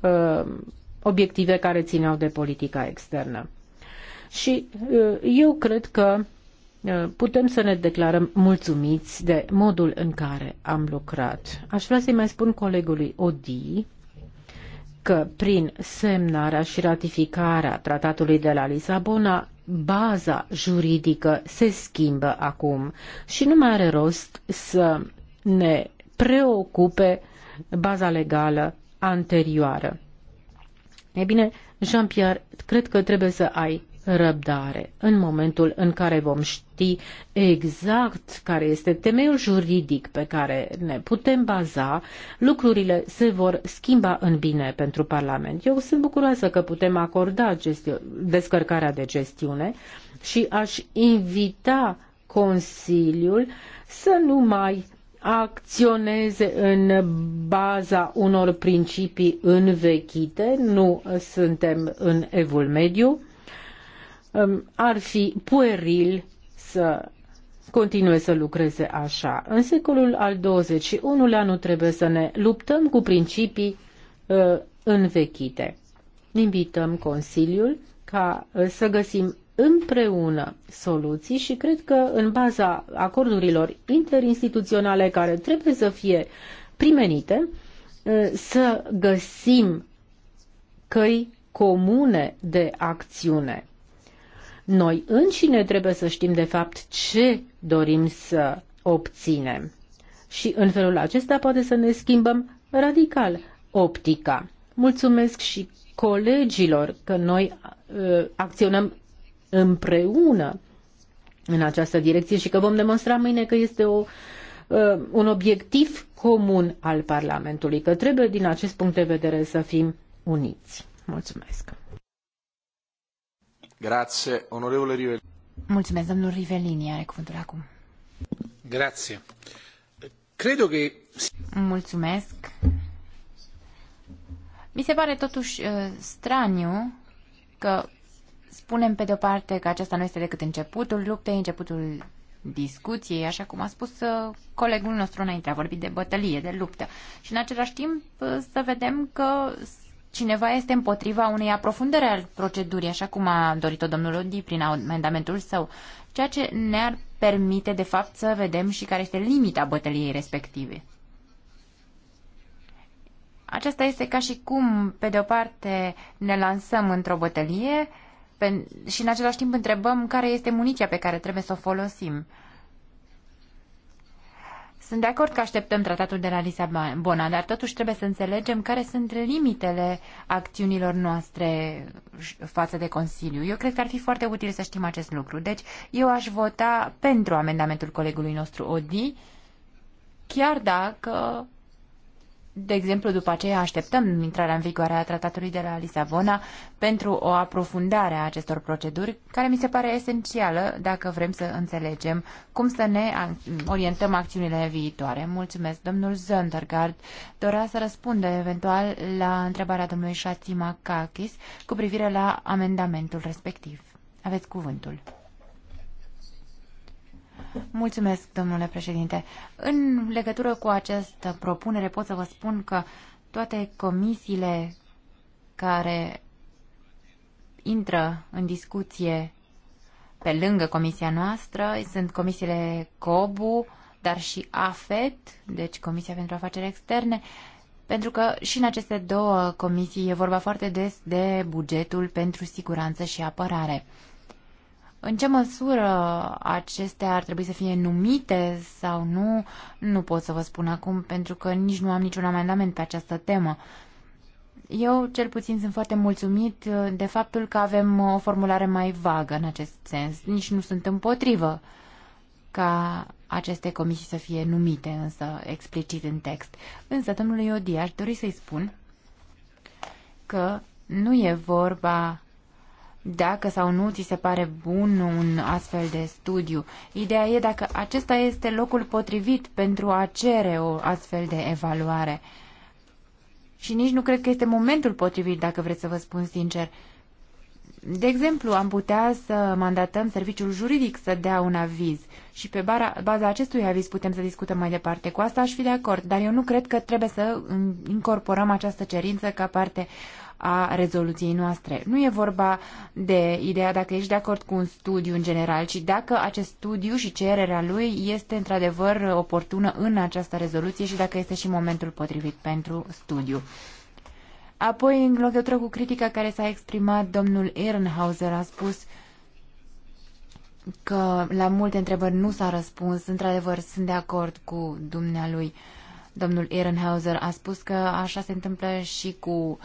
obiective care țineau de politica externă. Și uh, eu cred că uh, putem să ne declarăm mulțumiți de modul în care am lucrat. Aș vrea să-i mai spun colegului Odi că prin semnarea și ratificarea tratatului de la Lisabona, baza juridică se schimbă acum și nu mai are rost să ne preocupe baza legală anterioară. E bine, Jean-Pierre, cred că trebuie să ai răbdare în momentul în care vom ști exact care este temeiul juridic pe care ne putem baza, lucrurile se vor schimba în bine pentru Parlament. Eu sunt bucuroasă că putem acorda descărcarea de gestiune și aș invita Consiliul să nu mai acționeze în baza unor principii învechite, nu suntem în evul mediu, ar fi pueril să continue să lucreze așa. În secolul al XXI-lea nu trebuie să ne luptăm cu principii uh, învechite. Invităm Consiliul ca uh, să găsim împreună soluții și cred că în baza acordurilor interinstituționale care trebuie să fie primenite, ă, să găsim căi comune de acțiune. Noi înșine trebuie să știm de fapt ce dorim să obținem. Și în felul acesta poate să ne schimbăm radical optica. Mulțumesc și colegilor că noi uh, acționăm împreună în această direcție și că vom demonstra mâine că este o, uh, un obiectiv comun al Parlamentului, că trebuie din acest punct de vedere să fim uniți. Mulțumesc. Grazie, onorevole Rivelini. Mulțumesc, domnul Rivelini are cuvântul acum. Grazie. Credo că... Mulțumesc. Mi se pare totuși uh, straniu că spunem pe de-o parte că aceasta nu este decât începutul luptei, începutul discuției, așa cum a spus uh, colegul nostru înainte, a vorbit de bătălie, de luptă. Și în același timp uh, să vedem că cineva este împotriva unei aprofundări al procedurii, așa cum a dorit-o domnul Odi prin amendamentul său, ceea ce ne-ar permite, de fapt, să vedem și care este limita bătăliei respective. Aceasta este ca și cum, pe de o parte, ne lansăm într-o bătălie, și în același timp întrebăm care este muniția pe care trebuie să o folosim. Sunt de acord că așteptăm tratatul de la Lisabona, dar totuși trebuie să înțelegem care sunt limitele acțiunilor noastre față de Consiliu. Eu cred că ar fi foarte util să știm acest lucru. Deci eu aș vota pentru amendamentul colegului nostru Odi, chiar dacă de exemplu, după aceea așteptăm intrarea în vigoare a tratatului de la Lisabona pentru o aprofundare a acestor proceduri, care mi se pare esențială dacă vrem să înțelegem cum să ne orientăm acțiunile viitoare. Mulțumesc. Domnul Zöndergaard dorea să răspundă eventual la întrebarea domnului Shatima Kakis cu privire la amendamentul respectiv. Aveți cuvântul. Mulțumesc, domnule președinte. În legătură cu această propunere pot să vă spun că toate comisiile care intră în discuție pe lângă comisia noastră sunt comisiile COBU, dar și AFET, deci Comisia pentru Afaceri Externe, pentru că și în aceste două comisii e vorba foarte des de bugetul pentru siguranță și apărare. În ce măsură acestea ar trebui să fie numite sau nu, nu pot să vă spun acum, pentru că nici nu am niciun amendament pe această temă. Eu, cel puțin, sunt foarte mulțumit uh, de faptul că avem uh, o formulare mai vagă în acest sens. Nici nu sunt împotrivă ca aceste comisii să fie numite, însă, explicit în text. Însă, domnului Odi, aș dori să-i spun că nu e vorba dacă sau nu ți se pare bun un astfel de studiu. Ideea e dacă acesta este locul potrivit pentru a cere o astfel de evaluare. Și nici nu cred că este momentul potrivit, dacă vreți să vă spun sincer. De exemplu, am putea să mandatăm serviciul juridic să dea un aviz și pe baza acestui aviz putem să discutăm mai departe. Cu asta aș fi de acord, dar eu nu cred că trebuie să incorporăm această cerință ca parte a rezoluției noastre. Nu e vorba de ideea dacă ești de acord cu un studiu în general, ci dacă acest studiu și cererea lui este într-adevăr oportună în această rezoluție și dacă este și momentul potrivit pentru studiu. Apoi, în de cu critica care s-a exprimat, domnul Ehrenhauser a spus că la multe întrebări nu s-a răspuns. Într-adevăr, sunt de acord cu dumnealui. Domnul Ehrenhauser a spus că așa se întâmplă și cu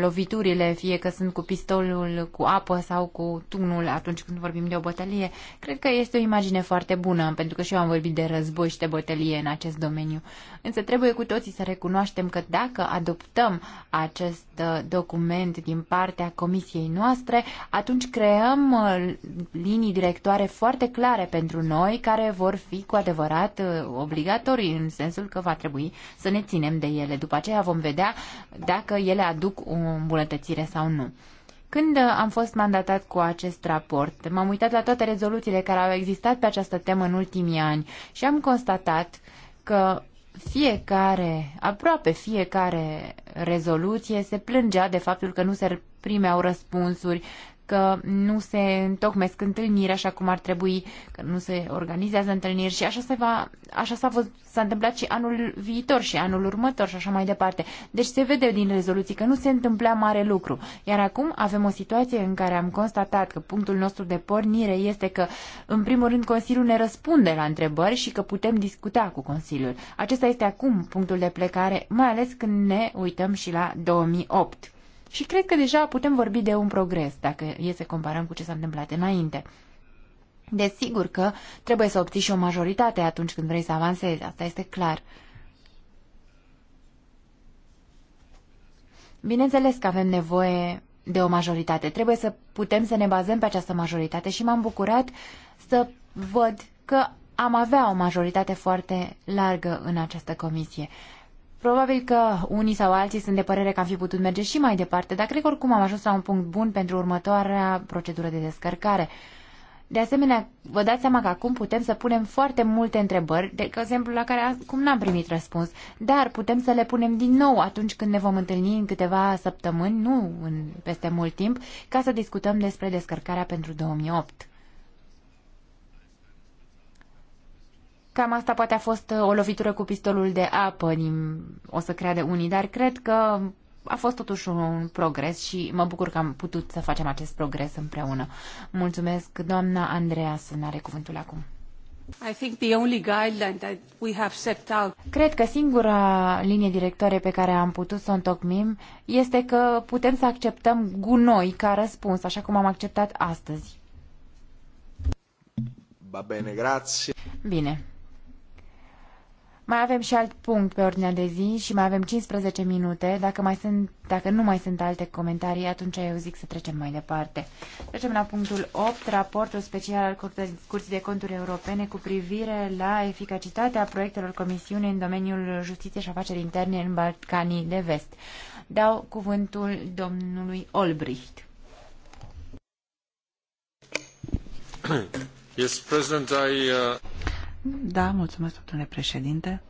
loviturile, fie că sunt cu pistolul, cu apă sau cu tunul atunci când vorbim de o bătălie, cred că este o imagine foarte bună, pentru că și eu am vorbit de război și de bătălie în acest domeniu. Însă trebuie cu toții să recunoaștem că dacă adoptăm acest uh, document din partea comisiei noastre, atunci creăm uh, linii directoare foarte clare pentru noi, care vor fi cu adevărat uh, obligatorii, în sensul că va trebui să ne ținem de ele. După aceea vom vedea dacă ele aduc o îmbunătățire sau nu. Când am fost mandatat cu acest raport, m-am uitat la toate rezoluțiile care au existat pe această temă în ultimii ani și am constatat că fiecare, aproape fiecare rezoluție se plângea de faptul că nu se primeau răspunsuri că nu se întocmesc întâlniri așa cum ar trebui, că nu se organizează întâlniri și așa, se va, așa s-a, s-a întâmplat și anul viitor și anul următor și așa mai departe. Deci se vede din rezoluții că nu se întâmplea mare lucru. Iar acum avem o situație în care am constatat că punctul nostru de pornire este că, în primul rând, Consiliul ne răspunde la întrebări și că putem discuta cu Consiliul. Acesta este acum punctul de plecare, mai ales când ne uităm și la 2008 și cred că deja putem vorbi de un progres dacă e să comparăm cu ce s-a întâmplat înainte. Desigur că trebuie să obții și o majoritate atunci când vrei să avansezi, asta este clar. Bineînțeles că avem nevoie de o majoritate. Trebuie să putem să ne bazăm pe această majoritate și m-am bucurat să văd că am avea o majoritate foarte largă în această comisie. Probabil că unii sau alții sunt de părere că am fi putut merge și mai departe, dar cred că oricum am ajuns la un punct bun pentru următoarea procedură de descărcare. De asemenea, vă dați seama că acum putem să punem foarte multe întrebări, de exemplu la care acum n-am primit răspuns, dar putem să le punem din nou atunci când ne vom întâlni în câteva săptămâni, nu în peste mult timp, ca să discutăm despre descărcarea pentru 2008. Cam asta poate a fost uh, o lovitură cu pistolul de apă, o să creadă unii, dar cred că a fost totuși un progres și mă bucur că am putut să facem acest progres împreună. Mulțumesc, doamna Andreea, să are cuvântul acum. I think the only guideline that we have set out. Cred că singura linie directoare pe care am putut să o întocmim este că putem să acceptăm gunoi ca răspuns, așa cum am acceptat astăzi. Ba bene, grazie. Bine, mai avem și alt punct pe ordinea de zi și mai avem 15 minute. Dacă, mai sunt, dacă nu mai sunt alte comentarii, atunci eu zic să trecem mai departe. Trecem la punctul 8, raportul special al Curții de Conturi Europene cu privire la eficacitatea proiectelor Comisiunii în domeniul justiției și afaceri interne în Balcanii de Vest. Dau cuvântul domnului Olbricht. Yes, President, I, uh... Da, mulțumesc, domnule președinte.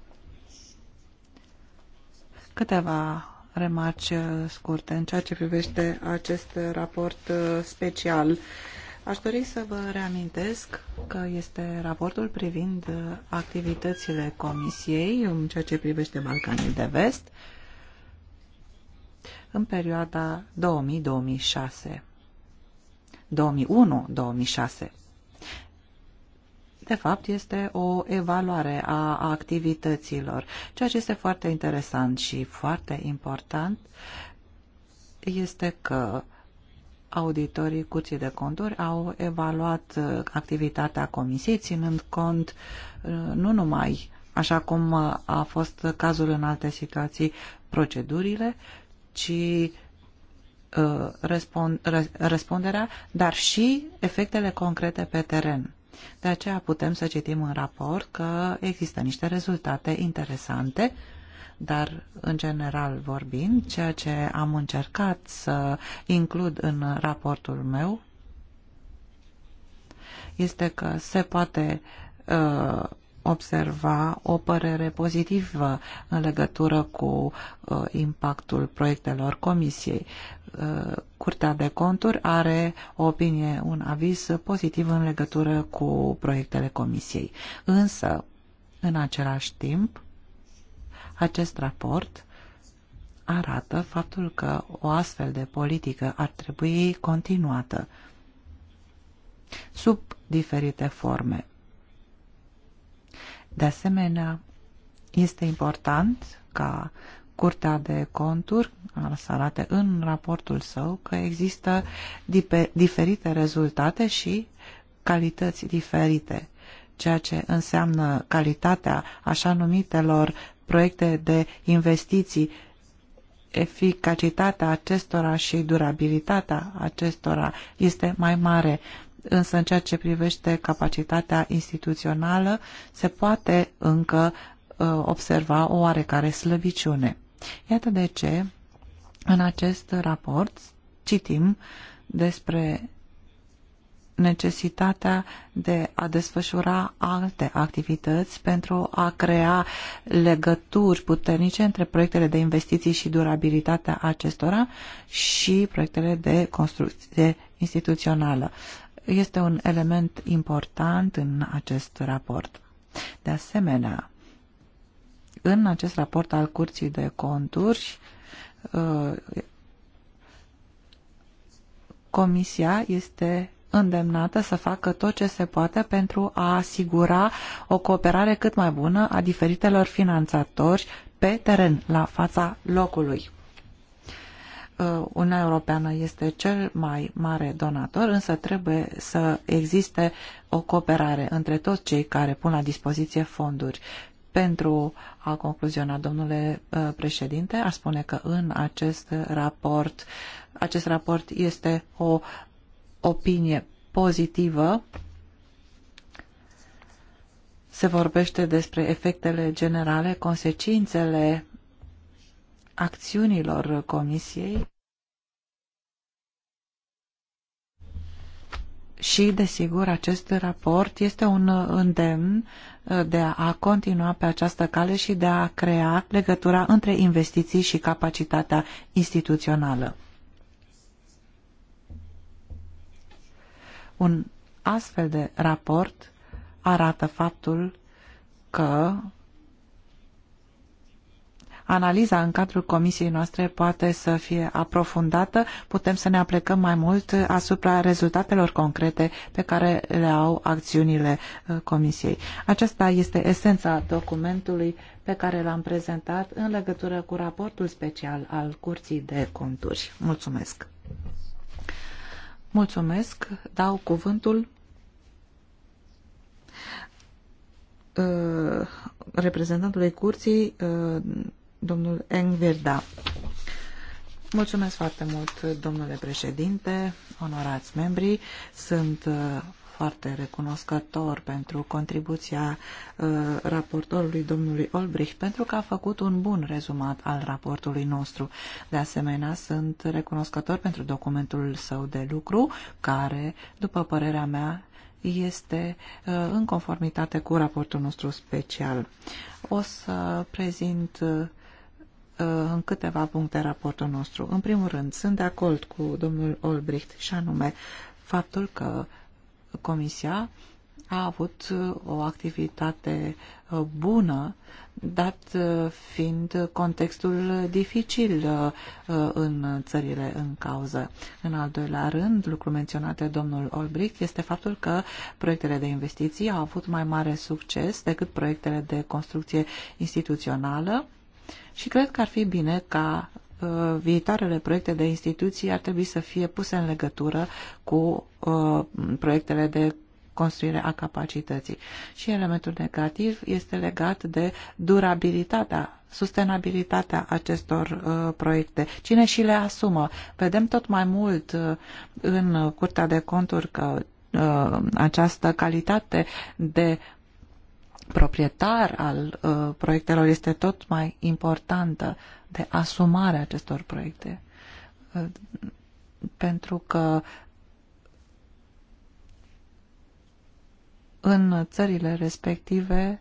Câteva remarci uh, scurte în ceea ce privește acest raport uh, special. Aș dori să vă reamintesc că este raportul privind uh, activitățile Comisiei în ceea ce privește Balcanii de Vest în perioada 2000-2006. 2001-2006 de fapt, este o evaluare a activităților, ceea ce este foarte interesant și foarte important este că auditorii Curții de Conturi au evaluat uh, activitatea Comisiei, ținând cont uh, nu numai, așa cum uh, a fost cazul în alte situații, procedurile, ci răspunderea, dar și efectele concrete pe teren. De aceea putem să citim în raport că există niște rezultate interesante, dar în general vorbind, ceea ce am încercat să includ în raportul meu este că se poate uh, observa o părere pozitivă în legătură cu uh, impactul proiectelor Comisiei. Uh, Curtea de conturi are o opinie, un aviz pozitiv în legătură cu proiectele Comisiei. Însă, în același timp, acest raport arată faptul că o astfel de politică ar trebui continuată sub diferite forme de asemenea, este important ca Curtea de Conturi să arate în raportul său că există diferite rezultate și calități diferite, ceea ce înseamnă calitatea așa numitelor proiecte de investiții, eficacitatea acestora și durabilitatea acestora este mai mare însă în ceea ce privește capacitatea instituțională se poate încă ă, observa o oarecare slăbiciune. Iată de ce în acest raport citim despre necesitatea de a desfășura alte activități pentru a crea legături puternice între proiectele de investiții și durabilitatea acestora și proiectele de construcție instituțională este un element important în acest raport. De asemenea, în acest raport al Curții de Conturi, uh, Comisia este îndemnată să facă tot ce se poate pentru a asigura o cooperare cât mai bună a diferitelor finanțatori pe teren, la fața locului. Uh, Uniunea Europeană este cel mai mare donator, însă trebuie să existe o cooperare între toți cei care pun la dispoziție fonduri. Pentru a concluziona, domnule uh, președinte, aș spune că în acest raport, acest raport este o opinie pozitivă se vorbește despre efectele generale, consecințele acțiunilor Comisiei și, desigur, acest raport este un îndemn uh, de a continua pe această cale și de a crea legătura între investiții și capacitatea instituțională. Un astfel de raport arată faptul că analiza în cadrul comisiei noastre poate să fie aprofundată, putem să ne aplecăm mai mult asupra rezultatelor concrete pe care le au acțiunile uh, comisiei. Aceasta este esența documentului pe care l-am prezentat în legătură cu raportul special al Curții de Conturi. Mulțumesc! Mulțumesc! Dau cuvântul uh, reprezentantului curții, uh, domnul Engvirda. Mulțumesc foarte mult, domnule președinte, onorați membri. Sunt uh, foarte recunoscător pentru contribuția uh, raportorului domnului Olbrich, pentru că a făcut un bun rezumat al raportului nostru. De asemenea, sunt recunoscător pentru documentul său de lucru, care, după părerea mea, este uh, în conformitate cu raportul nostru special. O să prezint uh, Uh, în câteva puncte raportul nostru. În primul rând, sunt de acord cu domnul Olbricht și anume faptul că Comisia a avut uh, o activitate uh, bună, dat fiind contextul dificil în țările în cauză. În al doilea rând, lucru menționat de domnul Olbricht este faptul că proiectele de investiții au avut mai mare succes decât proiectele de construcție instituțională, și cred că ar fi bine ca uh, viitoarele proiecte de instituții ar trebui să fie puse în legătură cu uh, proiectele de construire a capacității. Și elementul negativ este legat de durabilitatea, sustenabilitatea acestor uh, proiecte. Cine și le asumă? Vedem tot mai mult uh, în Curtea de Conturi că uh, această calitate de proprietar al uh, proiectelor este tot mai importantă de asumarea acestor proiecte. Uh, pentru că în țările respective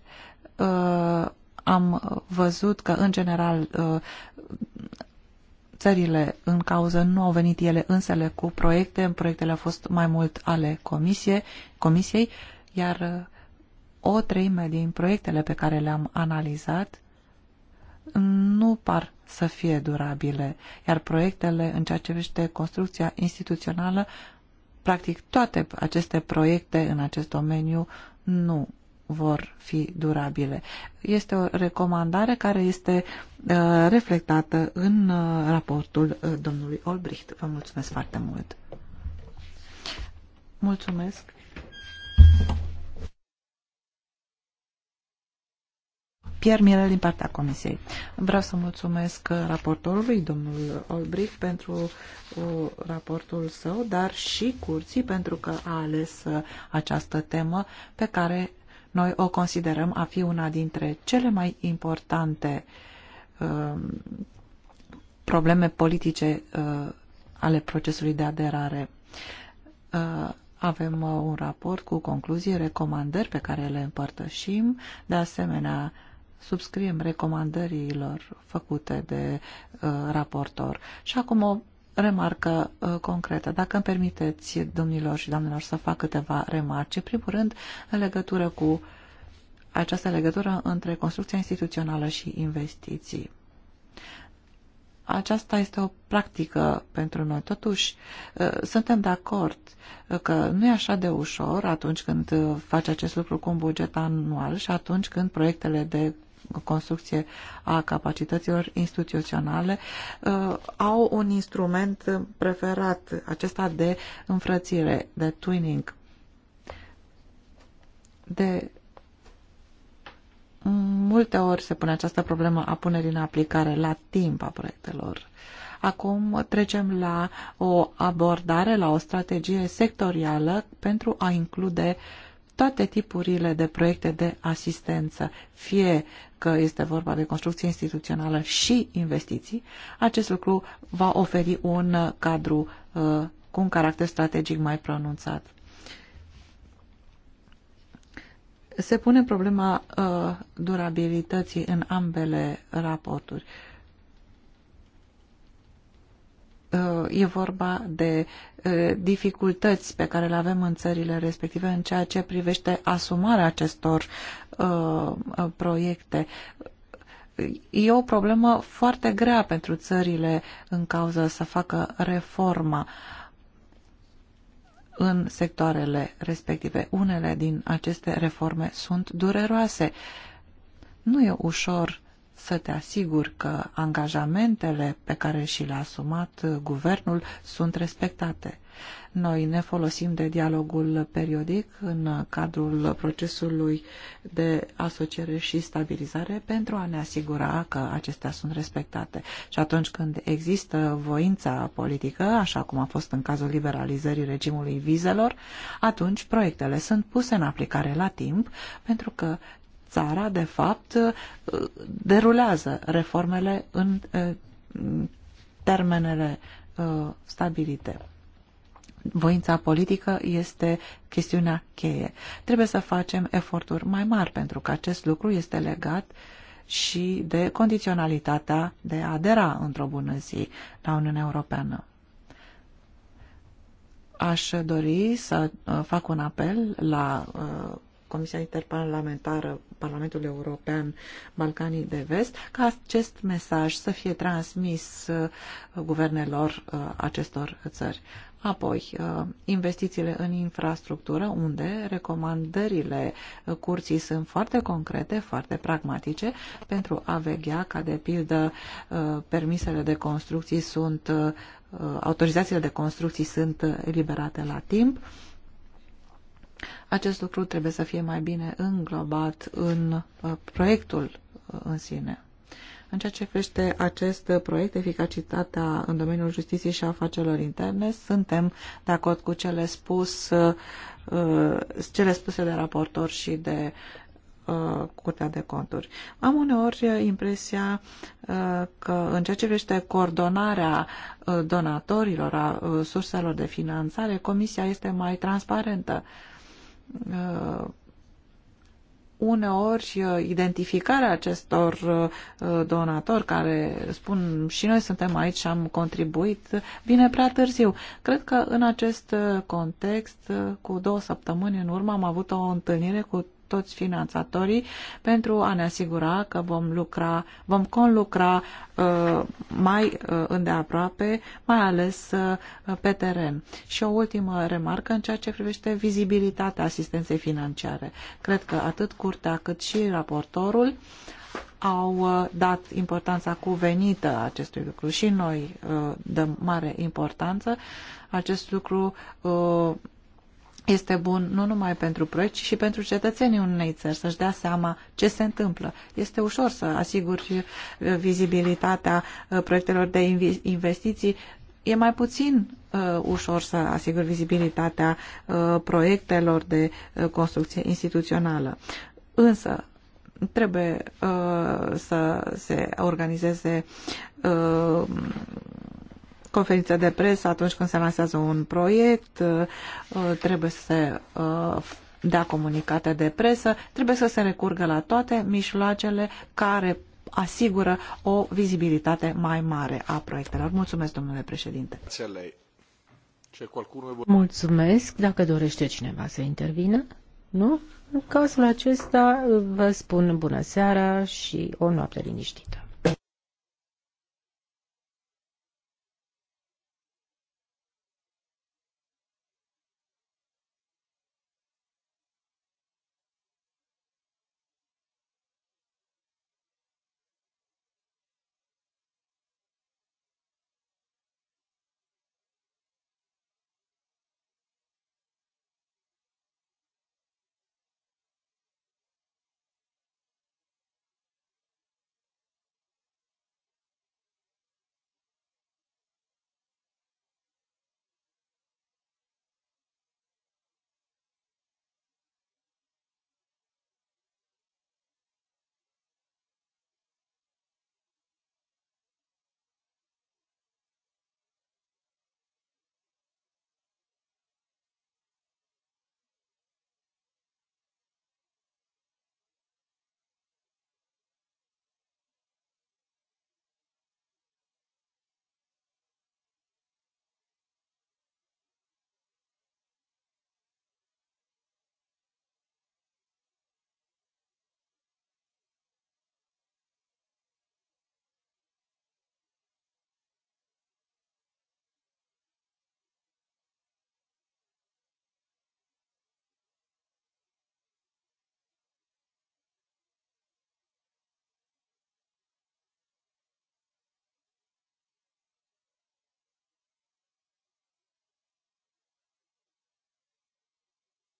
uh, am văzut că, în general, uh, țările în cauză nu au venit ele însele cu proiecte, proiectele au fost mai mult ale comisie, comisiei, iar uh, o treime din proiectele pe care le-am analizat nu par să fie durabile, iar proiectele în ceea ce vește construcția instituțională, practic toate aceste proiecte în acest domeniu nu vor fi durabile. Este o recomandare care este uh, reflectată în uh, raportul uh, domnului Olbricht. Vă mulțumesc foarte mult! Mulțumesc! Pierre Mirel din partea Comisiei. Vreau să mulțumesc raportorului, domnul Olbrich, pentru uh, raportul său, dar și curții pentru că a ales uh, această temă pe care noi o considerăm a fi una dintre cele mai importante uh, probleme politice ale procesului de aderare. Avem un raport cu concluzii, recomandări pe care le împărtășim, de asemenea subscriem recomandărilor făcute de uh, raportor. Și acum o remarcă uh, concretă. Dacă îmi permiteți, domnilor și doamnelor, să fac câteva remarce. Primul rând, în legătură cu această legătură între construcția instituțională și investiții. Aceasta este o practică pentru noi. Totuși, uh, suntem de acord uh, că nu e așa de ușor atunci când uh, faci acest lucru cu un buget anual și atunci când proiectele de construcție a capacităților instituționale, uh, au un instrument preferat, acesta de înfrățire, de twinning, de multe ori se pune această problemă a punerii în aplicare la timp a proiectelor. Acum trecem la o abordare, la o strategie sectorială pentru a include uh, toate tipurile de proiecte de asistență, fie că este vorba de construcție instituțională și investiții, acest lucru va oferi un cadru uh, cu un caracter strategic mai pronunțat. Se pune problema uh, durabilității în ambele raporturi. Uh, Uh, e vorba de uh, dificultăți pe care le avem în țările respective în ceea ce privește asumarea acestor uh, proiecte. E o problemă foarte grea pentru țările în cauză să facă reforma în sectoarele respective. Unele din aceste reforme sunt dureroase. Nu e ușor să te asiguri că angajamentele pe care și le-a asumat guvernul sunt respectate. Noi ne folosim de dialogul periodic în cadrul procesului de asociere și stabilizare pentru a ne asigura că acestea sunt respectate. Și atunci când există voința politică, așa cum a fost în cazul liberalizării regimului vizelor, atunci proiectele sunt puse în aplicare la timp pentru că țara, de fapt, uh, derulează reformele în uh, termenele uh, stabilite. Voința politică este chestiunea cheie. Trebuie să facem eforturi mai mari pentru că acest lucru este legat și de condiționalitatea de a adera într-o bună zi la Uniunea Europeană. Aș dori să fac un apel la Comisia Interparlamentară Parlamentul European Balcanii de Vest, ca acest mesaj să fie transmis uh, guvernelor uh, acestor țări. Apoi, uh, investițiile în infrastructură, unde recomandările curții sunt foarte concrete, foarte pragmatice, pentru a veghea ca, de pildă, permisele de construcții sunt, autorizațiile de construcții sunt eliberate la timp, acest lucru trebuie să fie mai bine înglobat în uh, proiectul uh, în sine. În ceea ce crește acest proiect, eficacitatea în domeniul justiției și afacerilor interne, suntem de acord cu cele, spus, uh, cele spuse de raportor și de Curtea de Conturi. Am uneori impresia că în ceea ce privește coordonarea donatorilor, a surselor de finanțare, Comisia este mai transparentă Uh, uneori uh, identificarea acestor uh, donatori care spun și noi suntem aici și am contribuit vine prea târziu. Cred că în acest context, cu două săptămâni în urmă, am avut o întâlnire cu toți finanțatorii pentru a ne asigura că vom lucra, vom conlucra uh, mai uh, îndeaproape, mai ales uh, pe teren. Și o ultimă remarcă în ceea ce privește vizibilitatea asistenței financiare. Cred că atât curtea cât și raportorul au uh, dat importanța cuvenită acestui lucru și noi uh, dăm mare importanță. Acest lucru uh, este bun nu numai pentru proiect, ci și pentru cetățenii unei țări, să-și dea seama ce se întâmplă. Este ușor să asiguri uh, vizibilitatea uh, proiectelor de investiții. E mai puțin uh, ușor să asiguri vizibilitatea uh, proiectelor de uh, construcție instituțională. Însă, trebuie uh, să se organizeze uh, Conferința de presă atunci când se lansează un proiect, uh, uh, trebuie să se uh, dea comunicate de presă, trebuie să se recurgă la toate mijloacele care asigură o vizibilitate mai mare a proiectelor. Mulțumesc, domnule președinte. Mulțumesc. Dacă dorește cineva să intervină, nu? În cazul acesta vă spun bună seara și o noapte liniștită.